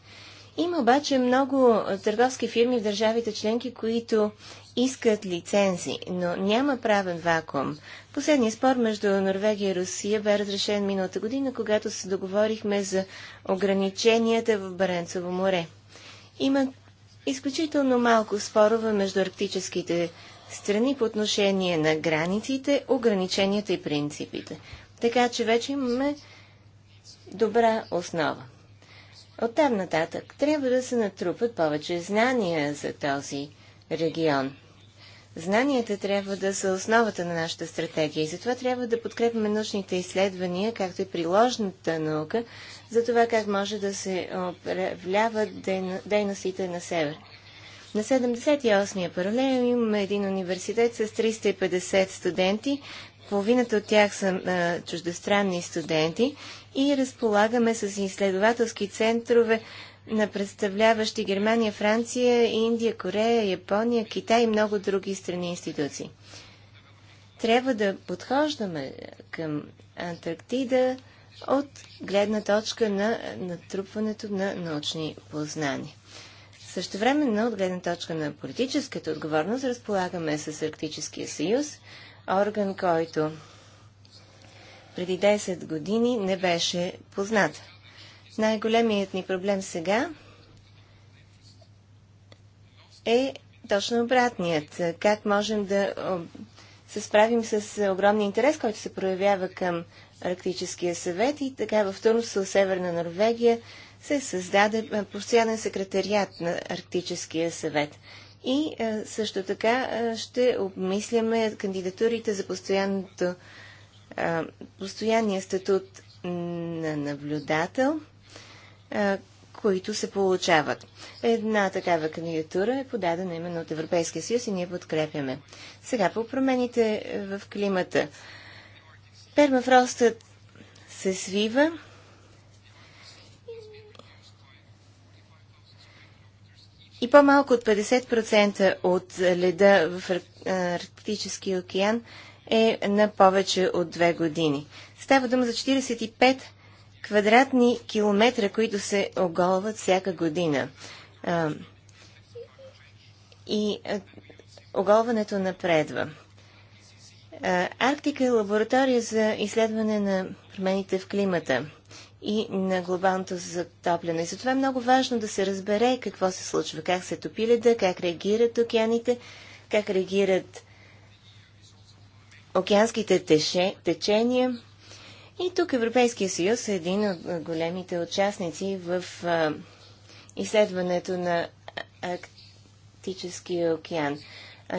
Има обаче много търговски фирми в държавите членки, които искат лицензи, но няма правен вакуум. Последният спор между Норвегия и Русия бе разрешен миналата година, когато се договорихме за ограниченията в Баренцово море. Има изключително малко спорове между арктическите страни по отношение на границите, ограниченията и принципите. Така че вече имаме добра основа. От там нататък трябва да се натрупат повече знания за този регион. Знанията трябва да са основата на нашата стратегия и затова трябва да подкрепяме научните изследвания, както и приложната наука, за това как може да се управляват дейностите на север. На 78-я паралел имаме един университет с 350 студенти, половината от тях са а, чуждестранни студенти и разполагаме с изследователски центрове на представляващи Германия, Франция, Индия, Корея, Япония, Китай и много други страни институции. Трябва да подхождаме към Антарктида от гледна точка на натрупването на научни познания. Също време, но от гледна точка на политическата отговорност разполагаме с Арктическия съюз, орган, който преди 10 години не беше познат. Най-големият ни проблем сега е точно обратният. Как можем да се справим с огромния интерес, който се проявява към Арктическия съвет и така в Турнсо, Северна Норвегия, се създаде постоянен секретариат на Арктическия съвет. И е, също така е, ще обмисляме кандидатурите за постоянното, е, постоянния статут на наблюдател, които се получават. Една такава кандидатура е подадена именно от Европейския съюз и ние подкрепяме. Сега по промените в климата. Пермафростът се свива, и по-малко от 50% от леда в Арктическия океан е на повече от две години. Става дума за 45 квадратни километра, които се оголват всяка година. и оголването напредва. Арктика е лаборатория за изследване на промените в климата и на глобалното затопляне. Затова е много важно да се разбере какво се случва, как се топи леда, как реагират океаните, как реагират океанските теше, течения. И тук Европейския съюз е един от големите участници в изследването на Арктическия океан.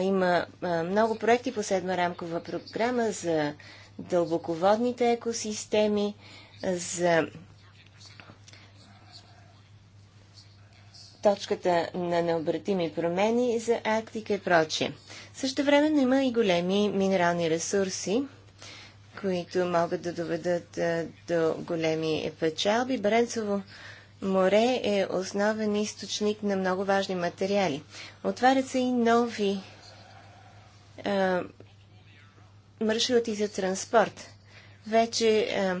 има много проекти по седма рамкова програма за дълбоководните екосистеми, за точката на необратими промени за Арктика и прочие. Също време има и големи минерални ресурси, които могат да доведат до големи печалби. Бренцово море е основен източник на много важни материали. Отварят се и нови а, маршрути за транспорт. Вече а,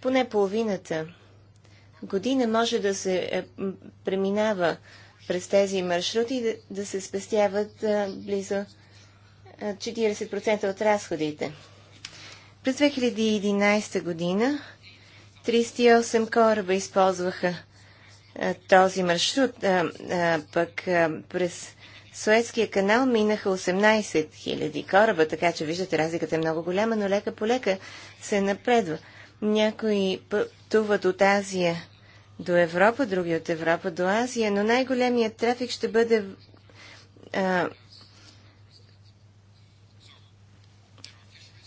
Поне половината година може да се е, преминава през тези маршрути и да, се спестяват е, близо 40% е, от разходите. През 2011 година 38 кораба използваха този маршрут, пък през Суетския канал минаха 18 000 кораба, така че виждате разликата е много голяма, но лека по лека се напредва. Някои пътуват от Азия до Европа, други от Европа до Азия, но най-големият трафик ще бъде а,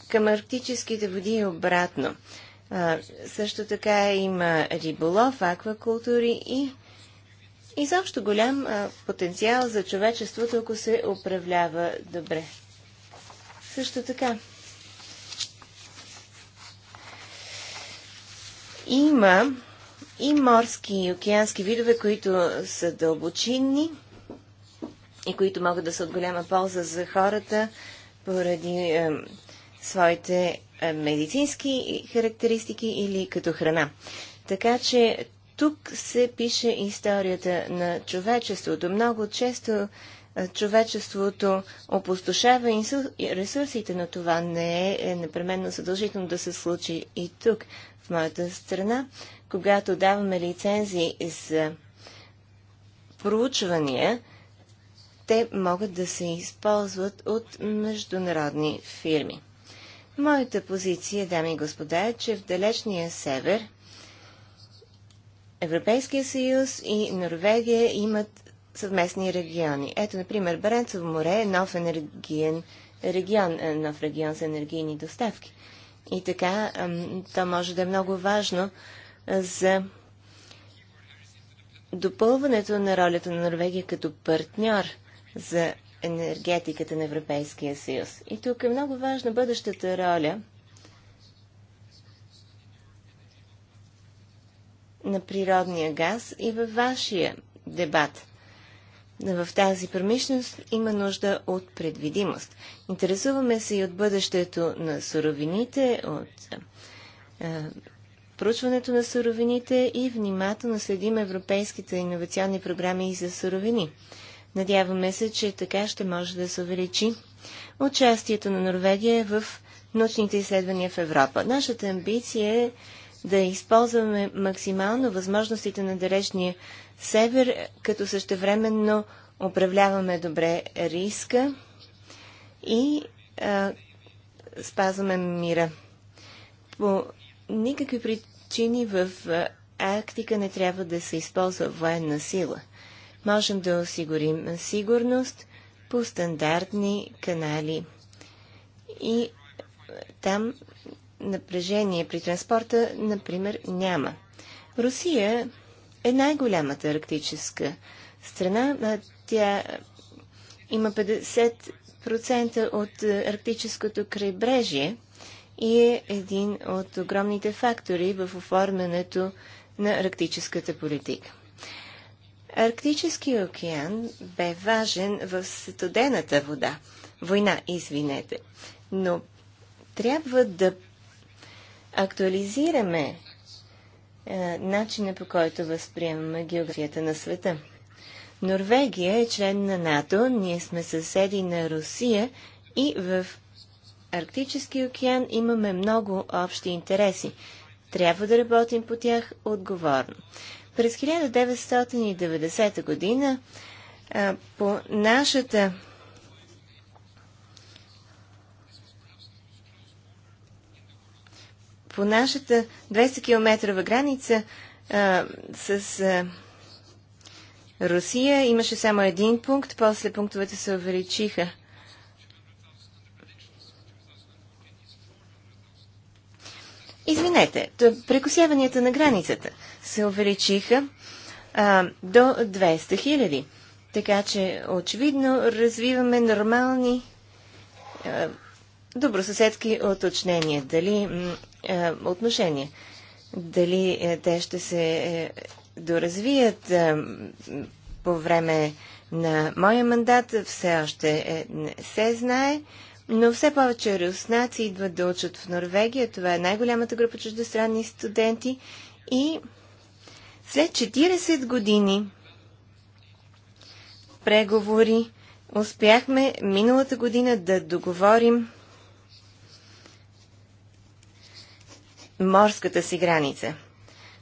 към арктическите води и обратно. А, също така има риболов, аквакултури и изобщо голям а, потенциал за човечеството, ако се управлява добре. Също така, Има и морски и океански видове, които са дълбочинни и които могат да са от голяма полза за хората поради е, своите е, медицински характеристики или като храна. Така че тук се пише историята на човечеството. Много често е, човечеството опустошава ресурсите, но това не е, е непременно съдължително да се случи и тук моята страна, когато даваме лицензии за проучвания, те могат да се използват от международни фирми. Моята позиция, дами и господа, е, че в далечния север Европейския съюз и Норвегия имат съвместни региони. Ето, например, Баренцево море е нов енергиен регион, е нов регион за енергийни доставки. И така, то може да е много важно за допълването на ролята на Норвегия като партньор за енергетиката на Европейския съюз. И тук е много важна бъдещата роля на природния газ и във вашия дебат в тази промишленост има нужда от предвидимост. Интересуваме се и от бъдещето на суровините, от проучването на суровините и внимателно следим европейските иновационни програми за суровини. Надяваме се, че така ще може да се увеличи участието на Норвегия в научните изследвания в Европа. Нашата амбиция е да използваме максимално възможностите на далечния север, като същевременно управляваме добре риска и а, спазваме мира. По никакви причини в Арктика не трябва да се използва военна сила. Можем да осигурим сигурност по стандартни канали. И там напрежение при транспорта, например, няма. Русия е най-голямата арктическа страна. Тя има 50% от е, арктическото крайбрежие и е един от огромните фактори в оформянето на арктическата политика. Арктическия океан бе важен в студената вода, война, извинете, но трябва да актуализираме е, начина по който възприемаме географията на света. Норвегия е член на НАТО, ние сме съседи на Русия и в Арктически океан имаме много общи интереси. Трябва да работим по тях отговорно. През 1990 година е, по нашата по нашата 200 км граница а, с а, Русия имаше само един пункт, после пунктовете се увеличиха. Извинете, прекосяванията на границата се увеличиха а, до 200 хиляди. Така че, очевидно, развиваме нормални а, добросъседски оточнения. Дали е, отношения. Дали е, те ще се е, доразвият по време на моя мандат, все още не се знае. Но все повече руснаци идват да учат в Норвегия. Това е най-голямата група чуждестранни студенти. И след 40 години преговори успяхме миналата година да договорим морската си граница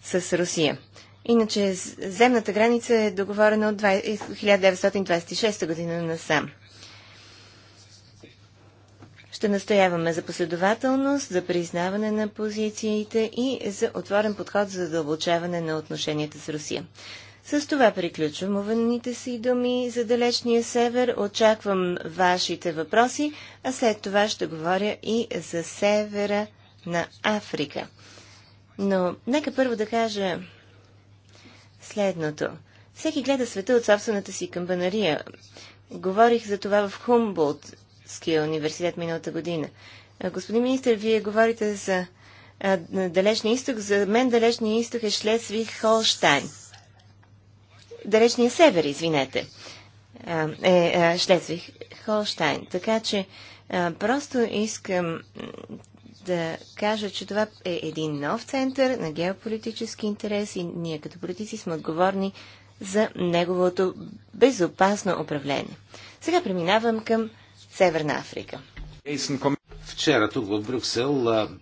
с Русия. Иначе земната граница е договорена от 1926 година насам. Ще настояваме за последователност, за признаване на позициите и за отворен подход за задълбочаване на отношенията с Русия. С това приключвам уваните си думи за далечния север. Очаквам вашите въпроси, а след това ще говоря и за севера на Африка. Но нека първо да кажа следното. Всеки гледа света от собствената си камбанария. Говорих за това в Хумболтския университет миналата година. Господин министр, вие говорите за Далечния изток. За мен Далечния изток е Шлесвиг Холштайн. Далечния север, извинете, а, е Шлесвиг Холштайн. Така че просто искам да кажа, че това е един нов център на геополитически интерес и ние като политици сме отговорни за неговото безопасно управление. Сега преминавам към Северна Африка. Вчера тук в Брюксел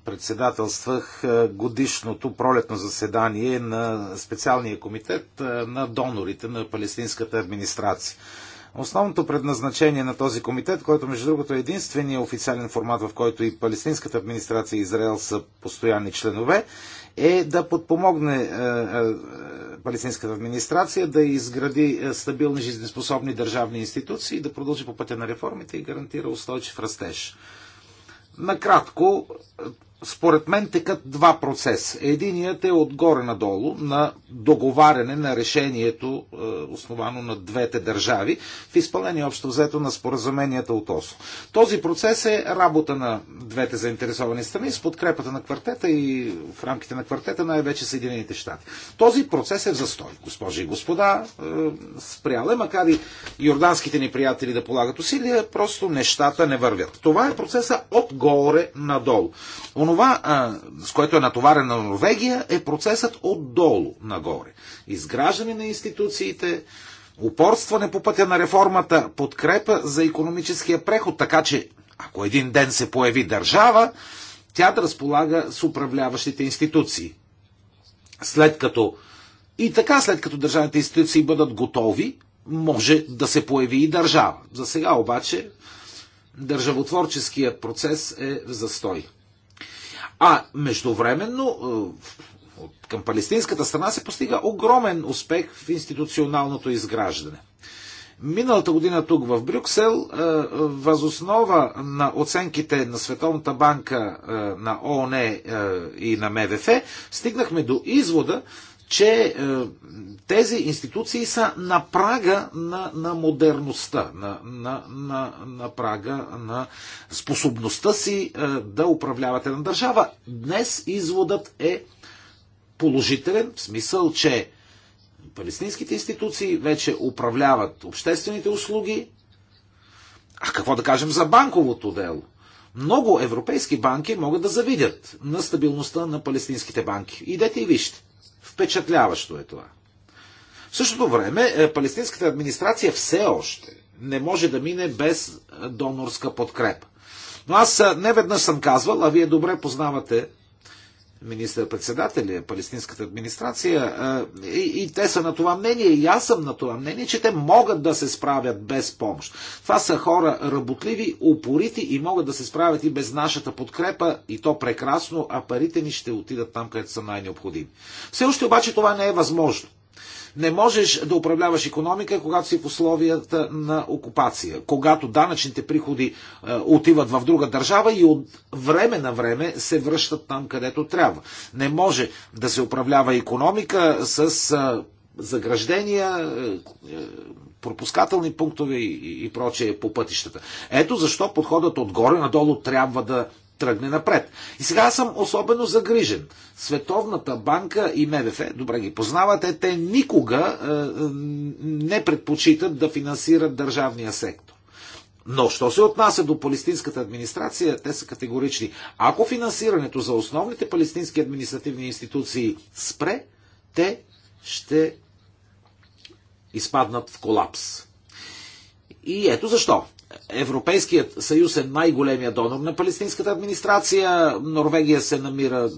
председателствах годишното пролетно заседание на специалния комитет на донорите на палестинската администрация. Основното предназначение на този комитет, който между другото е единствения официален формат, в който и палестинската администрация и Израел са постоянни членове, е да подпомогне е, е, палестинската администрация да изгради е, стабилни жизнеспособни държавни институции, да продължи по пътя на реформите и гарантира устойчив растеж. Накратко, според мен текат два процеса. Единият е отгоре надолу на договаряне на решението, е, основано на двете държави, в изпълнение общо взето на споразуменията от ОСО. Този процес е работа на двете заинтересовани страни с подкрепата на квартета и в рамките на квартета най-вече Съединените щати. Този процес е в застой, госпожи и господа. Е, спряле, макар и йорданските ни приятели да полагат усилия, просто нещата не вървят. Това е процеса отгоре надолу Онова, с което е натоварена Норвегия, е процесът отдолу нагоре. Изграждане на институциите, упорстване по пътя на реформата, подкрепа за економическия преход, така че ако един ден се появи държава, тя да разполага с управляващите институции. След като и така, след като държавните институции бъдат готови, може да се появи и държава. За сега обаче държавотворческият процес е в застой. А междувременно е, към палестинската страна се постига огромен успех в институционалното изграждане. Миналата година тук в Брюксел, е, е, възоснова на оценките на Световната банка, на ООН и на МВФ, стигнахме до извода, че е, тези институции са на прага на, на модерността, на, на, на, на прага на способността си е, да управляват една държава. Днес изводът е положителен, в смисъл, че палестинските институции вече управляват обществените услуги. А какво да кажем за банковото дело? Много европейски банки могат да завидят на стабилността на палестинските банки. Идете и вижте. Впечатляващо е това. В същото време, е, палестинската администрация все още не може да мине без е, донорска подкрепа. Но аз е, не веднъж съм казвал, а вие добре познавате министър-председателя, палестинската администрация. И, и те са на това мнение, и аз съм на това мнение, че те могат да се справят без помощ. Това са хора работливи, упорити и могат да се справят и без нашата подкрепа, и то прекрасно, а парите ни ще отидат там, където са най-необходими. Все още обаче това не е възможно. Не можеш да управляваш економика, когато си в условията на окупация, когато данъчните приходи е, отиват в друга държава и от време на време се връщат там, където трябва. Не може да се управлява економика с е, заграждения, е, пропускателни пунктове и, и прочее по пътищата. Ето защо подходът отгоре надолу трябва да тръгне напред. И сега аз съм особено загрижен. Световната банка и МВФ, добре ги познавате, те никога е, е, не предпочитат да финансират държавния сектор. Но, що се отнася до палестинската администрация, те са категорични. Ако финансирането за основните палестински административни институции спре, те ще изпаднат в колапс. И ето защо Европейският съюз е най-големия донор на палестинската администрация. Норвегия се намира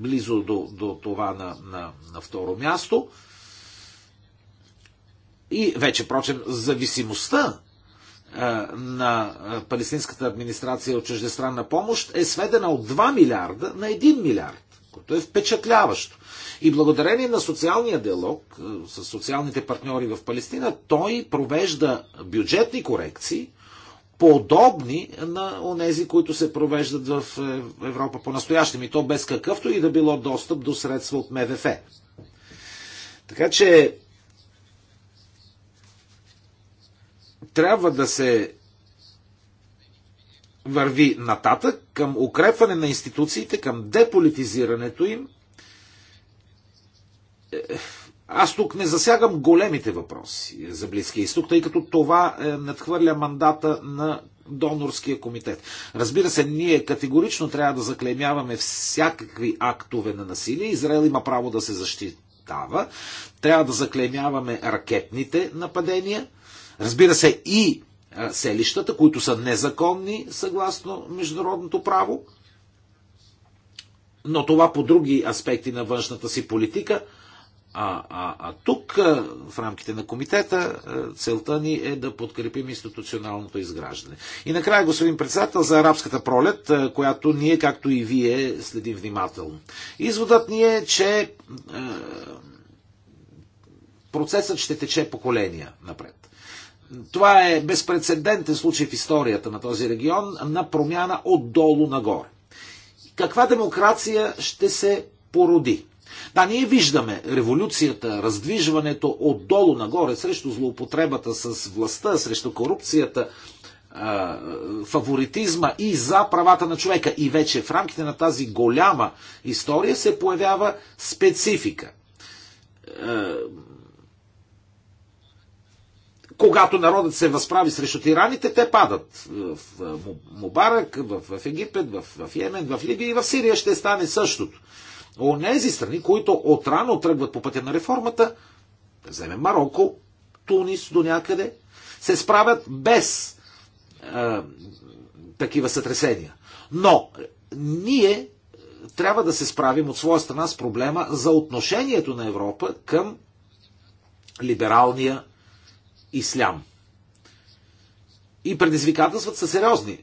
близо до, до това на, на, на второ място. И вече, прочем, зависимостта е, на палестинската администрация от чуждестранна помощ е сведена от 2 милиарда на 1 милиард, което е впечатляващо. И благодарение на социалния диалог е, с социалните партньори в Палестина, той провежда бюджетни корекции, подобни на онези, които се провеждат в е, Европа по-настоящем. И то без какъвто и да било достъп до средства от МВФ. Така че трябва да се върви нататък към укрепване на институциите, към деполитизирането им аз тук не засягам големите въпроси за Близкия изток, тъй като това е, надхвърля мандата на донорския комитет. Разбира се, ние категорично трябва да заклемяваме всякакви актове на насилие. Израел има право да се защитава. Трябва да заклемяваме ракетните нападения. Разбира се, и е, селищата, които са незаконни съгласно международното право. Но това по други аспекти на външната си политика – а, а, а тук, в рамките на комитета, целта ни е да подкрепим институционалното изграждане. И накрая, господин председател, за арабската пролет, която ние, както и вие, следим внимателно. Изводът ни е, че е, процесът ще тече поколения напред. Това е безпредседентен случай в историята на този регион на промяна отдолу нагоре. Каква демокрация ще се породи? Да, ние виждаме революцията, раздвижването отдолу нагоре срещу злоупотребата с властта, срещу корупцията, фаворитизма и за правата на човека. И вече в рамките на тази голяма история се появява специфика. Когато народът се възправи срещу тираните, те падат. В Мубарак, в Египет, в Йемен, в Либия и в Сирия ще стане същото онези страни, които отрано тръгват по пътя на реформата, да вземем Марокко, Тунис до някъде, се справят без е, такива сътресения. Но е, ние е, трябва да се справим от своя страна с проблема за отношението на Европа към либералния ислям. И предизвикателствата са сериозни.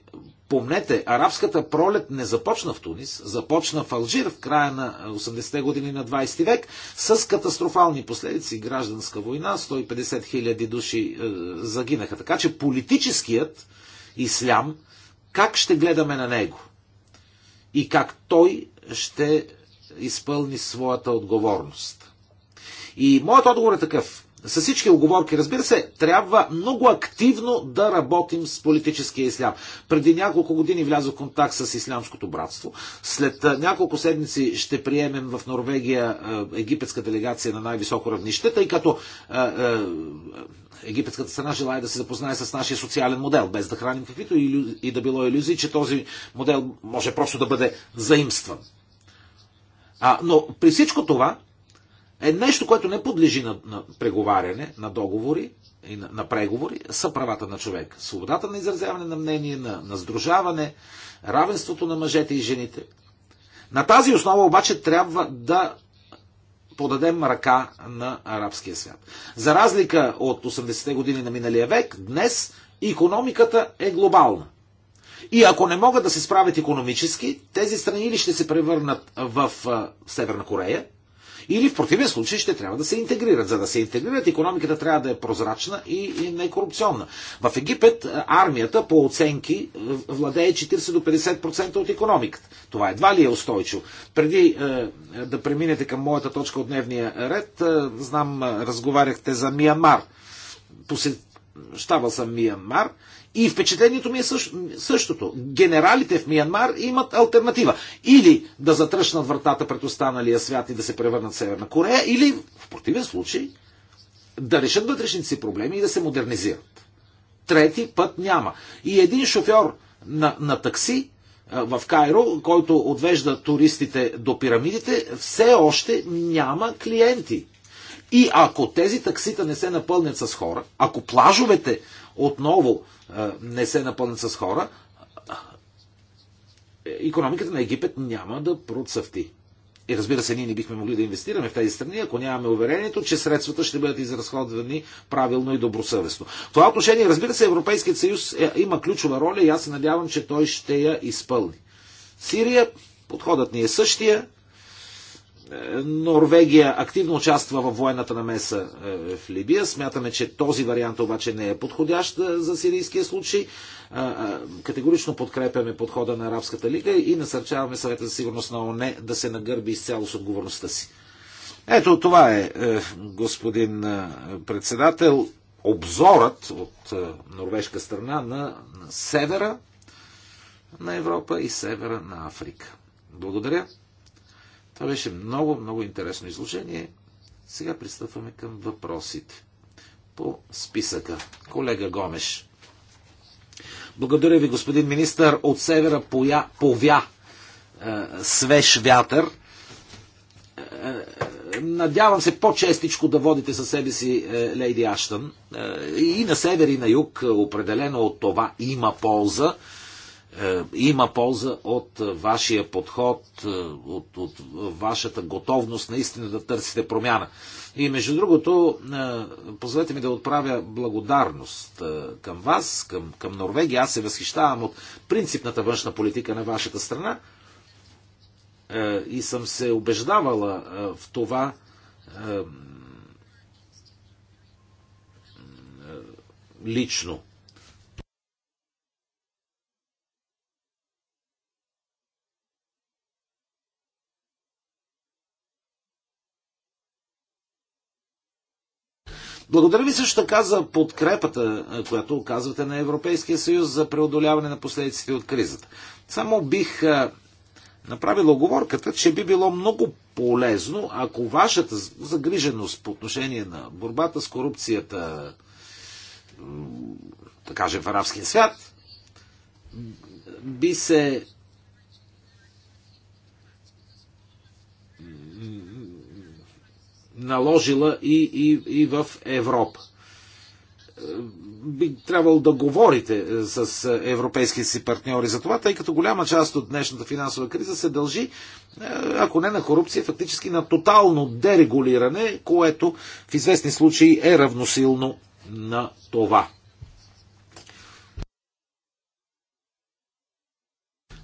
Помнете, арабската пролет не започна в Тунис, започна в Алжир в края на 80-те години на 20 век с катастрофални последици, гражданска война, 150 хиляди души е, загинаха. Така че политическият ислям, как ще гледаме на него и как той ще изпълни своята отговорност. И моят отговор е такъв с всички оговорки, разбира се, трябва много активно да работим с политическия ислям. Преди няколко години влязох в контакт с Ислямското братство. След няколко седмици ще приемем в Норвегия египетска делегация на най-високо равнище, тъй като египетската страна желая да се запознае с нашия социален модел, без да храним каквито и да било иллюзии, че този модел може просто да бъде заимстван. А, но при всичко това, е нещо, което не подлежи на, на преговаряне, на договори и на, на преговори, са правата на човек. Свободата на изразяване на мнение, на, на сдружаване, равенството на мъжете и жените. На тази основа обаче трябва да подадем ръка на арабския свят. За разлика от 80-те години на миналия век, днес економиката е глобална. И ако не могат да се справят економически, тези страни или ще се превърнат в Северна Корея, или в противен случай ще трябва да се интегрират. За да се интегрират, економиката трябва да е прозрачна и некорупционна. Е в Египет армията по оценки владее 40 до 50% от економиката. Това едва ли е устойчиво. Преди е, да преминете към моята точка от дневния ред, е, знам, разговаряхте за Миямар. Посещавал съм Миямар. Е, и впечатлението ми е същото. Генералите в Миянмар имат альтернатива. Или да затръщнат вратата пред останалия свят и да се превърнат в Северна Корея, или в противен случай да решат вътрешните си проблеми и да се модернизират. Трети път няма. И един шофьор на, на такси в Кайро, който отвежда туристите до пирамидите, все още няма клиенти. И ако тези таксита не се напълнят с хора, ако плажовете отново не се напълнят с хора, економиката на Египет няма да процъфти. И разбира се, ние не бихме могли да инвестираме в тези страни, ако нямаме уверението, че средствата ще бъдат изразходвани правилно и добросъвестно. В това отношение, разбира се, Европейският съюз е, има ключова роля и аз се надявам, че той ще я изпълни. Сирия, подходът ни е същия. Норвегия активно участва в военната намеса е, в Либия. Смятаме, че този вариант обаче не е подходящ е, за сирийския случай. Е, категорично подкрепяме подхода на Арабската лига и насърчаваме съвета за сигурност на ОНЕ да се нагърби изцяло с отговорността си. Ето това е, господин председател, обзорът от норвежка страна на севера на Европа и севера на Африка. Благодаря. Това беше много, много интересно изложение. Сега пристъпваме към въпросите по списъка. Колега Гомеш. Благодаря ви, господин министър. От севера поя, повя е, свеж вятър. Е, е, надявам се по-честичко да водите със себе си е, Лейди Аштън. Е, и на север, и на юг е, определено от това има полза. Е, е, има полза от е, вашия подход, е, от, от вашата готовност наистина да търсите промяна. И между другото, позволете ми да отправя благодарност към вас, към, към Норвегия. Аз се възхищавам от принципната външна политика на вашата страна и съм се убеждавала в това лично. Благодаря ви също така за подкрепата, която оказвате на Европейския съюз за преодоляване на последиците от кризата. Само бих направила оговорката, че би било много полезно, ако вашата загриженост по отношение на борбата с корупцията, да кажем в арабския свят, би се наложила и, и, и в Европа. Би трябвало да говорите е, с е, европейските си партньори за това, тъй като голяма част от днешната финансова криза се дължи, е, ако не на корупция, фактически на тотално дерегулиране, което в известни случаи е равносилно на това.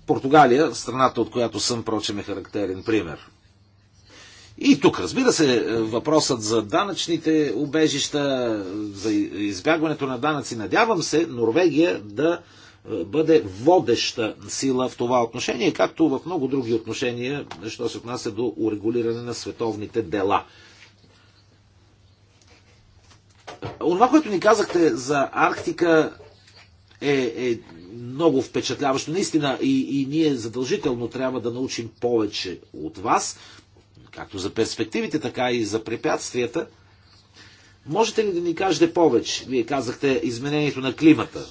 Португалия, страната от която съм, прочим, е характерен пример. И тук, разбира се, въпросът за данъчните убежища, за избягването на данъци. Надявам се Норвегия да е, бъде водеща сила в това отношение, както в много други отношения, що се отнася до урегулиране на световните дела. Онова, което ни казахте за Арктика е, е много впечатляващо. Наистина и, и ние задължително трябва да научим повече от вас както за перспективите, така и за препятствията. Можете ли да ни кажете повече? Вие казахте изменението на климата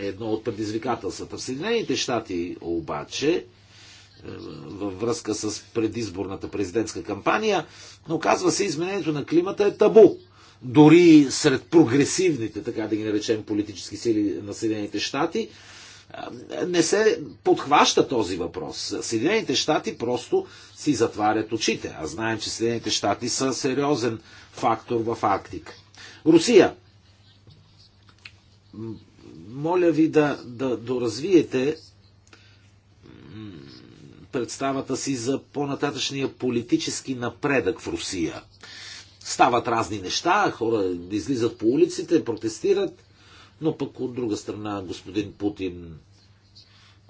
е едно от предизвикателствата. В Съединените щати обаче, е, във връзка с предизборната президентска кампания, но казва се, изменението на климата е табу. Дори сред прогресивните, така да ги наречем, политически сили на Съединените щати, не се подхваща този въпрос. Съединените щати просто си затварят очите, а знаем, че Съединените щати са сериозен фактор в Арктика. Русия. Моля ви да, да доразвиете представата си за по-нататъчния политически напредък в Русия. Стават разни неща, хора излизат по улиците, протестират, но пък от друга страна господин Путин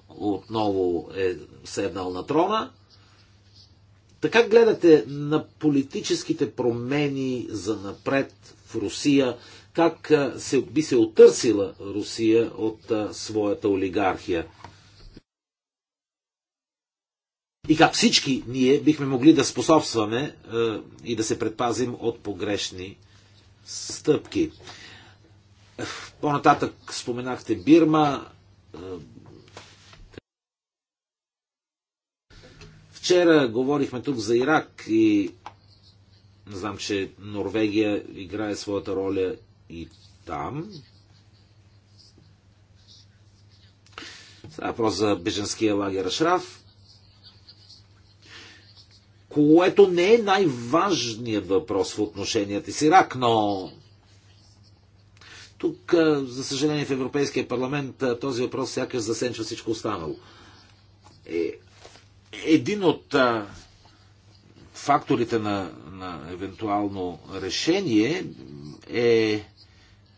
отново е седнал на трона. Така гледате на политическите промени за напред в Русия, как се, би се отърсила Русия от а, своята олигархия. И как всички ние бихме могли да способстваме а, и да се предпазим от погрешни стъпки. По-нататък споменахте Бирма. Е, Вчера говорихме тук за Ирак и знам, че Норвегия играе своята роля и там. Става въпрос за беженския лагер Ашраф, което не е най-важният въпрос в отношенията с Ирак, но тук, за съжаление, в Европейския парламент този въпрос сякаш засенчва всичко останало. Е, един от а, факторите на, на евентуално решение е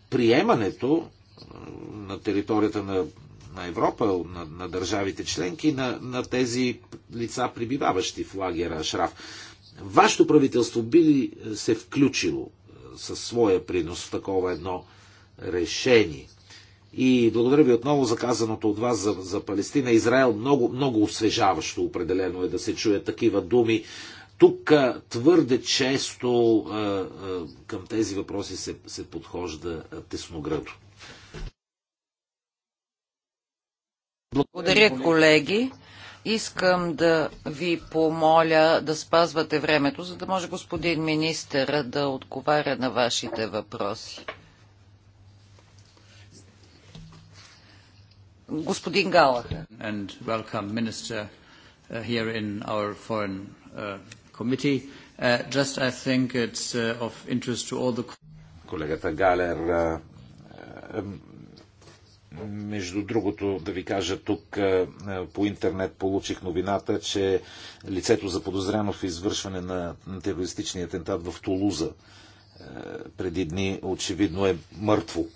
приемането на територията на, на Европа, на, на държавите членки, на, на тези лица, прибиваващи в лагера Шраф. Вашето правителство би ли се включило със своя принос в такова едно решени. И благодаря ви отново за казаното от вас за, за Палестина. Израел много, много освежаващо определено е да се чуят такива думи. Тук твърде често а, а, към тези въпроси се, се подхожда тесногръдо. Благодаря, колеги. Искам да ви помоля да спазвате времето, за да може господин министър да отговаря на вашите въпроси. господин Гала. Uh, uh, uh, Колегата Галер, между другото, да ви кажа, тук по интернет получих новината, че лицето заподозрено в извършване на терористичния атентат в Тулуза преди дни очевидно е мъртво.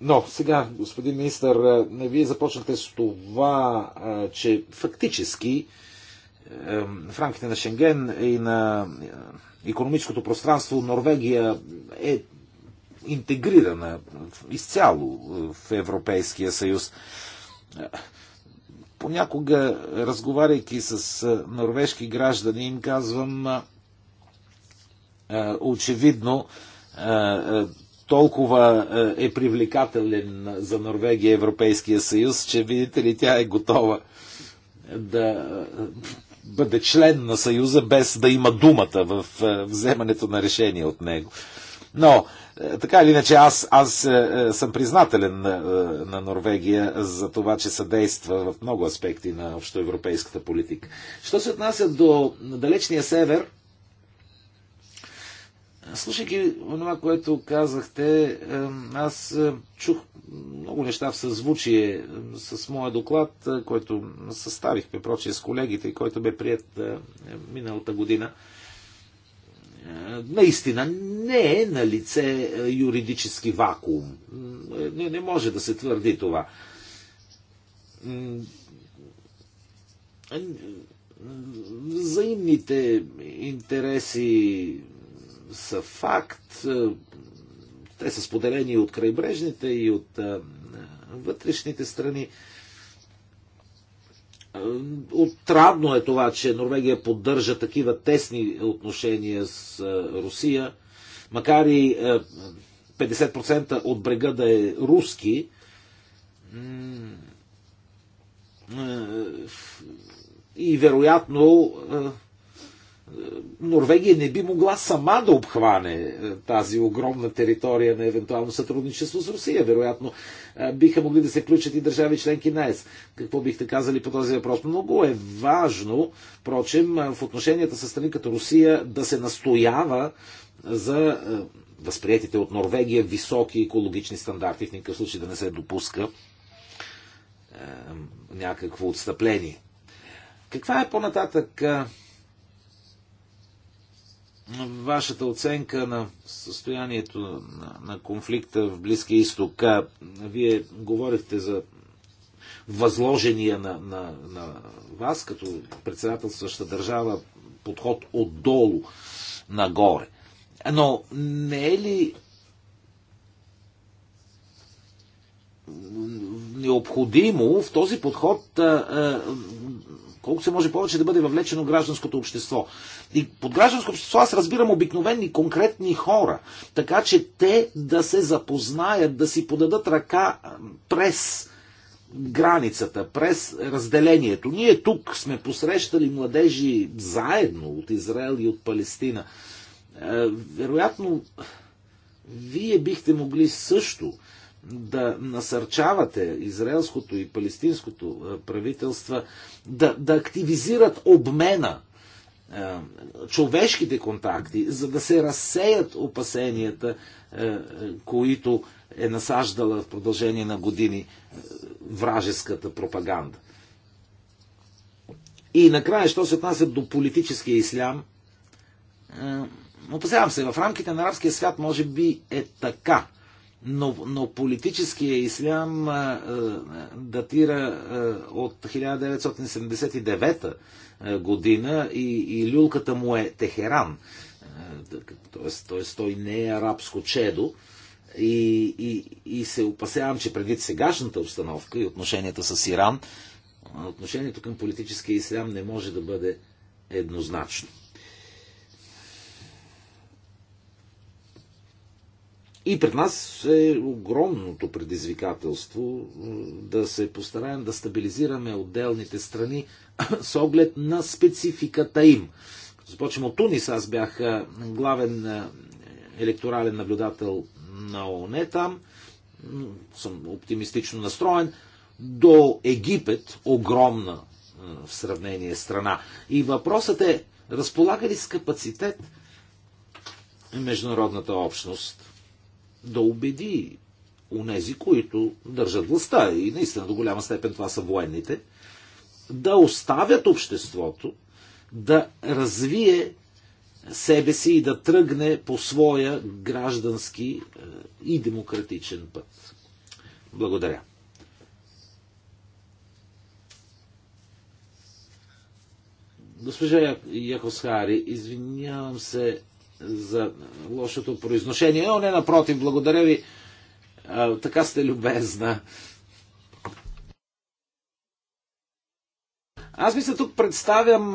Но сега, господин министър, е, вие започнахте с това, е, че фактически е, в рамките на Шенген и на економическото пространство Норвегия е интегрирана изцяло в Европейския съюз. Понякога, разговаряйки с норвежки граждани, им казвам очевидно, толкова е, е привлекателен за Норвегия Европейския съюз, че видите ли, тя е готова да е, бъде член на съюза без да има думата в е, вземането на решение от него. Но, така или иначе, аз, аз съм признателен на, на Норвегия за това, че съдейства в много аспекти на общоевропейската политика. Що се отнася до далечния север, Слушайки това, което казахте, аз е, чух много неща в съзвучие с моя доклад, е, който съставих, прочие с колегите, който бе прият е, миналата година. Наистина не е на лице юридически вакуум. Не, не може да се твърди това взаимните интереси са факт. Е, те са споделени от крайбрежните, и от е, вътрешните страни. Е, отрадно е това, че Норвегия поддържа такива тесни отношения с Русия, макар и 50% от брега да е руски, и вероятно Норвегия не би могла сама да обхване е, тази огромна територия на евентуално сътрудничество с Русия. Вероятно е, биха могли да се включат и държави членки на ЕС. Какво бихте казали по този въпрос? Много е важно, впрочем, е, в отношенията с страни като Русия да се настоява за възприятите от Норвегия високи екологични стандарти, в никакъв случай да не се допуска някакво отстъпление. Каква е по-нататък вашата оценка на състоянието на, на конфликта в Близкия изток. Вие говорихте за възложения на, на, на вас като председателстваща държава подход отдолу нагоре. Но не е ли необходимо в този подход а, а, колко се може повече да бъде въвлечено гражданското общество. И под гражданско общество аз разбирам обикновени, конкретни хора, така че те да се запознаят, да си подадат ръка през границата, през разделението. Ние тук сме посрещали младежи заедно от Израел и от Палестина. Е, вероятно, вие бихте могли също да насърчавате израелското и палестинското правителство да, да активизират обмена човешките контакти, за да се разсеят опасенията, които е насаждала в продължение на години вражеската пропаганда. И накрая, що се отнася до политическия ислям, опасявам се, в рамките на арабския свят може би е така но, но политическия ислям а, а, датира а, от 1979 година и, и люлката му е Техеран. Тоест, т.е. той не е арабско чедо. И, и, и се опасявам, че предвид сегашната обстановка и отношенията с Иран, отношението към политическия ислям не може да бъде еднозначно. И пред нас е огромното предизвикателство да се постараем да стабилизираме отделните страни [coughs] с оглед на спецификата им. Започвам от Тунис. Аз бях главен електорален наблюдател на ООН там. Съм оптимистично настроен. До Египет, огромна в сравнение страна. И въпросът е, разполага ли с капацитет международната общност да убеди унези, които държат властта, и наистина до голяма степен това са военните, да оставят обществото да развие себе си и да тръгне по своя граждански е, и демократичен път. Благодаря. Госпожа Якосхари, извинявам се, за лошото произношение. Но не, напротив, благодаря ви. А, така сте любезна. Аз мисля, тук представям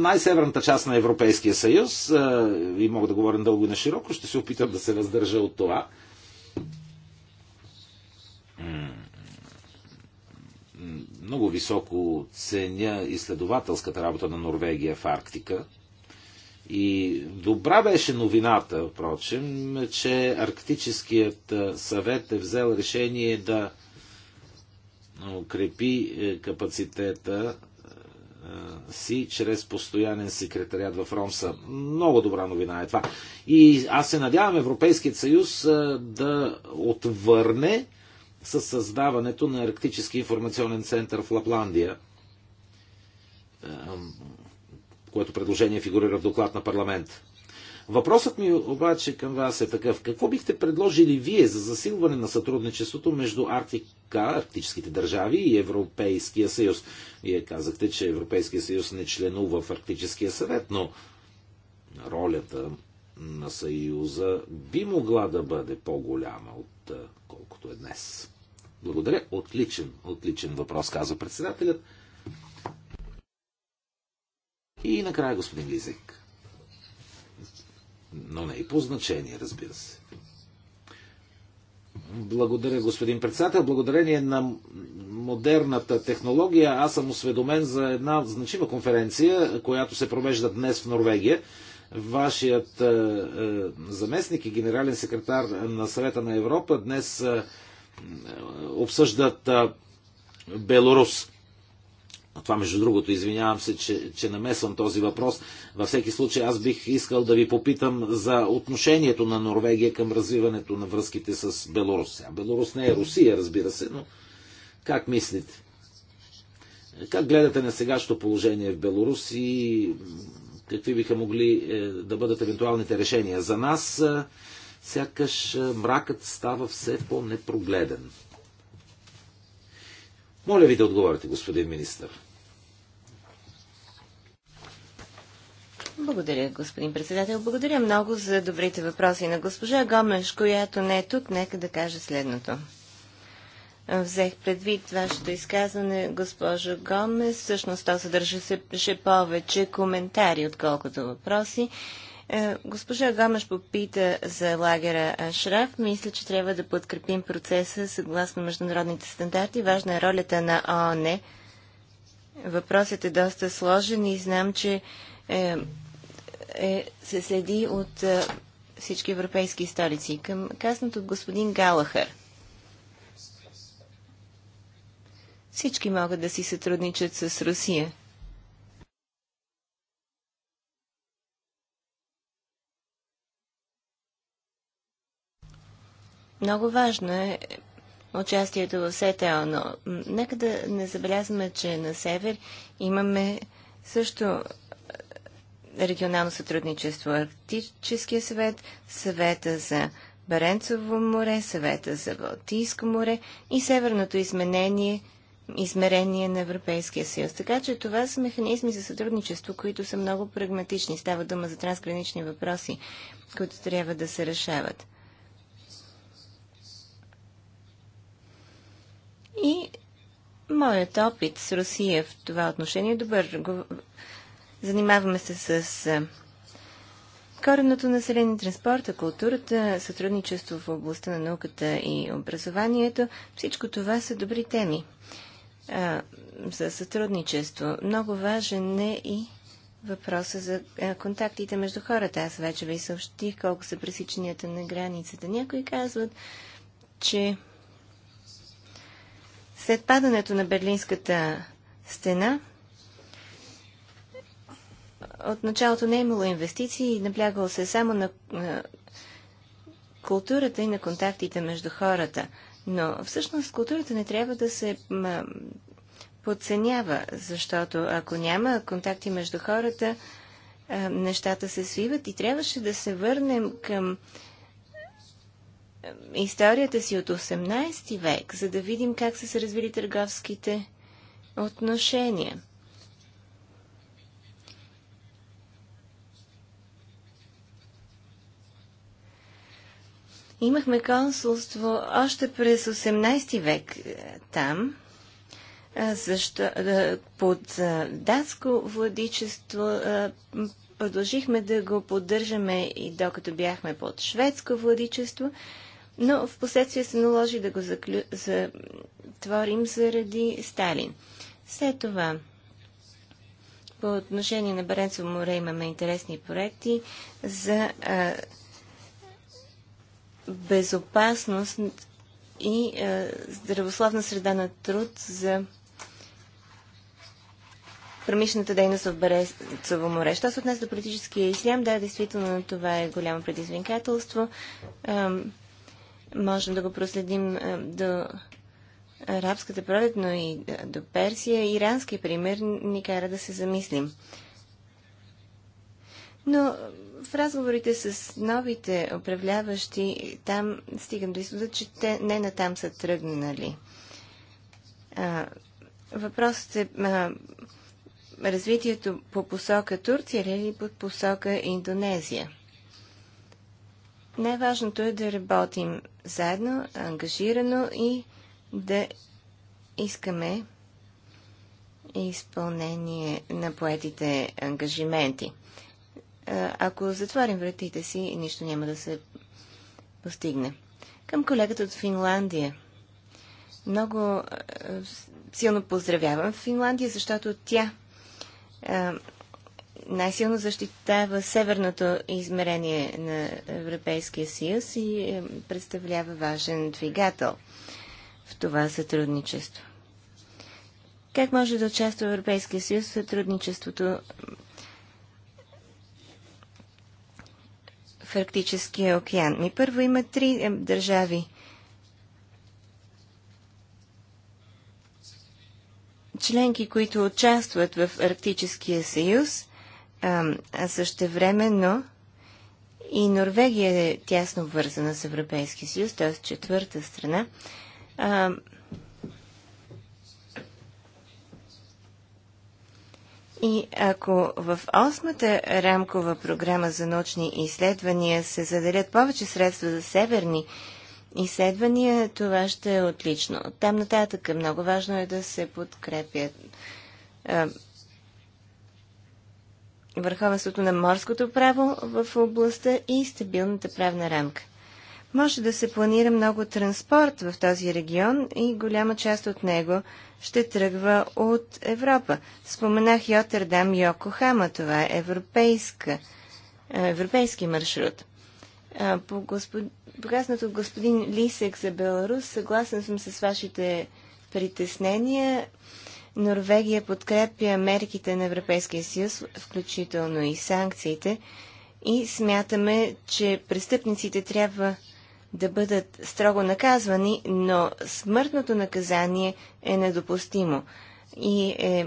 най-северната част на Европейския съюз а, и мога да говоря дълго и на широко. Ще се опитам да се въздържа от това. Много високо ценя изследователската работа на Норвегия в Арктика и добра беше новината, впрочем, че Арктическият съвет е взел решение да укрепи е, капацитета си чрез постоянен секретарят в Ромса. Много добра новина е това. И аз се надявам Европейският съюз да отвърне със създаването на Арктически информационен център в Лапландия което предложение фигурира в доклад на парламент. Въпросът ми обаче към вас е такъв. Какво бихте предложили вие за засилване на сътрудничеството между Арктика, арктическите държави и Европейския съюз? Вие казахте, че Европейския съюз не членува в Арктическия съвет, но ролята на съюза би могла да бъде по-голяма от колкото е днес. Благодаря. Отличен, отличен въпрос, каза председателят. И накрая господин Лизек. Но не и по значение, разбира се. Благодаря, господин председател. Благодарение на модерната технология, аз съм осведомен за една значима конференция, която се провежда днес в Норвегия. Вашият е, е, заместник и генерален секретар на съвета на Европа днес е, е обсъждат е, Белорус това между другото, извинявам се, че, че намесвам този въпрос. Във всеки случай аз бих искал да ви попитам за отношението на Норвегия към развиването на връзките с Белорус. А Белорус не е Русия, разбира се, но как мислите? Как гледате на сегашното положение в Беларус и какви биха могли е, да бъдат евентуалните решения? За нас е, сякаш е, мракът става все по-непрогледен. Моля ви да отговорите, господин министър. Благодаря, господин председател. Благодаря много за добрите въпроси на госпожа Гомеш, която не е тук. Нека да кажа следното. Взех предвид вашето изказване, госпожо Гомес. Всъщност то съдържа се пише повече коментари, отколкото въпроси. Е, госпожа Гомеш попита за лагера Шраф. Мисля, че трябва да подкрепим процеса съгласно международните стандарти. Важна е ролята на ООН. Въпросът е доста сложен и знам, че е, е, се следи от е, всички европейски столици. Към казаното от господин Галахър. Всички могат да си сътрудничат с Русия. Много важно е участието в СТО, но нека да не забелязваме, че на север имаме също регионално сътрудничество, Арктическия съвет, съвета за Баренцово море, съвета за Балтийско море и северното изменение, измерение на Европейския съюз. Така че това са механизми за сътрудничество, които са много прагматични. Става дума за трансгранични въпроси, които трябва да се решават. И моят опит с Русия в това отношение е добър. Занимаваме се с коренното население, транспорта, културата, сътрудничество в областта на науката и образованието. Всичко това са добри теми а, за сътрудничество. Много важен е и въпроса за контактите между хората. Аз вече ви съобщих колко са пресиченията на границата. Някои казват, че след падането на Берлинската стена от началото не е имало инвестиции и наблягало се само на, на културата и на контактите между хората. Но всъщност културата не трябва да се подценява, защото ако няма контакти между хората, нещата се свиват и трябваше да се върнем към историята си от 18 век, за да видим как са се развили търговските отношения. Имахме консулство още през 18 век е, там, защо, под датско владичество продължихме да го поддържаме и докато бяхме под шведско владичество, но в последствие се наложи да го заклю... затворим заради Сталин. След това, по отношение на Баренцево море имаме интересни проекти за а, безопасност и е, здравословна среда на труд за промишлената дейност в Барецово море. Що се отнес до политическия ислям, да, действително това е голямо предизвикателство. Е, можем да го проследим е, до арабската пролет, но и е, до Персия. Ирански пример ни кара да се замислим. Но в разговорите с новите управляващи, там стигам до изхода, че те не на там са тръгнали. въпросът е а, развитието по посока Турция или по посока Индонезия. Най-важното е да работим заедно, ангажирано и да искаме изпълнение на поетите ангажименти. Е, ако затворим вратите си, нищо няма да се постигне. Към колегата от Финландия. Много е, силно поздравявам Финландия, защото тя е, най-силно защитава северното измерение на Европейския съюз и представлява важен двигател в това сътрудничество. Как може да участва Европейския съюз в сътрудничеството в Арктическия океан. Ми първо има три е, държави. Членки, които участват в Арктическия съюз, а, а времено и Норвегия е тясно вързана с Европейския съюз, т.е. четвърта страна. А, И ако в осмата рамкова програма за научни изследвания се заделят повече средства за северни изследвания, това ще е отлично. Там нататък много важно е да се подкрепят върховенството на морското право в областта и стабилната правна рамка. Може да се планира много транспорт в този регион и голяма част от него ще тръгва от Европа. Споменах Йотердам и Йокохама. Това е европейска, е, европейски маршрут. По господ... Показнат от господин Лисек за Беларус, съгласен съм с вашите притеснения. Норвегия подкрепя мерките на Европейския съюз, включително и санкциите, и смятаме, че престъпниците трябва да бъдат строго наказвани, но смъртното наказание е недопустимо. И е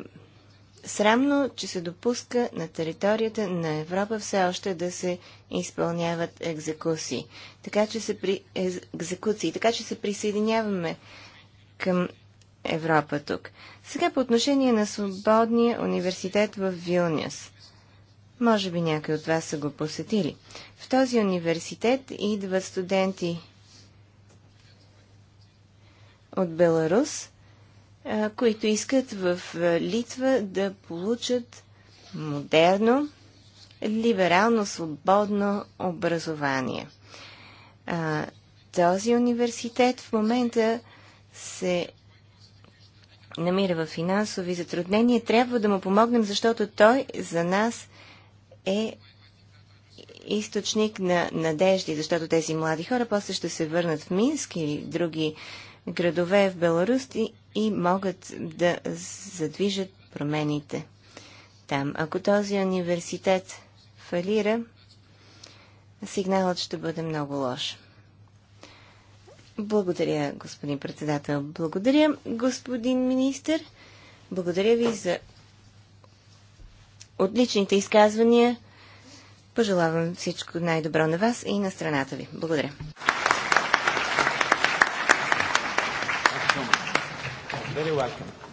срамно, че се допуска на територията на Европа все още да се изпълняват екзекуции. Така че се, при... екзекуции. Така, че се присъединяваме към Европа тук. Сега по отношение на Свободния университет в Вилнюс. Може би някои от вас са го посетили. В този университет идват студенти от Беларус, които искат в Литва да получат модерно, либерално, свободно образование. Този университет в момента се намира в финансови затруднения. Трябва да му помогнем, защото той за нас е източник на надежди, защото тези млади хора после ще се върнат в Минск или други градове в Беларус и, и могат да задвижат промените там. Ако този университет фалира, сигналът ще бъде много лош. Благодаря, господин председател. Благодаря, господин министр. Благодаря ви за отличните изказвания. Пожелавам всичко най-добро на вас и на страната ви. Благодаря. Very welcome.